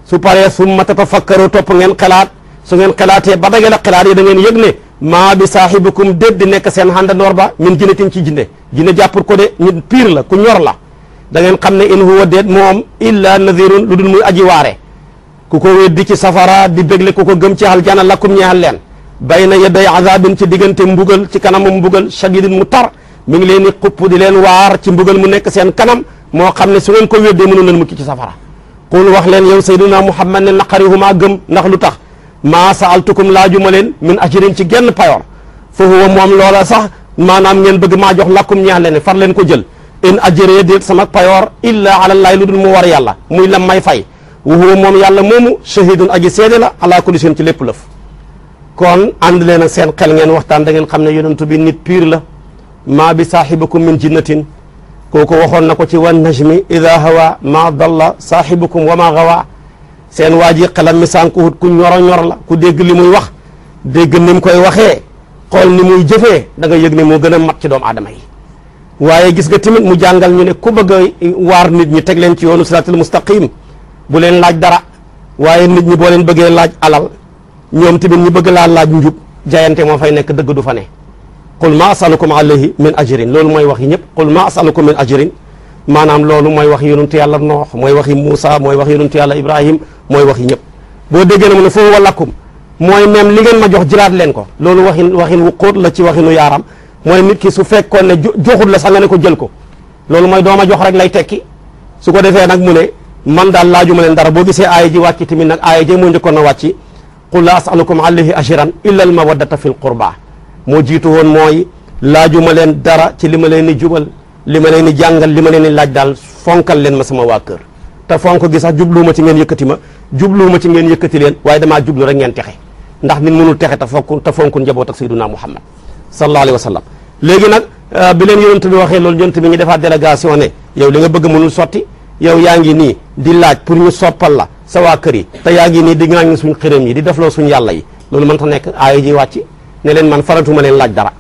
su paree summa tatafakkaru topp ngeen xalaat su ngeen xalaatee ba dagale xalaat yi da ngeen yëg ne maa bi saaxibukum déet di nekk seen xàndandoor ba min jinnatin ci jinne jinne jàppur ko de nit piir la ku ñor la da ngeen xam ne in huwa déet moom illa nadirun lu dul muy aji waare ku ko weddi ci safara di bégle ku ko gëm ci aljana lakum ñeexal leen bayna yaday azabin ci diggante mbugal ci kanamu mbugal shadidin mu tar mu ngi leen di xupp di leen waar ci mbugal mu nekk seen kanam moo xam ne su ngeen ko weddee mënu leen mukki ci safara qul wax leen yow sayyiduna muhammad ne naqarihuma gëm ndax lu tax maa saaltukum laajuma leen min ajrin ci genn payoor fa huwa moom loola sax maanaam ngeen bëgg maa jox lakkum ñeex leen far leen ko jël in ajree déet sama payoor illa ala llahi lu dul mu war yàlla muy lam may fay wa huwa moom yàlla moomu shahidun aji seede la ala kulli shay'in ci lépp lëf kon ànd leen ak seen xel ngeen waxtaan da ngeen xam ne yonentu bi nit pire la maa bi saaxibikum min jinnatin kooku waxoon na ko ci wan najmi ida hawa ma dalla saaxibukum wa ma gawa seen waa ji xelam mi sànkuhut ku ñoro ñor la ku dégg li muy wax dégg ni koy waxee xool ni muy jëfee da nga yëg ne moo gën a mat ci doomu adama yi waaye gis nga tamit mu jàngal ñu ne ku bëgg waar nit ñi teg leen ci yoonu siraatul mustaqim bu leen laaj dara waaye nit ñi boo leen bëggee laaj alal ñoom tamit ñi bëgg laa laaj njub jaayante moo fay nekk dëgg du fa ne qul ma asalukum alayhi min ajrin loolu mooy wax yi ñëpp qul ma asalukum min ajrin maanaam loolu mooy wax yonentu yàlla noox mooy waxi Moussa mooy wax yonentu yàlla Ibrahim mooy wax yi ñëpp boo déggee na mu ne fa huwa lakum mooy même li ngeen ma jox jiraat leen ko loolu waxin waxin wu xóot la ci waxinu yaaram mooy nit ki su fekkoon ne joxut la sax nga ne ko jël ko loolu mooy dooma jox rek lay tekki su ko defee nag mu ne man daal laajuma leen dara boo gisee aaya ji wàcc tamit nag aaya ji moo njëkkoon na wàcc qul la asalukum alayhi ajran illa al mawaddata fi l qurba moo jiitu woon mooy laajuma leen dara ci li ma leen di jubal li ma leen di jàngal li ma leen di laaj daal fonkal leen ma sama waa kër te fonk gi sax jubluuma ci ngeen yëkkati ma jubluuma ci ngeen yëkkati leen waaye damaa jublu rek ngeen texe ndax nit mënul texe te fonk te fonk njaboot ak sayyiduna Muhammad sallallahu alayhi wa sallam léegi nag euh, bi leen yonent bi waxee loolu yonent bi ngi defaat délégation ne yow li nga bëgg mënul sotti yow yaa ngi nii di pour ñu soppal la sa kër yi te yaa ngi nii di ŋañ suñ xërëm yi di defloo suñ yàlla yi loolu mën ta nekk aaya ji wàcc ne leen man faratuma leen laaj dara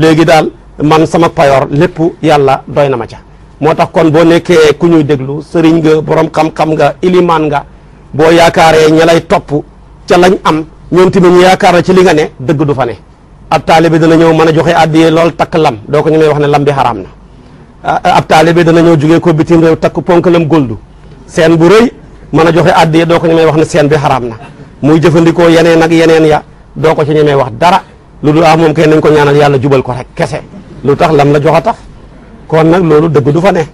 léegi daal man sama payoor lépp yàlla doy na ma ca moo tax kon boo nekkee ku ñuy déglu sëriñ nga borom xam-xam nga ilimaan nga boo yaakaaree ña lay topp ca lañ am ñoom tamit ñu yaakaar ci li nga ne dëgg du fa ne ab taalibe dana ñëw mën a joxe addiyee lool takk lam doo ko ñu may wax ne lam bi xaraam na ab taalibe dana ñëw jugee ko bitim réew takk ponkalam goldu seen bu rëy mën a joxe addiyee doo ko ñu may wax ne seen bi xaraam na muy jëfandikoo yeneen ak yeneen ya doo ko ci wax dara lu dul ah moom kay nañ ko ñaanal yàlla jubal ko rek kese lu tax lam la jox a tax kon nag loolu dëgg du fa ne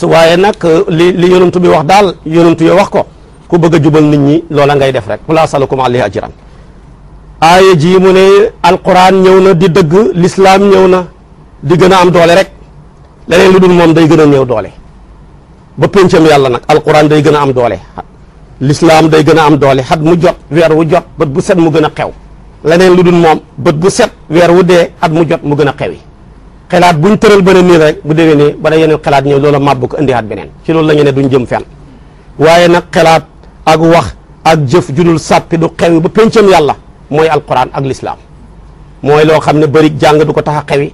su waaye nag euh, li li yonantu bi wax daal yonantu yo wax ko ku bëgg jubal nit ñi loola ngay def rek wala asalakum alayhi ajran aaya ji mu ne alquran ñëw na di dëgg lislaam ñëw na di gën a am doole rek leneen lu dul moom day gën a néew doole ba péncam yàlla nag alquran day gën a am doole lislaam day gën a am doole xat mu jot weer wu jot bët bu set mu gën a xew leneen lu dul moom bët bu set weer wu dee at mu jot mu gën a xewi xelaat buñ tëral bëri nii rek bu déwee ne bala yeneen xelaat ñëw loola bu ko indi indiwaat beneen ci loolu la ñu ne duñ jëm fenn waaye nag xelaat ak wax ak jëf judul sàppi du xewi ba pencam yàlla mooy alquran ak lislaam mooy loo xam ne bëri jàng du ko tax a xewi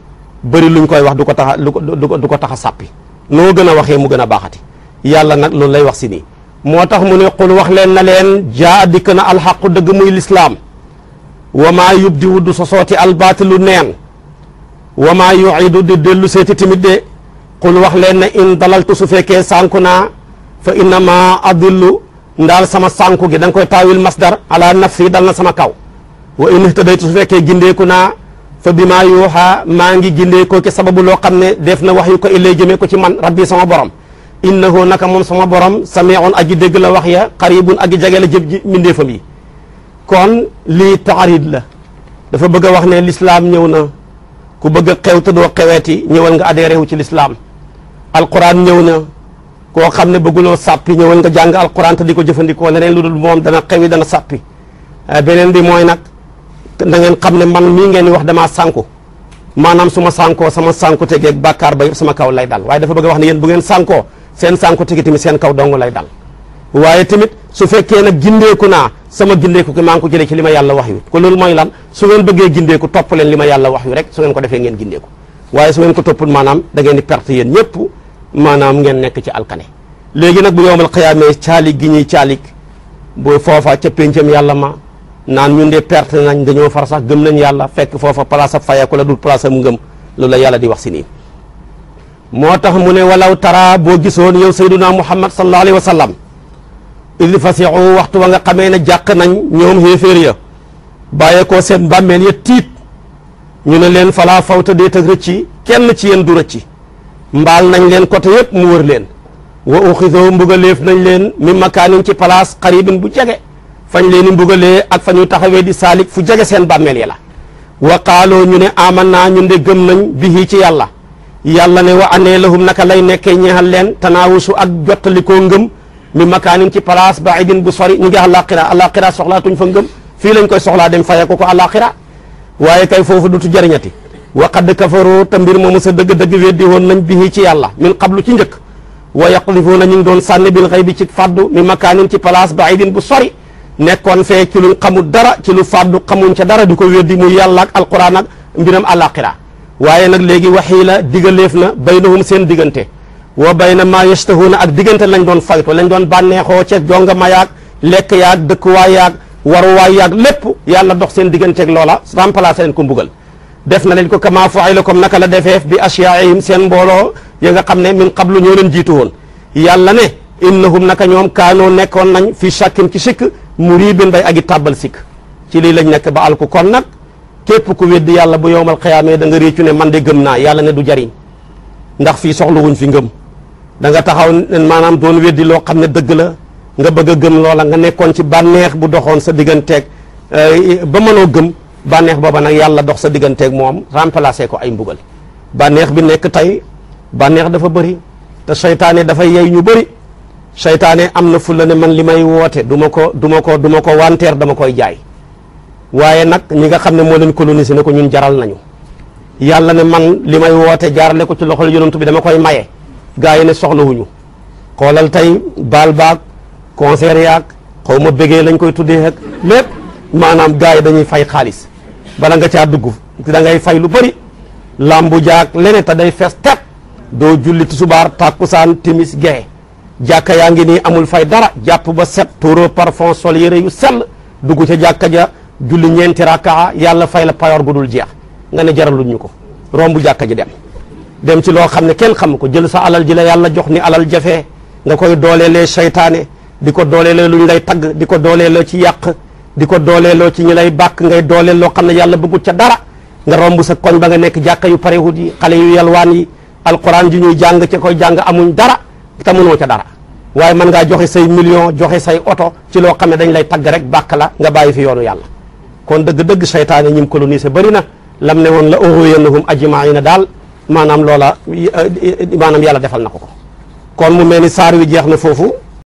bëri luñ koy wax du ko tax a du ko tax a sàppi noo gën a waxee mu gën a baaxati yàlla nag loolu lay wax si nii moo tax mu ne wax leen na leen jaa dikk na alxaqu dëgg muy lislaam wamaa yub di wuddu sosooti albaatilu neen wamaa yuidu di dellu seeti tamit de qul wax leen ne in dalaltu su fekkee sànku naa fa innama adillu ndaal sama sànku gi dan nga koy taawil masdar ala nafsi dal na sama kaw wa in ihtadaytu su fekkee gindeeku naa fa bimaa yuuxa maa ngi gindeekoo ci sababu loo xam ne def na wax yu ko illee jëmee ko ci man rabbi sama borom innahu naka moom sama borom samiun aji dégg la wax ya qaribun aji jege la jëb ji mindeefam yi kon lii taarid la dafa bëgg a wax ne lislaam ñëw na ku bëgg a xew te doo xeweeti ñëwal nga adhéré wu ci lislaam alquran ñëw na koo xam ne bëgguloo sàppi ñëwal nga jàng alquran te di ko jëfandikoo leneen lu dul moom dana xewi dana sàppi euh, beneen bi mooy nag na ngeen xam ne man mii ngeen wax damaa sànku maanaam su ma sànkoo sama sànku tegeeg bàkkaar ba yëpp sama kaw lay dal waaye dafa bëgg a wax ne yéen bu ngeen sànkoo seen sànku tegi tamit seen kaw dong lay dal waaye tamit su fekkee nag gindeeku naa sama gindeeku ki maa ngi ko jëlee ci li ma yàlla wax yu ko loolu mooy lan su ngeen bëggee gindeeku topp leen li ma yàlla wax yu rek su ngeen ko defee ngeen gindeeku waaye su ngeen ko toppul maanaam da ngeen di perte yéen ñëpp maanaam ngeen nekk ci alkane léegi na bu yowmal xiyaamee caalik gi ñuy caalik bu foofa ca péncam yàlla ma naan ñun de perte nañ dañoo far sax gëm nañ yàlla fekk foofa place ab fayeeku la dul place am ngëm loolu la yàlla di wax si nii moo tax mu ne walaw tara boo gisoon yow sayduna muhammad sallallahu alayhi wa sallam idi fasixu waxtu wa nga xamee ne jàq nañ ñoom xéeféer ya bàyyee koo seen bàmmeel ya tiit ñu ne leen falaa fawta dee tëg ci kenn ci yéen dura ci mbaal nañ leen côté yëpp mu wër leen wa uxisoo mbugaleef nañ leen mi makaanin ci place xaribin bu jege fañ leen i mbugalee ak fa ñu taxawee di saalik fu jege seen bàmmeel yi la wa qaaloo ñu ne aman naa ñun de gëm nañ bihi ci yàlla yàlla ne wa anee lahum naka lay nekkee ñeexal leen tanaawusu ak jottalikoo ngëm mi makaanin ci place ba idin bu sori ñu ngi àllaaxira àllaaxira soxlaatuñ fa ngëm fii lañ koy soxlaa dem faye ko ko àllaaxira waaye kay foofu dutu jëriñati wa qad kafaru te mbir moomu sa dëgg-dëgg weddi woon nañ bihi ci yàlla min qablu ci njëkk wa yaqdifuuna ñu ngi doon sànni bil xëy bi ci faddu mi makaanin ci place ba idin bu sori nekkoon fee ci luñ xamul dara ci lu faddu xamuñ ca dara di ko weddi muy yàlla ak alquran ak mbiram àllaaxira waaye nag léegi waxiila digaleef na baynahum seen diggante wa bayna maa na ak diggante lañ doon fayto lañ doon bànneexoo ca jonga ma yaag lekk yaag dëkkuwaay yaag waruwaay yaag lépp yàlla dox seen digganteeg loola remplacé leen ko mbugal def na leen ko kama faayla comme naka la defeef bi asyaa'ihim seen mbooloo ya nga xam ne min qablu ñoo leen jiitu woon yàlla ne innahum naka ñoom kaanoo nekkoon nañ fi shakkin ci sikk muriibin bay agi tàbbal sikk ci lii lañ nekk ba alku kon nag képp ku weddi yàlla bu yowmal xiyaamee da nga réccu ne man de gëm naa yàlla ne du jariñ ndax fii soxla fi ngëm da nga taxaw maanaam doon weddi loo xam ne dëgg la nga bëgg a gëm loola nga nekkoon ci bànneex bu doxoon sa digganteeg eh, ba mënoo gëm bànneex booba nag yàlla dox sa digganteeg moom remplacé ko ay mbugal bànneex bi nekk tey bànneex dafa bëri te seytaane dafay yey ñu bëri seytaane am na fulla ne man li may woote duma ko du ma ko du ma ko wanteer dama koy jaay waaye nag ñi nga xam ne moo leen colonisé ne ko ñun jaral nañu yàlla ne man li may woote jaarale ko ci loxol yonent bi dama koy maye gaa yi ne soxlawuñu xoolal tey baal baag concert yaag xaw ma bégee lañ koy tuddee ak lépp maanaam gaa yi dañuy fay xaalis bala nga caa dugg da ngay fay lu bëri lambu jaag lene te day fees tep doo julli tisbaar tàkkusaan timis gexe jàkka yaa ngi nii amul fay dara jàpp ba set tuuroo parfum sol yére yu sell dugg ca jàkka ja julli ñeenti rakaa yàlla fay la payoor gu dul jeex nga ne jaraluñ ñu ko rombu jàkka ji dem dem ci loo xam ne kenn xam ko jël sa alal ji la yàlla jox ni alal jafe nga koy doole dooleelee saytaane di ko dooleelee lu ñu lay tagg di ko dooleeloo ci yàq di ko dooleeloo ci ñu lay bàkk ngay dooleel loo xam ne yàlla bëggut ca dara nga romb sa koñ ba nga nekk jàkka yu parewut yi xale yu yalwaan yi alquran ji ñuy jàng ca koy jàng amuñ dara te mënoo ca dara waaye mën ngaa joxe say million joxe say oto ci loo xam ne dañ lay tagg rek bàkk la nga bàyyi fi yoonu yàlla kon dëgg-dëgg seytaane ñim colonisé bari na lam ne woon la ughwiyannahum ajmaina daal maanaam loola maanaam yàlla defal na ko ko kon mu mel ni saar wi jeex na foofu